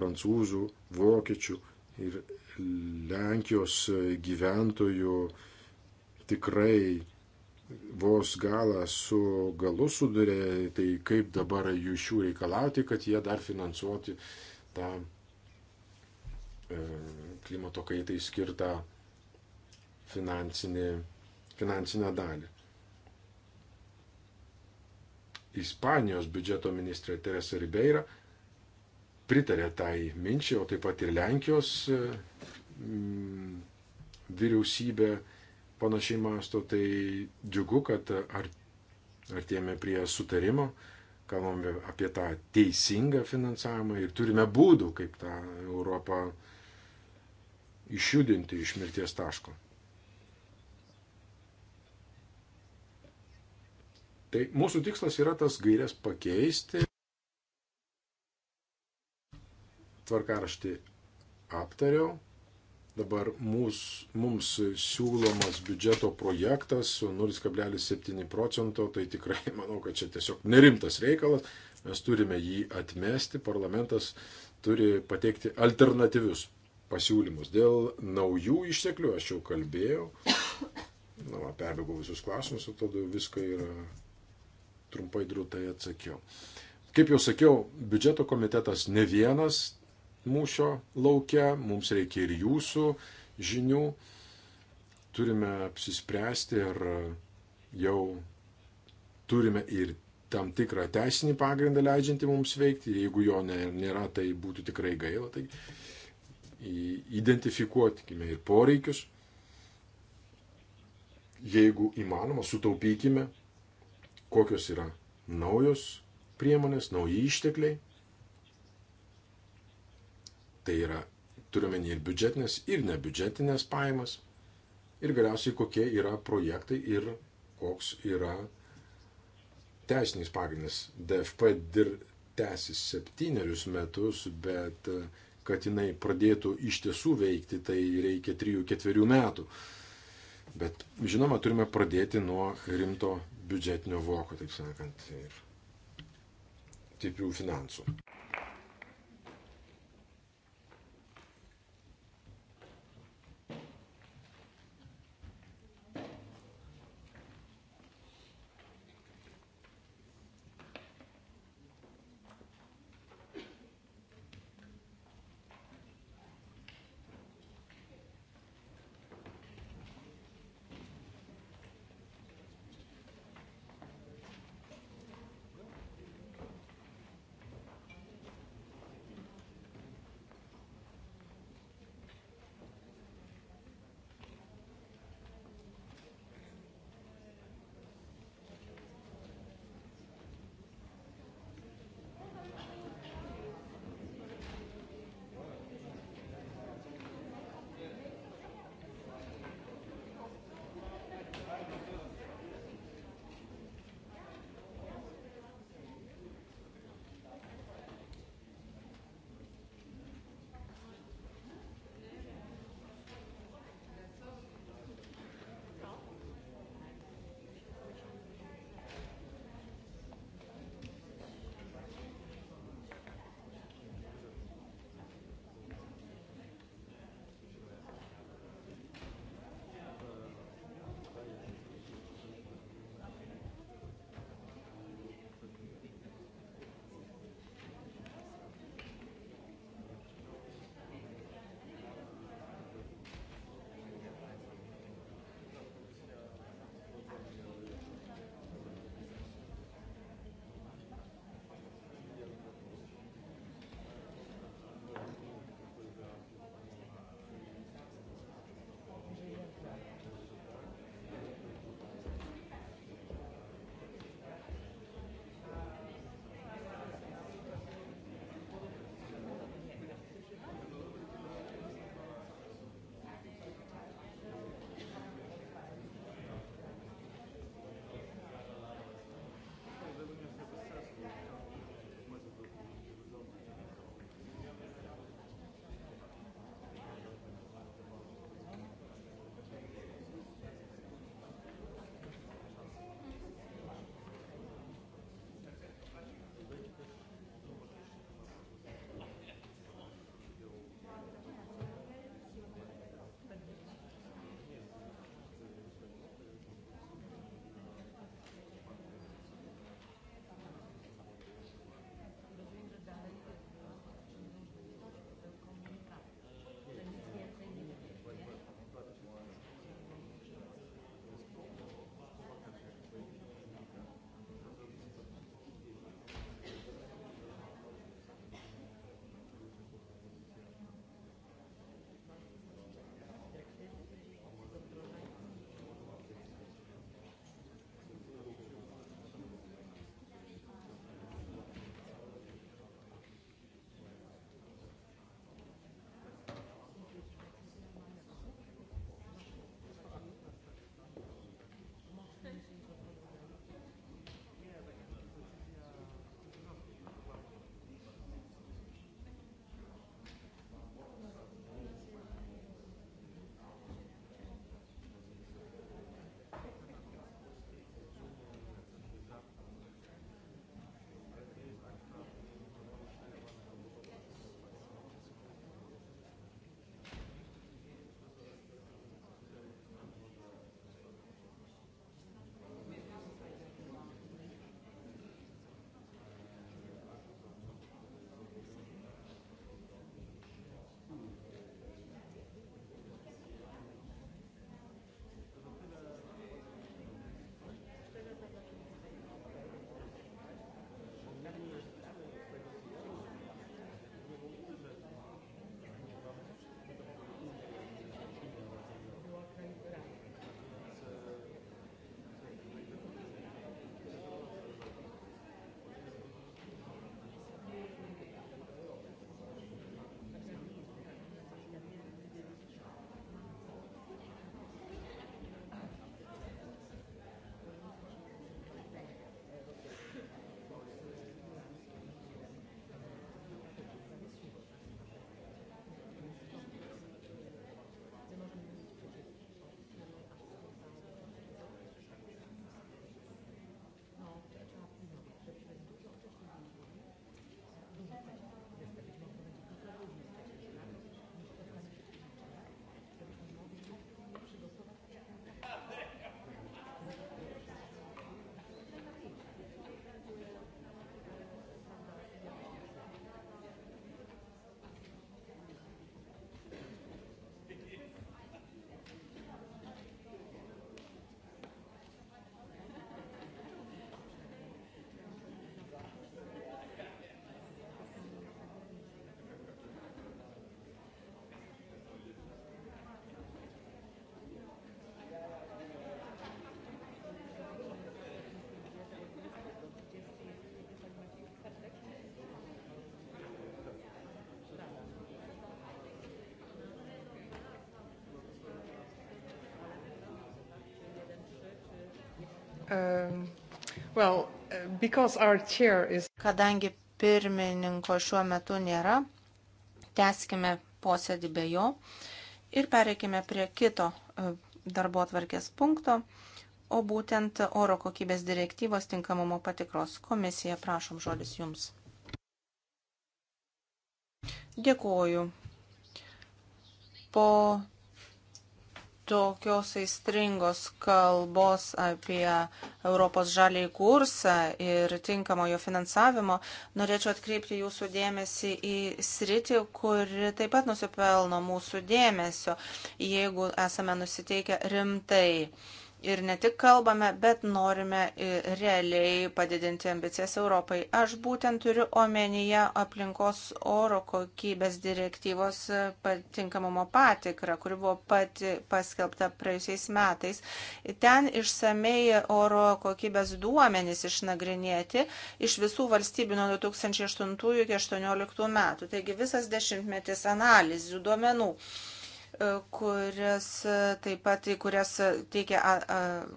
prancūzų, vokiečių ir Lenkijos gyventojų uh, tikrai vos galą su galu sudurė, tai kaip dabar jų šių reikalauti, kad jie dar finansuoti tą e, klimato kaitai skirtą finansinį, finansinę dalį. Ispanijos biudžeto ministrė Teresa Ribeira pritarė tai minčiai, o taip pat ir Lenkijos e, vyriausybė panašiai masto, tai džiugu, kad ar, artėjame prie sutarimo, kalbame apie tą teisingą finansavimą ir turime būdų, kaip tą Europą išjudinti iš mirties taško. Tai mūsų tikslas yra tas gairias pakeisti, tvarkaraštį aptariau, Dabar mūs, mums siūlomas biudžeto projektas su 0,7 procento, tai tikrai <laughs> manau, kad čia tiesiog nerimtas reikalas, mes turime jį atmesti, parlamentas turi pateikti alternatyvius pasiūlymus. Dėl naujų išteklių aš jau kalbėjau, <coughs> na, perbėgau visus klausimus, atrodo viską yra trumpai drūtai atsakiau. Kaip jau sakiau, biudžeto komitetas ne vienas, mūšio laukia, mums reikia ir jūsų žinių. Turime apsispręsti, ar jau turime ir tam tikrą teisinį pagrindą leidžiantį mums veikti. Jeigu jo nėra, tai būtų tikrai gaila. Tai identifikuokime ir poreikius. Jeigu įmanoma, sutaupykime, kokios yra naujos priemonės, nauji ištekliai, Tai yra turiuomenį ir biudžetinės, ir nebiudžetinės pajamas. Ir galiausiai kokie yra projektai ir koks yra teisinis pagrindas. DFP dir tęsis septynerius metus, bet kad jinai pradėtų iš tiesų veikti, tai reikia 3-4 metų. Bet žinoma, turime pradėti nuo rimto biudžetinio voko, taip sakant, ir stiprių finansų. Um, well, uh, is... Kadangi pirmininko šiuo metu nėra, tęskime posėdį be jo ir pereikime prie kito uh, darbo atvarkės punkto, o būtent oro kokybės direktyvos tinkamumo patikros komisija. Prašom žodis jums. Dėkuoju. Po tokios aistringos kalbos apie Europos žaliai kursą ir tinkamo jo finansavimo, norėčiau atkreipti jūsų dėmesį į sritį, kuri taip pat nusipelno mūsų dėmesio, jeigu esame nusiteikę rimtai ir ne tik kalbame, bet norime realiai padidinti ambicijas Europai. Aš būtent turiu omenyje aplinkos oro kokybės direktyvos e, tinkamumo patikrą, kuri buvo pati paskelbta praėjusiais metais. Ten išsamei oro kokybės duomenys išnagrinėti iš visų valstybių nuo 2008 iki 2018 metų. Taigi visas dešimtmetis analizių duomenų kurias e, taip pat, kurias teikia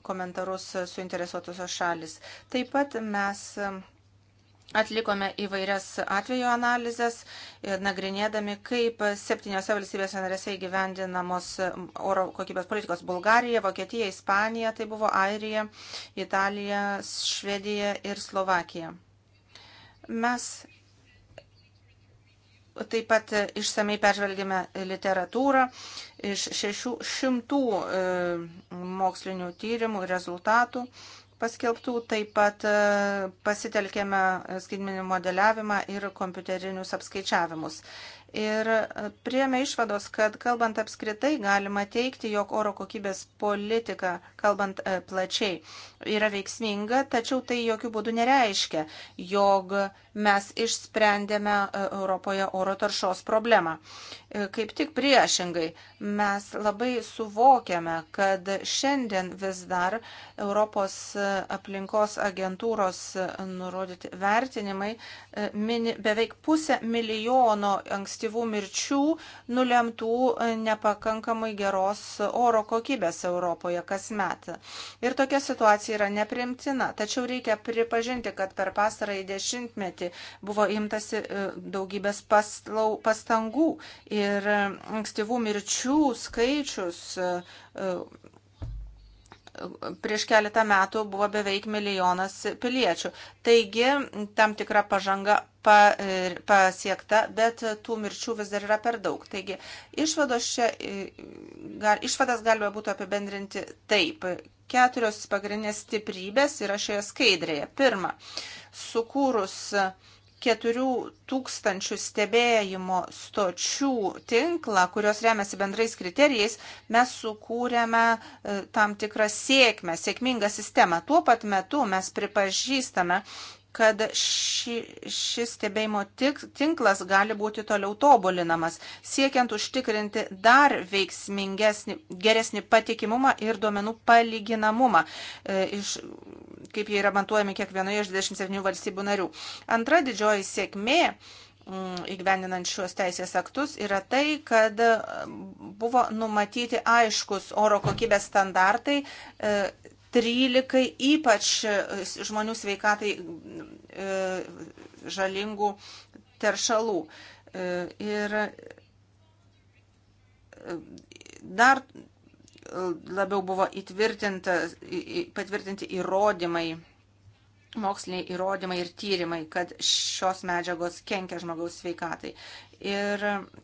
komentarus suinteresuotusios šalis. Taip pat mes e, Atlikome įvairias atvejo analizės, e, nagrinėdami, kaip septyniose valstybėse narėse įgyvendinamos oro kokybės politikos - Bulgarija, Vokietija, Ispanija, tai buvo Airija, Italija, Švedija ir Slovakija. Mes Taip pat e, išsamei peržvelgėme literatūrą iš 600 e, mokslinių tyrimų ir rezultatų paskelbtų. Taip pat e, pasitelkėme skaitmeninį modeliavimą ir kompiuterinius apskaičiavimus ir e, priemė išvados, kad kalbant apskritai galima teikti, jog oro kokybės politika, kalbant e, plačiai, yra veiksminga, tačiau tai jokių būdų nereiškia, jog mes išsprendėme e, Europoje oro taršos problemą. Kaip tik priešingai, mes labai suvokiame, kad šiandien vis dar Europos aplinkos agentūros nurodyti vertinimai mini beveik pusę milijono ankstyvų ankstyvų mirčių nulemtų nepakankamai geros oro kokybės Europoje kasmet. Ir tokia situacija yra neprimtina. Tačiau reikia pripažinti, kad per pastarąjį dešimtmetį buvo imtasi e, daugybės paslau, pastangų ir ankstyvų mirčių skaičius e, e, prieš keletą metų buvo beveik milijonas piliečių. Taigi tam tikra pažanga pa, pasiekta, bet tų mirčių vis dar yra per daug. Taigi, išvados čia, gal, išvadas galima būtų apibendrinti taip. Keturios pagrindinės stiprybės yra šioje skaidrėje. Pirma, sukūrus keturių tūkstančių stebėjimo stočių tinklą, kurios remiasi bendrais kriterijais, mes sukūrėme e, tam tikrą sėkmę, sėkmingą sistemą. Tuo pat metu mes pripažįstame, kad ši, šis stebėjimo tik, tinklas gali būti toliau tobulinamas, siekiant užtikrinti dar veiksmingesnį, geresnį patikimumą ir duomenų palyginamumą, e, iš, kaip jie yra matuojami kiekvienoje iš 27 valstybių narių. Antra didžioji sėkmė mm, įgyveninant šios teisės aktus yra tai, kad e, buvo numatyti aiškus oro kokybės standartai e, 13 ypač e, žmonių sveikatai e, žalingų teršalų. E, ir dar labiau buvo patvirtinti įrodymai, moksliniai įrodymai ir tyrimai, kad šios medžiagos kenkia žmogaus sveikatai ir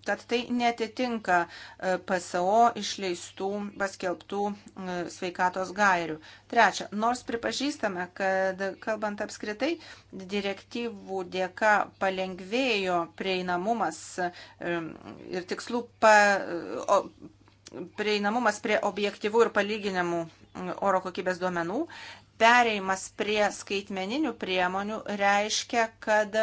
kad e, tai netitinka e, PSO išleistų, paskelbtų e, sveikatos gairių. Trečia, nors pripažįstame, kad kalbant apskritai, direktyvų dėka palengvėjo prieinamumas ir tikslų pa, o, prieinamumas prie objektyvų ir palyginimų oro kokybės duomenų, pereimas prie skaitmeninių priemonių reiškia, kad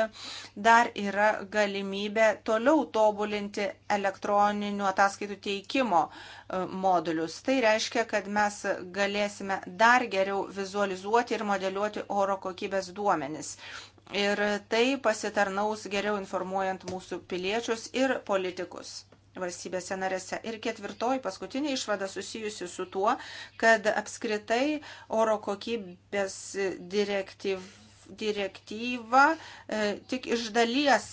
dar yra galimybė toliau tobulinti elektroninių ataskaitų teikimo e, modulius. Tai reiškia, kad mes galėsime dar geriau vizualizuoti ir modeliuoti oro kokybės duomenis. Ir tai pasitarnaus geriau informuojant mūsų piliečius ir politikus valstybėse narėse. Ir ketvirtoji paskutinė išvada susijusi su tuo, kad apskritai oro kokybės direktyv, direktyva e, tik iš dalies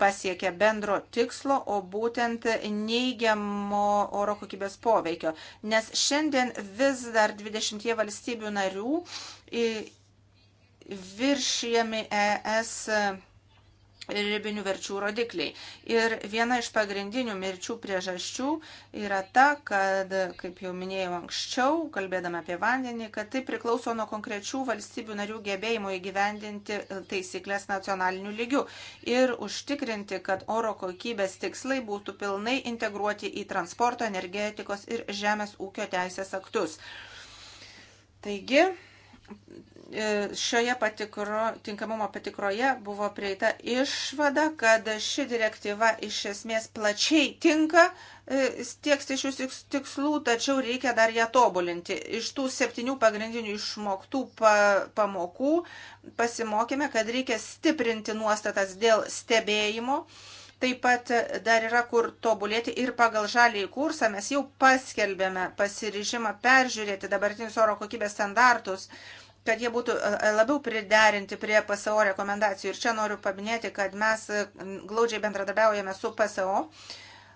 pasiekia bendro tikslo, o būtent neigiamo oro kokybės poveikio. Nes šiandien vis dar 20 valstybių narių viršijami ES ribinių verčių rodikliai. Ir viena iš pagrindinių mirčių priežasčių yra ta, kad, kaip jau minėjau anksčiau, kalbėdama apie vandenį, kad tai priklauso nuo konkrečių valstybių narių gebėjimo įgyvendinti e, taisyklės nacionaliniu lygiu ir užtikrinti, kad oro kokybės tikslai būtų pilnai integruoti į transporto, energetikos ir žemės ūkio teisės aktus. Taigi, E, šioje patikro, tinkamumo patikroje buvo prieita išvada, kad ši direktyva iš esmės plačiai tinka e, tieks iš šių tikslų, tačiau reikia dar ją tobulinti. Iš tų septynių pagrindinių išmoktų pa, pamokų pasimokėme, kad reikia stiprinti nuostatas dėl stebėjimo. Taip pat dar yra kur tobulėti ir pagal žalį kursą mes jau paskelbėme pasirižimą peržiūrėti dabartinius oro kokybės standartus kad jie būtų e, e, labiau priderinti prie PSO rekomendacijų. Ir čia noriu paminėti, kad mes e, glaudžiai bendradarbiaujame su PSO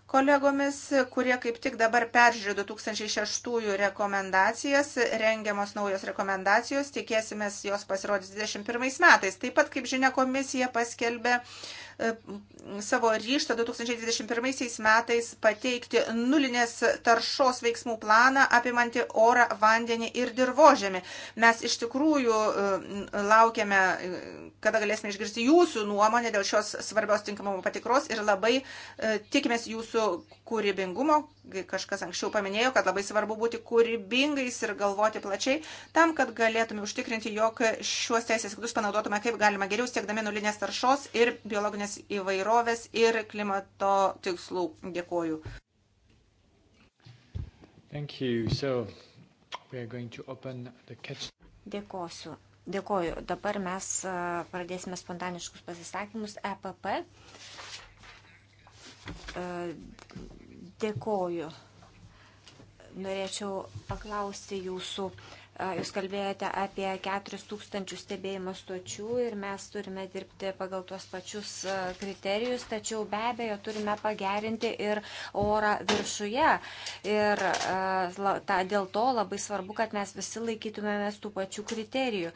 kolegomis, kurie kaip tik dabar peržiūrė 2006 rekomendacijas, rengiamos naujos rekomendacijos, tikėsimės jos pasirodys 2021 metais. Taip pat, kaip žinia, komisija paskelbė uh, E, savo ryštą 2021 metais pateikti nulinės taršos veiksmų planą apimanti orą, vandenį ir dirbožėmį. Mes iš tikrųjų e, laukiame, e, kada galėsime išgirsti jūsų nuomonę dėl šios svarbios tinkamumo patikros ir labai tikimės jūsų kūrybingumo. Kažkas anksčiau paminėjo, kad labai svarbu būti kūrybingais ir galvoti plačiai, tam, kad galėtume užtikrinti, jog šiuos teisės aktus panaudotume kaip galima geriau, siekdami nulinės taršos ir biologinės biologinės įvairovės ir klimato tikslų. Dėkoju. So, catch... Dėkosiu. Dėkoju. Dabar mes pradėsime spontaniškus pasisakymus EPP. Dėkoju. Norėčiau paklausti jūsų Jūs kalbėjote apie 4000 stebėjimo stočių ir mes turime dirbti pagal tuos pačius kriterijus, tačiau be abejo turime pagerinti ir orą viršuje. Ir ta, dėl to labai svarbu, kad mes visi laikytumėmės tų pačių kriterijų.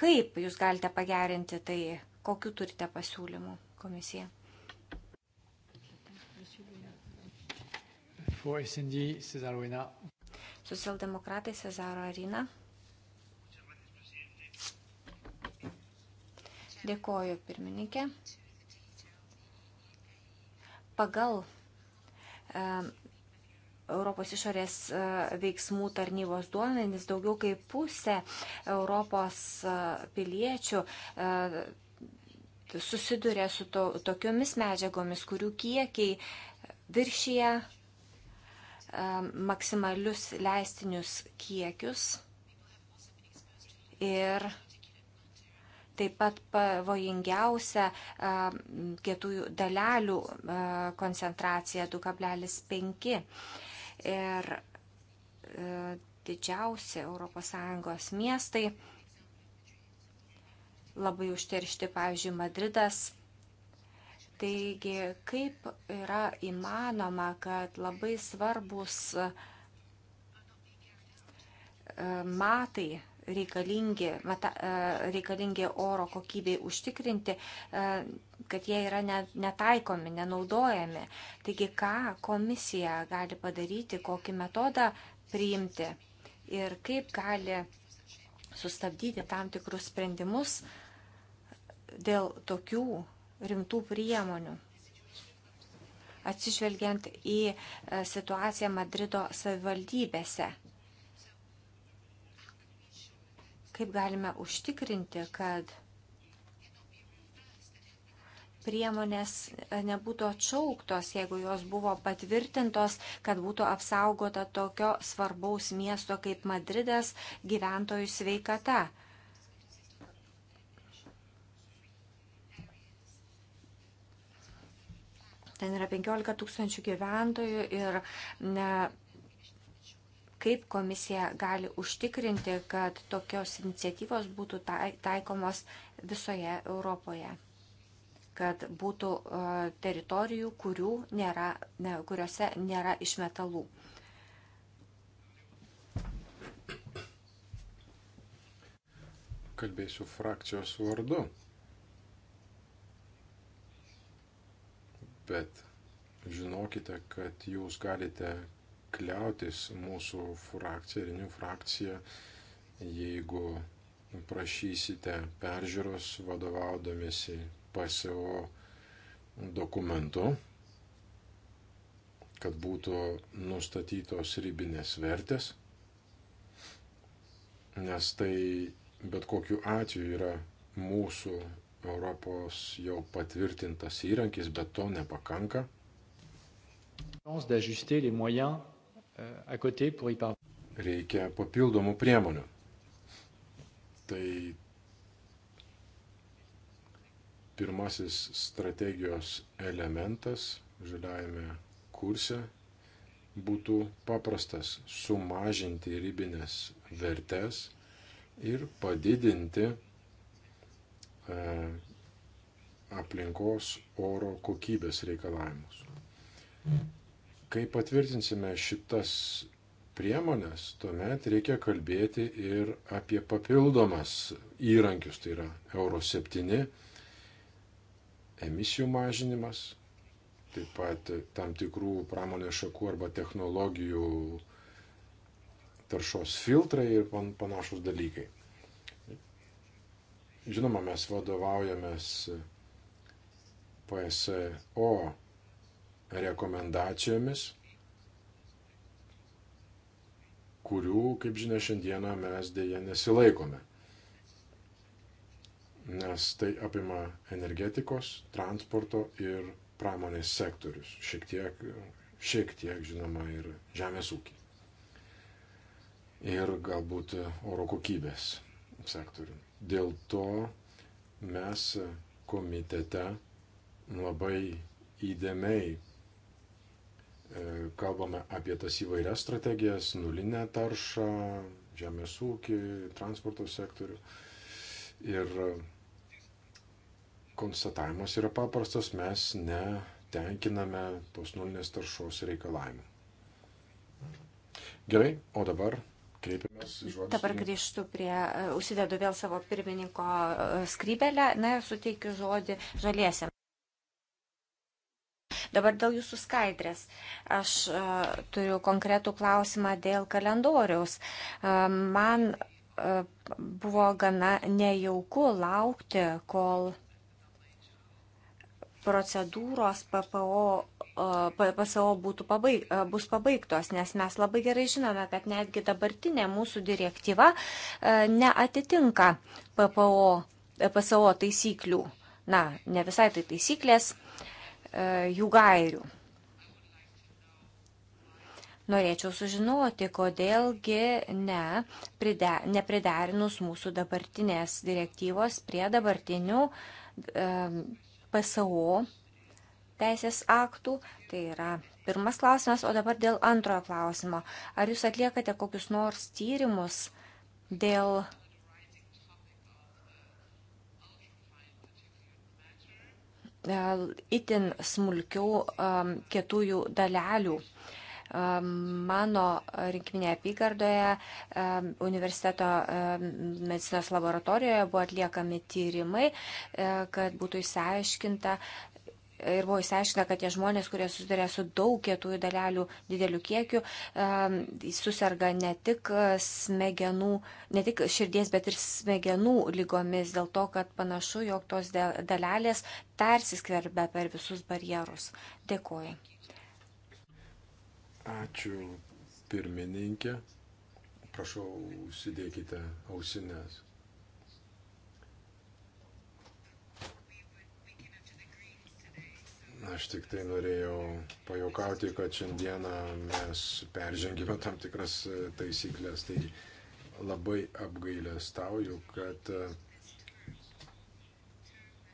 Kaip jūs galite pagerinti tai, kokiu turite pasiūlymų komisija? For SND Cesarina. Socialdemokratai Cezaro Arina. Dėkoju, pirmininkė. Pagal e, Europos išorės e, veiksmų tarnybos duomenys daugiau kaip pusė Europos e, piliečių e, susiduria su to, tokiomis medžiagomis, kurių kiekiai viršyje Um, maksimalius leistinius kiekius ir taip pat pavojingiausia um, kietųjų dalelių uh, koncentracija 2,5. Ir uh, didžiausi ES miestai labai užteršti, pavyzdžiui, Madridas Taigi, kaip yra įmanoma, kad labai svarbus e, matai reikalingi, mata, e, reikalingi oro kokybei užtikrinti, e, kad jie yra netaikomi, nenaudojami. Taigi, ką komisija gali padaryti, kokį metodą priimti ir kaip gali sustabdyti tam tikrus sprendimus dėl tokių rimtų priemonių atsižvelgiant į e, situaciją Madrido savivaldybėse. Kaip galime užtikrinti, kad priemonės e, nebūtų atšauktos, jeigu jos buvo patvirtintos, kad būtų apsaugota tokio svarbaus miesto kaip Madridas gyventojų sveikata. Ten yra 15 tūkstančių gyventojų ir ne, kaip komisija gali užtikrinti, kad tokios iniciatyvos būtų tai, taikomos visoje Europoje kad būtų e, teritorijų, kurių nėra, ne, kuriuose nėra išmetalų. Kalbėsiu frakcijos vardu. bet žinokite, kad jūs galite kliautis mūsų frakcija, Renių frakcija, jeigu prašysite peržiūros vadovaudomėsi PSO dokumentu, kad būtų nustatytos ribinės vertės, nes tai bet kokiu atveju yra mūsų Europos jau patvirtintas įrankis, bet to nepakanka. Euh, Reikia papildomų priemonių. Tai pirmasis strategijos elementas žaliajame kurse būtų paprastas - sumažinti ribinės vertes ir padidinti E, aplinkos oro kokybės reikalavimus. Kai patvirtinsime šitas priemonės, tuomet reikia kalbėti ir apie papildomas įrankius, tai yra Euro 7 emisijų mažinimas, taip pat tam tikrų pramonės šakų arba technologijų taršos filtrai ir panašus dalykai. Žinoma, mes vadovaujamės PSO rekomendacijomis, kurių, kaip žinia, šiandieną mes dėje nesilaikome. Nes tai apima energetikos, transporto ir pramonės sektorius. Šiek tiek, šiek tiek žinoma, ir žemės ūkį. Ir galbūt oro kokybės sektorių. Dėl to mes komitete labai įdėmiai e, kalbame apie tas įvairias strategijas - nulinę taršą, žemės ūkį, transporto sektorių. Ir konstatavimas yra paprastas, mes netenkiname tos nulinės taršos reikalavimų. Gerai, o dabar Kreipiamės į žodį. Dabar grįžtu prie, e, užsidedu vėl savo pirmininko e, skrybelę, na ir suteikiu žodį žaliesiam. Dabar dėl jūsų skaidrės. Aš uh, turiu konkretų klausimą dėl kalendoriaus. Uh, man uh, buvo gana nejauku laukti, kol uh, procedūros PPO, PSO būtų pabaig, bus pabaigtos, nes mes labai gerai žinome, kad netgi dabartinė mūsų direktyva e, neatitinka PPO, e, PSO taisyklių. Na, ne visai tai taisyklės, e, jų gairių. Norėčiau sužinoti, kodėlgi ne, pride, nepriderinus mūsų dabartinės direktyvos prie dabartinių e, PSO teisės aktų. Tai yra pirmas klausimas, o dabar dėl antrojo klausimo. Ar jūs atliekate kokius nors tyrimus dėl e, itin smulkių e, kietųjų dalelių? Uh, Mano rinkiminėje apygardoje universiteto medicinos laboratorijoje buvo atliekami tyrimai, e, kad būtų išsiaiškinta ir buvo įsiaiškina, kad tie žmonės, kurie susiduria su daug kietųjų dalelių dideliu kiekiu, susirga ne tik smegenų, ne tik širdies, bet ir smegenų lygomis, dėl to, kad panašu, jog tos dalelės persiskverbia per visus barjerus. Dėkuoju. Ačiū pirmininkė. Prašau, užsidėkite ausinės. Aš tik tai norėjau pajokauti, kad šiandieną mes peržengime tam tikras taisyklės. Tai labai apgailę stauju, kad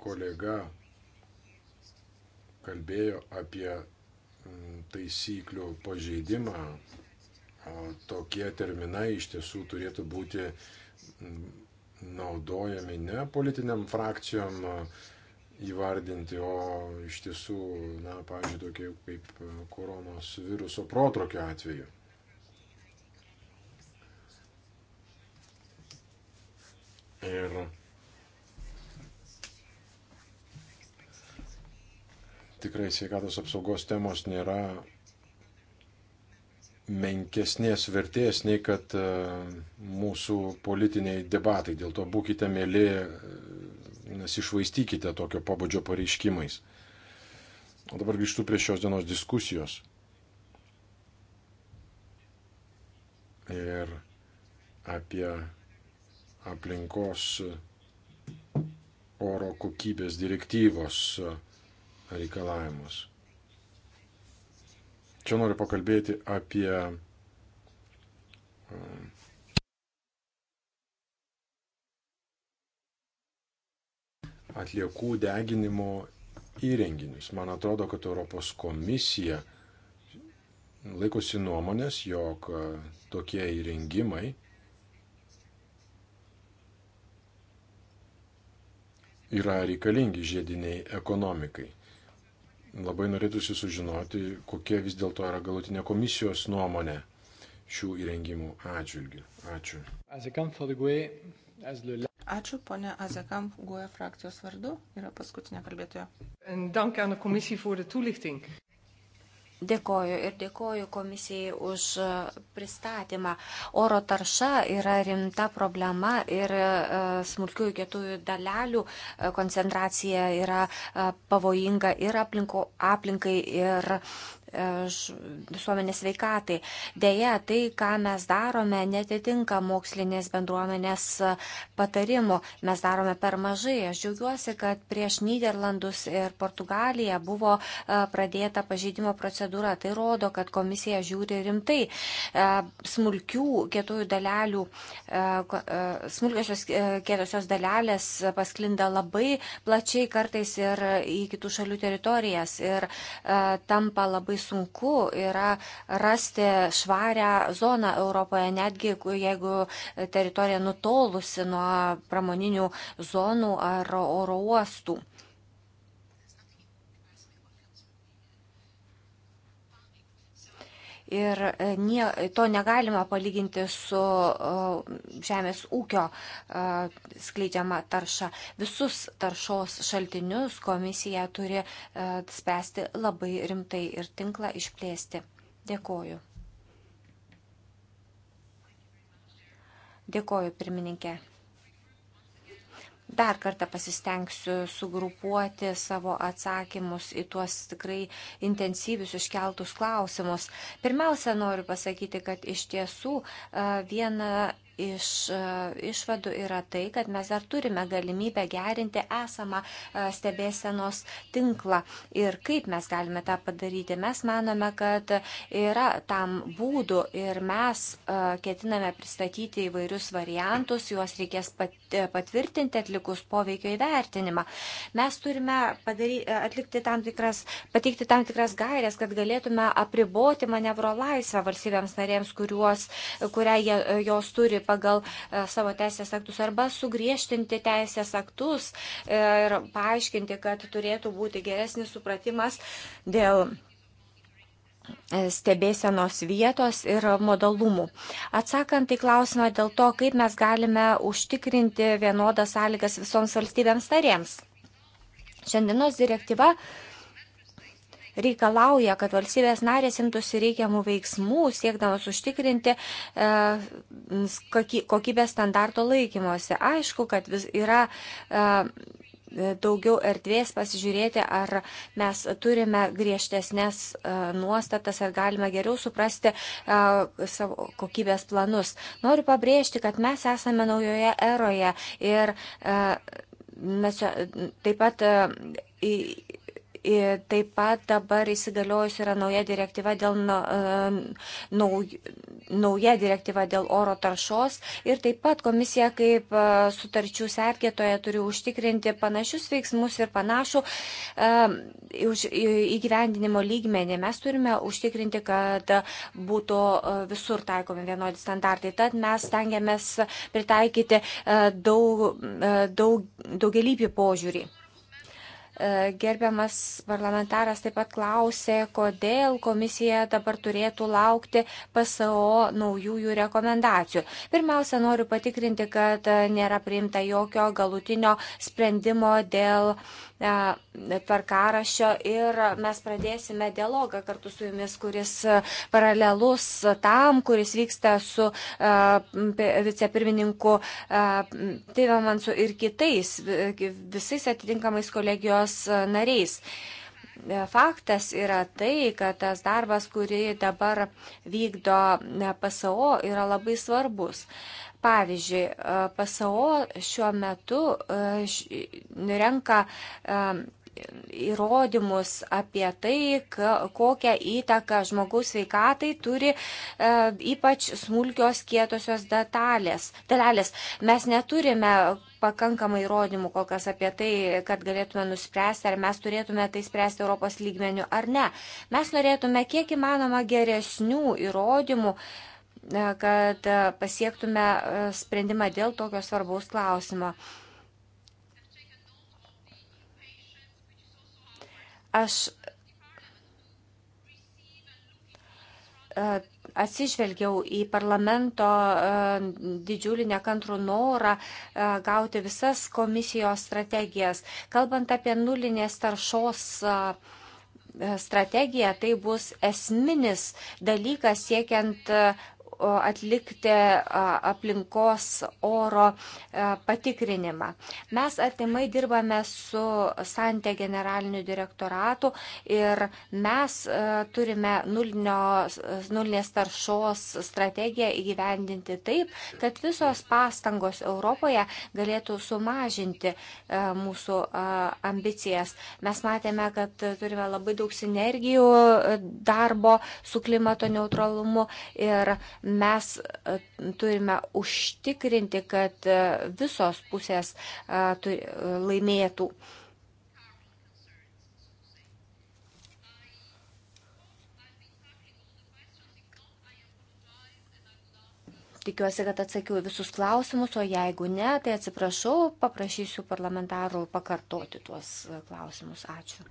kolega kalbėjo apie Mm, taisyklių pažeidimą, o tokie terminai iš tiesų turėtų būti mm, naudojami ne politiniam frakcijom įvardinti, o iš tiesų, na, pavyzdžiui, tokie kaip koronos viruso protrukio atveju. Ir tikrai sveikatos apsaugos temos nėra menkesnės vertės nei kad e, mūsų politiniai debatai. Dėl to būkite mėly, e, nesišvaistykite tokio pobūdžio pareiškimais. O dabar grįžtu prie šios dienos diskusijos. Ir apie aplinkos oro kokybės direktyvos reikalavimus. Čia noriu pakalbėti apie um, atliekų deginimo įrenginius. Man atrodo, kad Europos komisija laikosi nuomonės, jog uh, tokie įrengimai yra reikalingi žiediniai ekonomikai. Labai norėtųsi sužinoti, kokia vis dėlto yra galutinė komisijos nuomonė šių įrengimų atžvilgių. Ačiū. E Ačiū, ponė Azekam Guoja e frakcijos vardu, yra paskutinė kalbėtoja. Dėkoju ir dėkoju komisijai už e, pristatymą. Oro tarša yra rimta problema ir e, smulkiųjų kietųjų dalelių e, koncentracija yra pavojinga ir aplinko, aplinkai, ir visuomenės veikatai. Deja, tai, ką mes darome, netitinka mokslinės bendruomenės patarimų. Mes darome per mažai. Aš džiaugiuosi, kad prieš Niderlandus ir Portugaliją buvo e, pradėta pažeidimo procedūra. Tai rodo, kad komisija žiūri rimtai. E, smulkių kietųjų dalelių, e, smulkiosios kietosios dalelės pasklinda labai plačiai kartais ir į kitų šalių teritorijas ir tampa labai sunku yra rasti švarę zoną Europoje, netgi jeigu teritorija nutolusi nuo pramoninių zonų ar oro uostų. Ir e, nie, to negalima palyginti su e, žemės ūkio e, skleidžiama tarša. Visus taršos šaltinius komisija turi spęsti labai rimtai ir tinklą išplėsti. Dėkoju. Dėkoju, pirmininkė dar kartą pasistengsiu sugrupuoti savo atsakymus į tuos tikrai intensyvius iškeltus klausimus. Pirmiausia, noriu pasakyti, kad iš tiesų viena iš e, išvadų yra tai, kad mes dar turime galimybę gerinti esamą e, stebėsenos tinklą. Ir kaip mes galime tą padaryti? Mes manome, kad yra tam būdų ir mes e, ketiname pristatyti įvairius variantus, juos reikės patvirtinti atlikus poveikio įvertinimą. Mes turime padary, atlikti tam tikras, pateikti tam tikras gairias, kad galėtume apriboti manevro laisvę valstybėms narėms, kuriuos, kurią jie, jos turi pasirinkti pagal e, savo teisės aktus arba sugriežtinti teisės aktus e, ir paaiškinti, kad turėtų būti geresnis supratimas dėl e, stebėsenos vietos ir modalumų. Atsakant į klausimą dėl to, kaip mes galime užtikrinti vienodas sąlygas visoms valstybėms narėms. Šiandienos direktyva uh, reikalauja, kad valstybės narės imtųsi reikiamų veiksmų, siekdamas užtikrinti e, kokybės standarto laikymuose. Aišku, kad vis yra. E, daugiau erdvės pasižiūrėti, ar mes turime griežtesnės e, nuostatas, ar galime geriau suprasti e, savo kokybės planus. Noriu pabrėžti, kad mes esame naujoje eroje ir e, mes taip pat Taip pat dabar įsigaliojus yra nauja direktyva dėl, e, nauja direktyva dėl oro taršos ir taip pat komisija kaip e, sutarčių sergėtoje turi užtikrinti panašius veiksmus ir panašų e, įgyvendinimo lygmenį. Mes turime užtikrinti, kad būtų visur taikomi vienodi standartai. Tad mes stengiamės pritaikyti daug, daug, daugelįpį požiūrį. E, gerbiamas parlamentaras taip pat klausė, kodėl komisija dabar turėtų laukti PSO naujųjų rekomendacijų. Pirmiausia, noriu patikrinti, kad nėra priimta jokio galutinio sprendimo dėl e, tvarkarašio ir mes pradėsime dialogą kartu su jumis, kuris paralelus tam, kuris vyksta su e, vicepirmininku Tivemansu ir kitais, visais atitinkamais kolegijos tarybos nariais. Faktas yra tai, kad tas darbas, kurį dabar vykdo PSO, yra labai svarbus. Pavyzdžiui, PSO šiuo metu e, renka e, įrodymus apie tai, kokią įtaką žmogaus veikatai turi e, ypač smulkios kietosios detalės. dalelės. Mes neturime pakankamai įrodymų kol kas apie tai, kad galėtume nuspręsti, ar mes turėtume tai spręsti Europos lygmenių ar ne. Mes norėtume kiek įmanoma geresnių įrodymų e, kad e, pasiektume sprendimą dėl tokio svarbaus klausimo. Aš e, atsižvelgiau į parlamento e, didžiulį nekantrų norą e, gauti visas komisijos strategijas. Kalbant apie nulinės taršos strategija tai bus esminis dalykas siekiant atlikti aplinkos oro patikrinimą. Mes artimai dirbame su Santė generaliniu direktoratu ir mes turime nulinės taršos strategiją įgyvendinti taip, kad visos pastangos Europoje galėtų sumažinti mūsų ambicijas. Mes matėme, kad turime labai daug sinergijų darbo su klimato neutralumu ir mes e, turime užtikrinti, kad e, visos pusės e, laimėtų. Tikiuosi, kad atsakiau visus klausimus, o jeigu ne, tai atsiprašau, paprašysiu parlamentarų pakartoti tuos klausimus. Ačiū.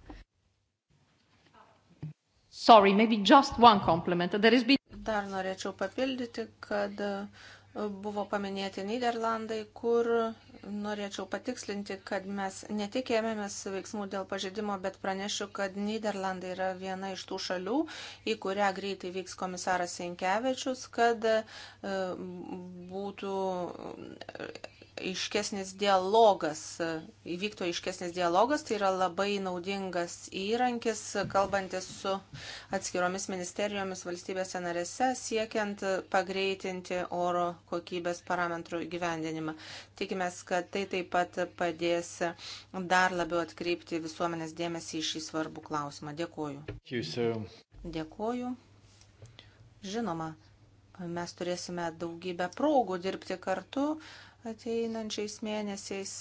Sorry, maybe just one compliment. There has been Dar norėčiau papildyti, kad e, buvo paminėti Niderlandai, kur norėčiau patikslinti, kad mes netikėjomėmės veiksmų dėl pažeidimo, bet pranešiu, kad Niderlandai yra viena iš tų šalių, į kurią greitai vyks komisaras Senkevičius, kad e, būtų aiškesnis dialogas, e, įvyktų aiškesnis dialogas, tai yra labai naudingas įrankis, kalbantis su atskiromis ministerijomis valstybėse narėse, siekiant pagreitinti oro kokybės parametrų gyvendinimą. Tikimės, kad tai taip pat padės dar labiau atkreipti visuomenės dėmesį į šį svarbų klausimą. Dėkuoju. Dėkuoju. Žinoma, mes turėsime daugybę progų dirbti kartu ateinančiais mėnesiais,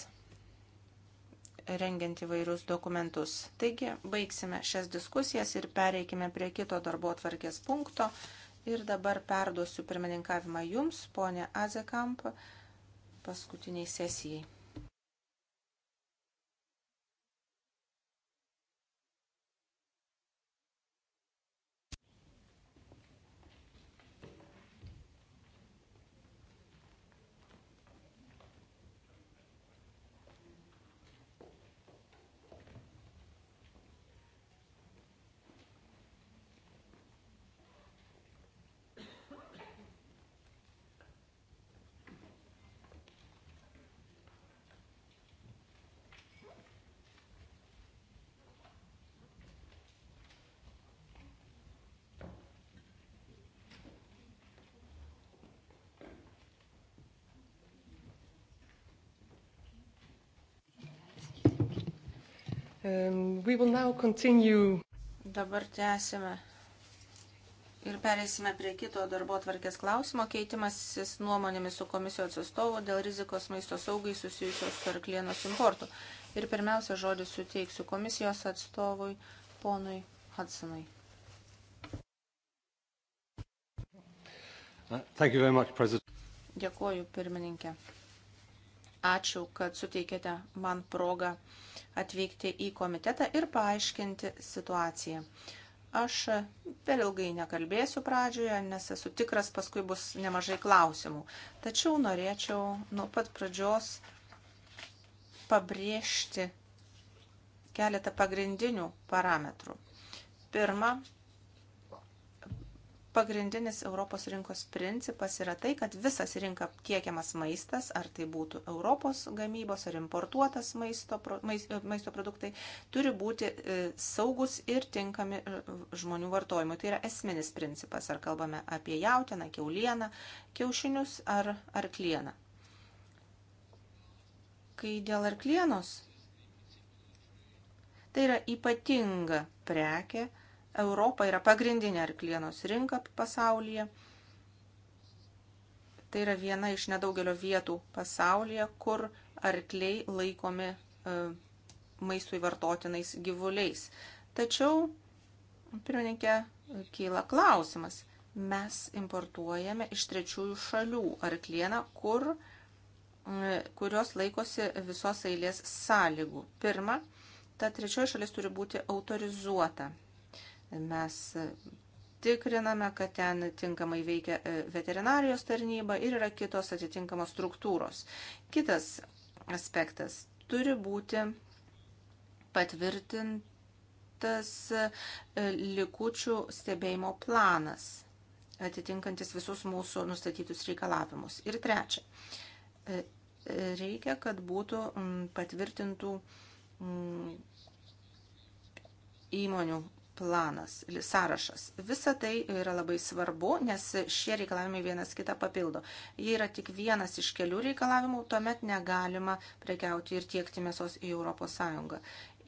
rengiant įvairius dokumentus. Taigi, baigsime šias diskusijas ir pereikime prie kito darbo atvarkės punkto. Ir dabar perduosiu pirmininkavimą jums, ponė Azekamp, paskutiniai sesijai. Um, Dabar tęsime ir pereisime prie kito darbo tvarkės klausimo. Keitimasis nuomonėmis su komisijos atstovu dėl rizikos maisto saugai susijusios su arklienos importu. Ir pirmiausia, žodį suteiksiu komisijos atstovui ponui Hudsonui. Uh, much, Dėkuoju, pirmininkė. Ačiū, kad suteikėte man progą uh, atvykti į komitetą ir paaiškinti situaciją. Aš per ilgai nekalbėsiu pradžioje, nes esu tikras, paskui bus nemažai klausimų. Tačiau norėčiau nuo pat pradžios pabrėžti keletą pagrindinių parametrų. Pirma, pagrindinis Europos rinkos principas yra tai, kad visas rinka tiekiamas maistas, ar tai būtų Europos gamybos ar importuotas maisto, e, maisto produktai, turi būti e, saugus ir tinkami e, žmonių vartojimui. Tai yra esminis principas, ar kalbame apie jautieną, keulieną, kiaušinius ar arklieną. Kai dėl arklienos, tai yra ypatinga prekė, Europa yra pagrindinė arklienos rinka pasaulyje. Tai yra viena iš nedaugelio vietų pasaulyje, kur arkliai laikomi e, maistui vartotinais gyvuliais. Tačiau, pirmininkė, kyla klausimas. Mes importuojame iš trečiųjų šalių arklieną, kur, e, kurios laikosi visos eilės sąlygų. Pirma, ta trečioji šalis turi būti autorizuota Mes e, tikriname, kad ten tinkamai veikia e, veterinarijos tarnyba ir yra kitos atitinkamos struktūros. Kitas aspektas turi būti patvirtintas e, likučių stebėjimo planas, atitinkantis visus mūsų nustatytus reikalavimus. Ir trečia, reikia, kad būtų patvirtintų įmonių planas, sąrašas. Visa tai yra labai svarbu, nes šie reikalavimai vienas kitą papildo. Jei yra tik vienas iš kelių reikalavimų, tuomet negalima prekiauti ir tiekti mėsos į ES.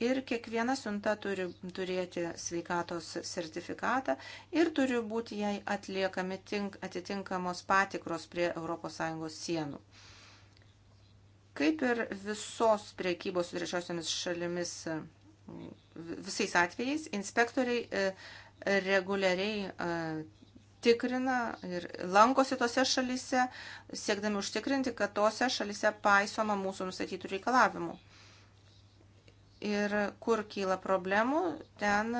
Ir kiekviena siunta turi turėti sveikatos sertifikatą ir turi būti jai atliekami tink, atitinkamos patikros prie ES sienų. Kaip ir visos priekybos su trečiosiomis šalimis visais atvejais inspektoriai e, reguliariai e, tikrina ir lankosi tose šalise, siekdami užtikrinti, kad tose šalise paisoma mūsų nustatytų reikalavimų. Ir kur kyla problemų, ten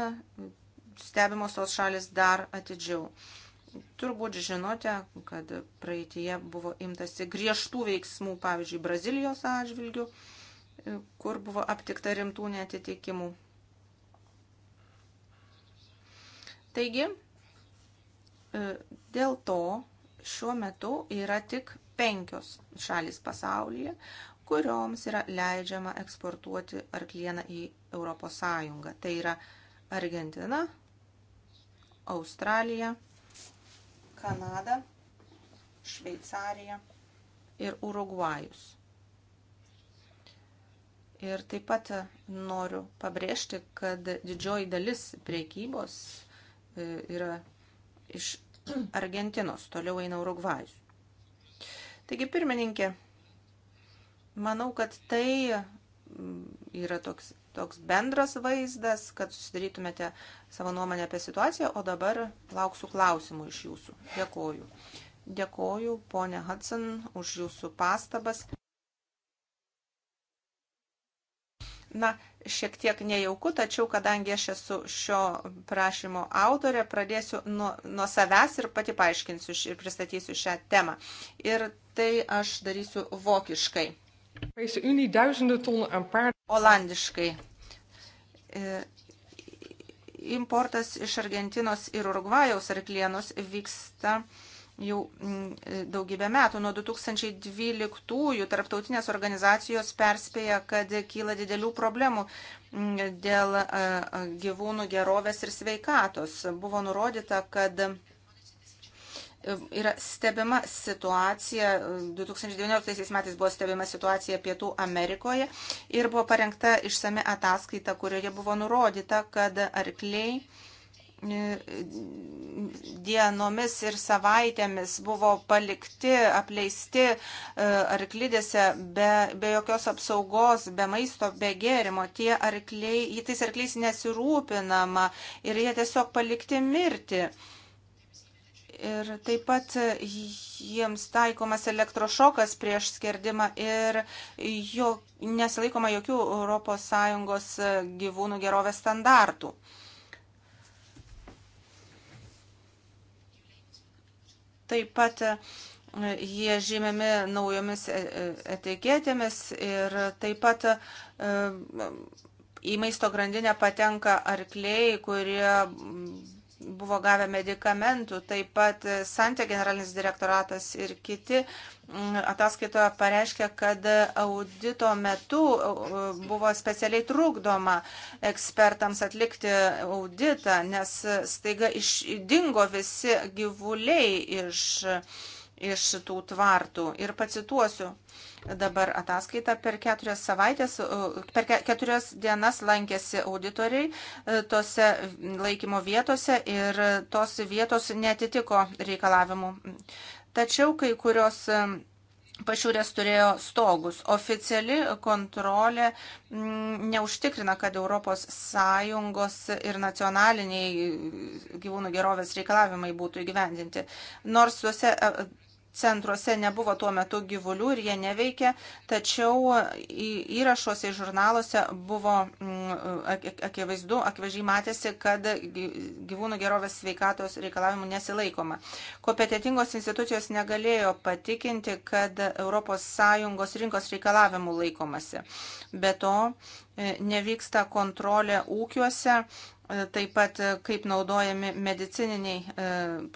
stebimos tos šalis dar atidžiau. Turbūt žinote, kad praeitie buvo imtasi griežtų veiksmų, pavyzdžiui, Brazilijos atžvilgių kur buvo aptikta rimtų netitikimų. Taigi, e, dėl to šiuo metu yra tik penkios šalis pasaulyje, kurioms yra leidžiama eksportuoti arklieną į ES. Tai yra Argentina, Australija, Kanada, Šveicarija ir Urugvajus. Ir taip pat noriu pabrėžti, kad didžioji dalis priekybos e, yra iš <clears throat> Argentinos, toliau eina Urugvajus. Taigi, pirmininkė, manau, kad tai yra toks, toks bendras vaizdas, kad susidarytumėte savo nuomonę apie situaciją, o dabar lauksiu klausimų iš jūsų. Dėkoju. Dėkoju, ponė Hudson, už jūsų pastabas. na, šiek tiek nejauku, tačiau kadangi aš esu šio prašymo autorė, pradėsiu nuo, nuo savęs ir pati paaiškinsiu ir pristatysiu šią temą. Ir tai aš darysiu vokiškai. Olandiškai. E, importas iš Argentinos ir Urugvajaus arklienos vyksta jau mm, daugybę metų. Nuo 2012-ųjų tarptautinės organizacijos perspėja, kad kyla didelių problemų mm, dėl gyvūnų gerovės ir sveikatos. Buvo nurodyta, kad e, yra stebima situacija, 2019 metais buvo stebima situacija Pietų Amerikoje ir buvo parengta išsame ataskaita, kurioje buvo nurodyta, kad arkliai dienomis ir savaitėmis buvo palikti, apleisti e, arklidėse be, be jokios apsaugos, be maisto, be gėrimo. Tie arkliai, tais arkliais nesirūpinama ir jie tiesiog palikti mirti. Ir taip pat jiems taikomas elektrošokas prieš skerdimą ir jo, nesilaikoma jokių ES gyvūnų gerovės standartų. Taip pat e, jie žymimi naujomis e, e, etiketėmis ir taip pat į maisto grandinę patenka arkliai, kurie buvo gavę medikamentų, taip pat Santė generalinis direktoratas ir kiti mm, ataskaitoje pareiškia, kad audito metu e, e, buvo specialiai trukdoma ekspertams atlikti auditą, nes staiga išdingo visi gyvuliai iš, iš tų tvartų. Ir pacituosiu dabar ataskaitą. Per keturias, savaitės, per keturias dienas lankėsi auditoriai e, tose laikymo vietose ir tos vietos netitiko reikalavimų. Tačiau kai kurios e, pašiūrės turėjo stogus. Oficiali kontrolė mm, neužtikrina, kad ES ir nacionaliniai gyvūnų gerovės reikalavimai būtų įgyvendinti. Nors tuose e, centruose nebuvo tuo metu gyvulių ir jie neveikė, tačiau įrašuose ir žurnaluose buvo mm, akivaizdu, akivaizdžiai matėsi, kad gyvūnų gerovės sveikatos reikalavimų nesilaikoma. Kompetitingos institucijos negalėjo patikinti, kad ES rinkos reikalavimų laikomasi. Be to, e, nevyksta kontrolė ūkiuose taip pat e, kaip naudojami medicininiai e,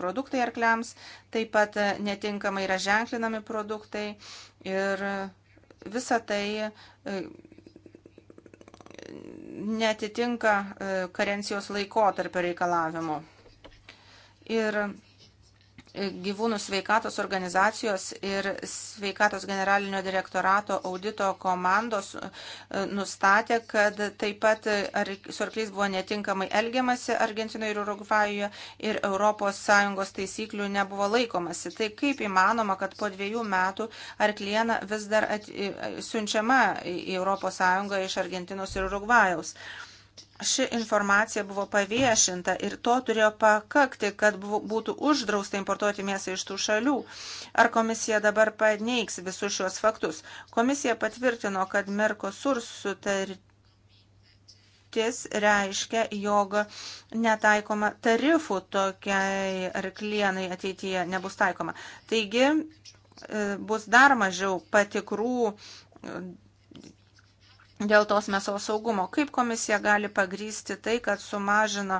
produktai arkliams, taip pat e, netinkamai yra ženklinami produktai ir visa tai netitinka karencijos laiko tarp reikalavimų. Ir gyvūnų sveikatos organizacijos ir sveikatos generalinio direktorato audito komandos e, nustatė, kad taip pat ar, su arkliais buvo netinkamai elgiamasi Argentinoje ir Urugvajoje ir ES taisyklių nebuvo laikomasi. Tai kaip įmanoma, kad po dviejų metų arkliena vis dar at, e, siunčiama į ES iš Argentinos ir Urugvajaus? ši informacija buvo paviešinta ir to turėjo pakakti, kad būtų uždrausta importuoti mėsą iš tų šalių. Ar komisija dabar paneigs visus šios faktus? Komisija patvirtino, kad Mercosur sutartis reiškia, jog netaikoma tarifų tokiai arklienai ateityje nebus taikoma. Taigi e, bus dar mažiau patikrų dėl tos mėsos saugumo. Kaip komisija gali pagrysti tai, kad sumažino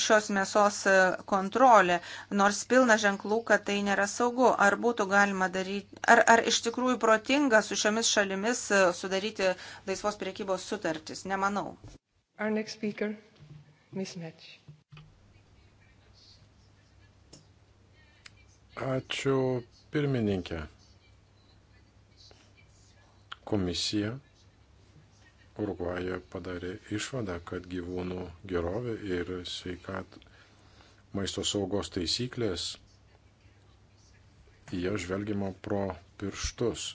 šios mėsos e, kontrolę, nors pilna ženklų, kad tai nėra saugu? Ar būtų galima daryti, ar, ar iš tikrųjų protinga su šiomis šalimis e, sudaryti laisvos priekybos sutartis? Nemanau. Our next speaker, Ms. Match. Ačiū pirmininkė. Komisija Urugvaja padarė išvadą, kad gyvūnų gerovė ir sveikat maisto saugos taisyklės jie žvelgiama pro pirštus.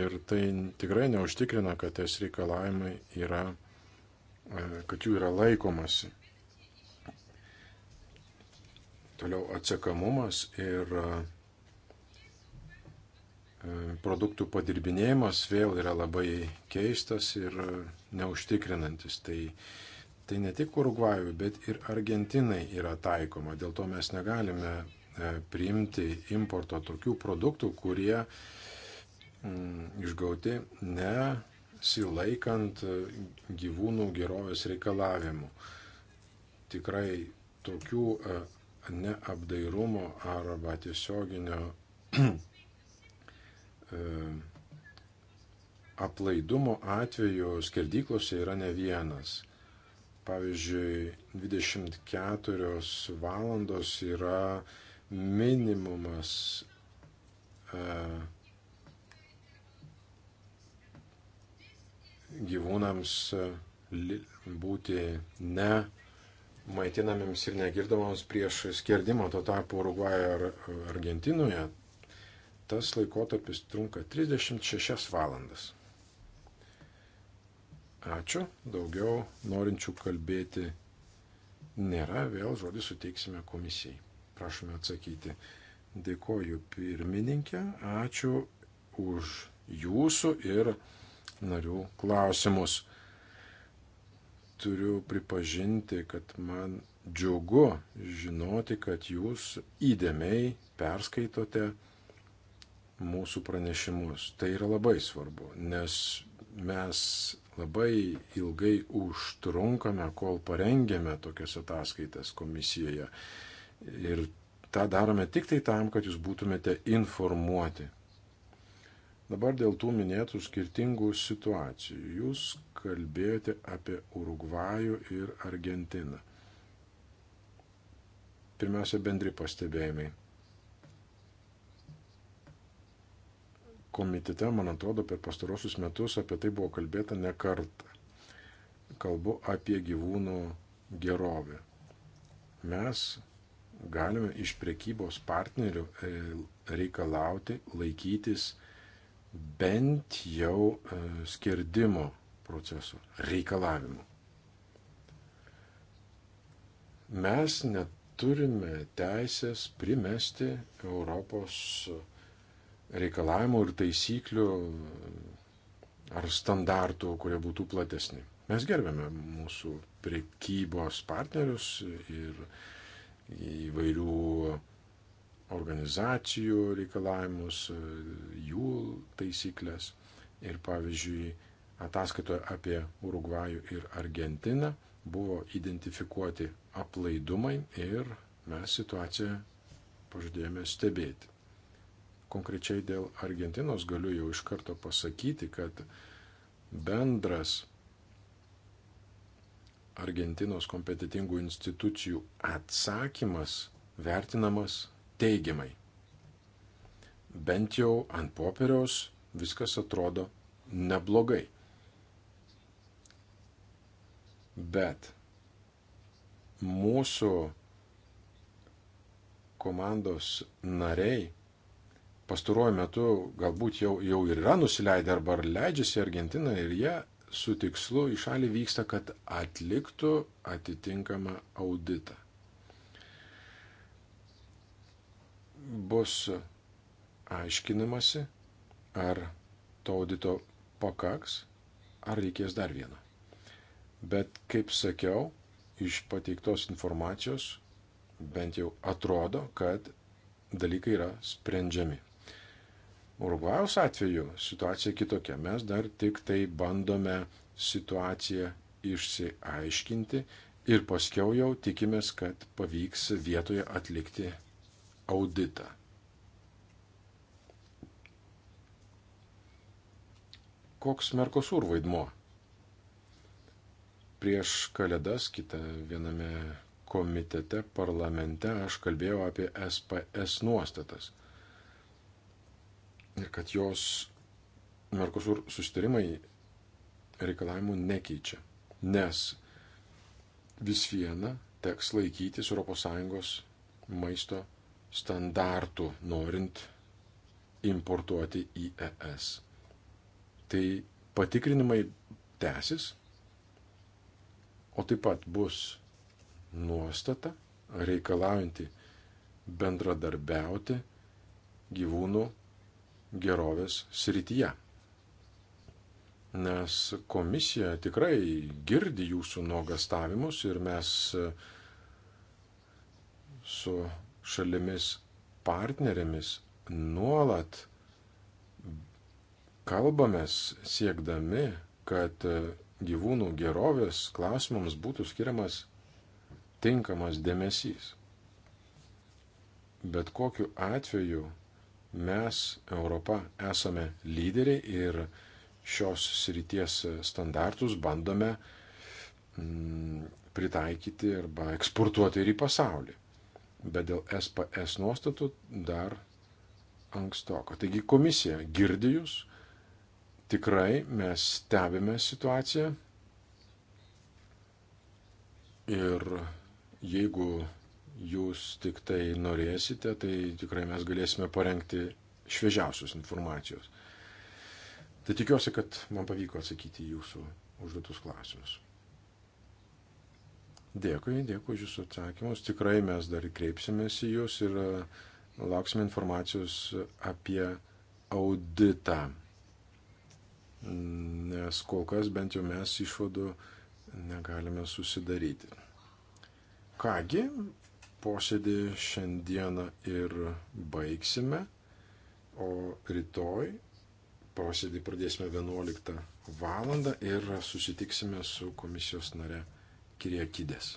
Ir tai tikrai neužtikrina, kad ties reikalavimai yra, e, kad jų yra laikomasi. Toliau atsekamumas ir e, produktų padirbinėjimas vėl yra labai keistas ir neužtikrinantis. Tai, tai ne tik Urugvajui, bet ir Argentinai yra taikoma. Dėl to mes negalime e, priimti importo tokių produktų, kurie mm, išgauti nesilaikant e, gyvūnų gerovės reikalavimų. Tikrai tokių e, neapdairumo arba tiesioginio E, aplaidumo atvejų skerdyklose yra ne vienas. Pavyzdžiui, 24 valandos yra minimumas e, gyvūnams e, būti ne maitinamiems ir negirdomams prieš skerdimą. Tuo tarpu Urugvajoje ar Argentinoje Tas laikotarpis trunka 36 valandas. Ačiū, daugiau norinčių kalbėti nėra, vėl žodį suteiksime komisijai. Prašome atsakyti. Dėkoju pirmininkė, ačiū už jūsų ir narių klausimus. Turiu pripažinti, kad man džiugu žinoti, kad jūs įdėmiai perskaitote mūsų pranešimus. Tai yra labai svarbu, nes mes labai ilgai užtrunkame, kol parengėme tokias ataskaitas komisijoje. Ir tą darome tik tai tam, kad jūs būtumėte informuoti. Dabar dėl tų minėtų skirtingų situacijų. Jūs kalbėjote apie Urugvajų ir Argentiną. Pirmiausia, bendri pastebėjimai. komitete, man atrodo, per pastarosius metus apie tai buvo kalbėta ne kartą. Kalbu apie gyvūnų gerovę. Mes galime iš prekybos partnerių e, reikalauti laikytis bent jau e, skerdimo proceso reikalavimų. Mes neturime teisės primesti Europos reikalavimų ir taisyklių ar standartų, kurie būtų platesni. Mes gerbėme mūsų prekybos partnerius ir įvairių organizacijų reikalavimus, jų taisyklės. Ir pavyzdžiui, ataskaitoje apie Urugvajų ir Argentiną buvo identifikuoti aplaidumai ir mes situaciją pažadėjome stebėti. Konkrečiai dėl Argentinos galiu jau iš karto pasakyti, kad bendras Argentinos kompetitingų institucijų atsakymas vertinamas teigiamai. Bent jau ant popieriaus viskas atrodo neblogai. Bet mūsų komandos nariai pastaruoju metu galbūt jau, jau ir yra nusileidę arba leidžiasi Argentina ir jie su tikslu į šalį vyksta, kad atliktų atitinkamą auditą. Bus aiškinamasi, ar to audito pakaks, ar reikės dar vieno. Bet, kaip sakiau, iš pateiktos informacijos bent jau atrodo, kad dalykai yra sprendžiami. Urugvajaus atveju situacija kitokia. Mes dar tik tai bandome situaciją išsiaiškinti ir paskiau jau tikimės, kad pavyks vietoje atlikti auditą. Koks Merkosur vaidmuo? Prieš kalėdas kitą viename komitete parlamente aš kalbėjau apie SPS nuostatas ir kad jos Merkosur susitarimai reikalavimų nekeičia, nes vis viena teks laikytis ES maisto standartų, norint importuoti į ES. Tai patikrinimai tęsis, o taip pat bus nuostata reikalaujanti bendradarbiauti gyvūnų gerovės srityje. Nes komisija tikrai girdi jūsų nuogastavimus ir mes e, su šalimis partnerėmis nuolat kalbamės siekdami, kad e, gyvūnų gerovės klausimams būtų skiriamas tinkamas dėmesys. Bet kokiu atveju mes, Europa, esame lyderiai ir šios srities standartus bandome mm, pritaikyti arba eksportuoti ir į pasaulį. Bet dėl SPS nuostatų dar ankstoko. Taigi komisija girdi jūs, tikrai mes stebime situaciją ir jeigu jūs tik tai norėsite, tai tikrai mes galėsime parengti šviežiausios informacijos. Tai tikiuosi, kad man pavyko atsakyti jūsų užduotus klausimus. Dėkui, dėkui už jūsų atsakymus. Tikrai mes dar kreipsimės į jūs ir e, lauksime informacijos apie auditą. Nes kol kas bent jau mes išvadų negalime susidaryti. Kągi, posėdį šiandieną ir baigsime, o rytoj posėdį pradėsime 11 val. ir susitiksime su komisijos nare Kiriekidės.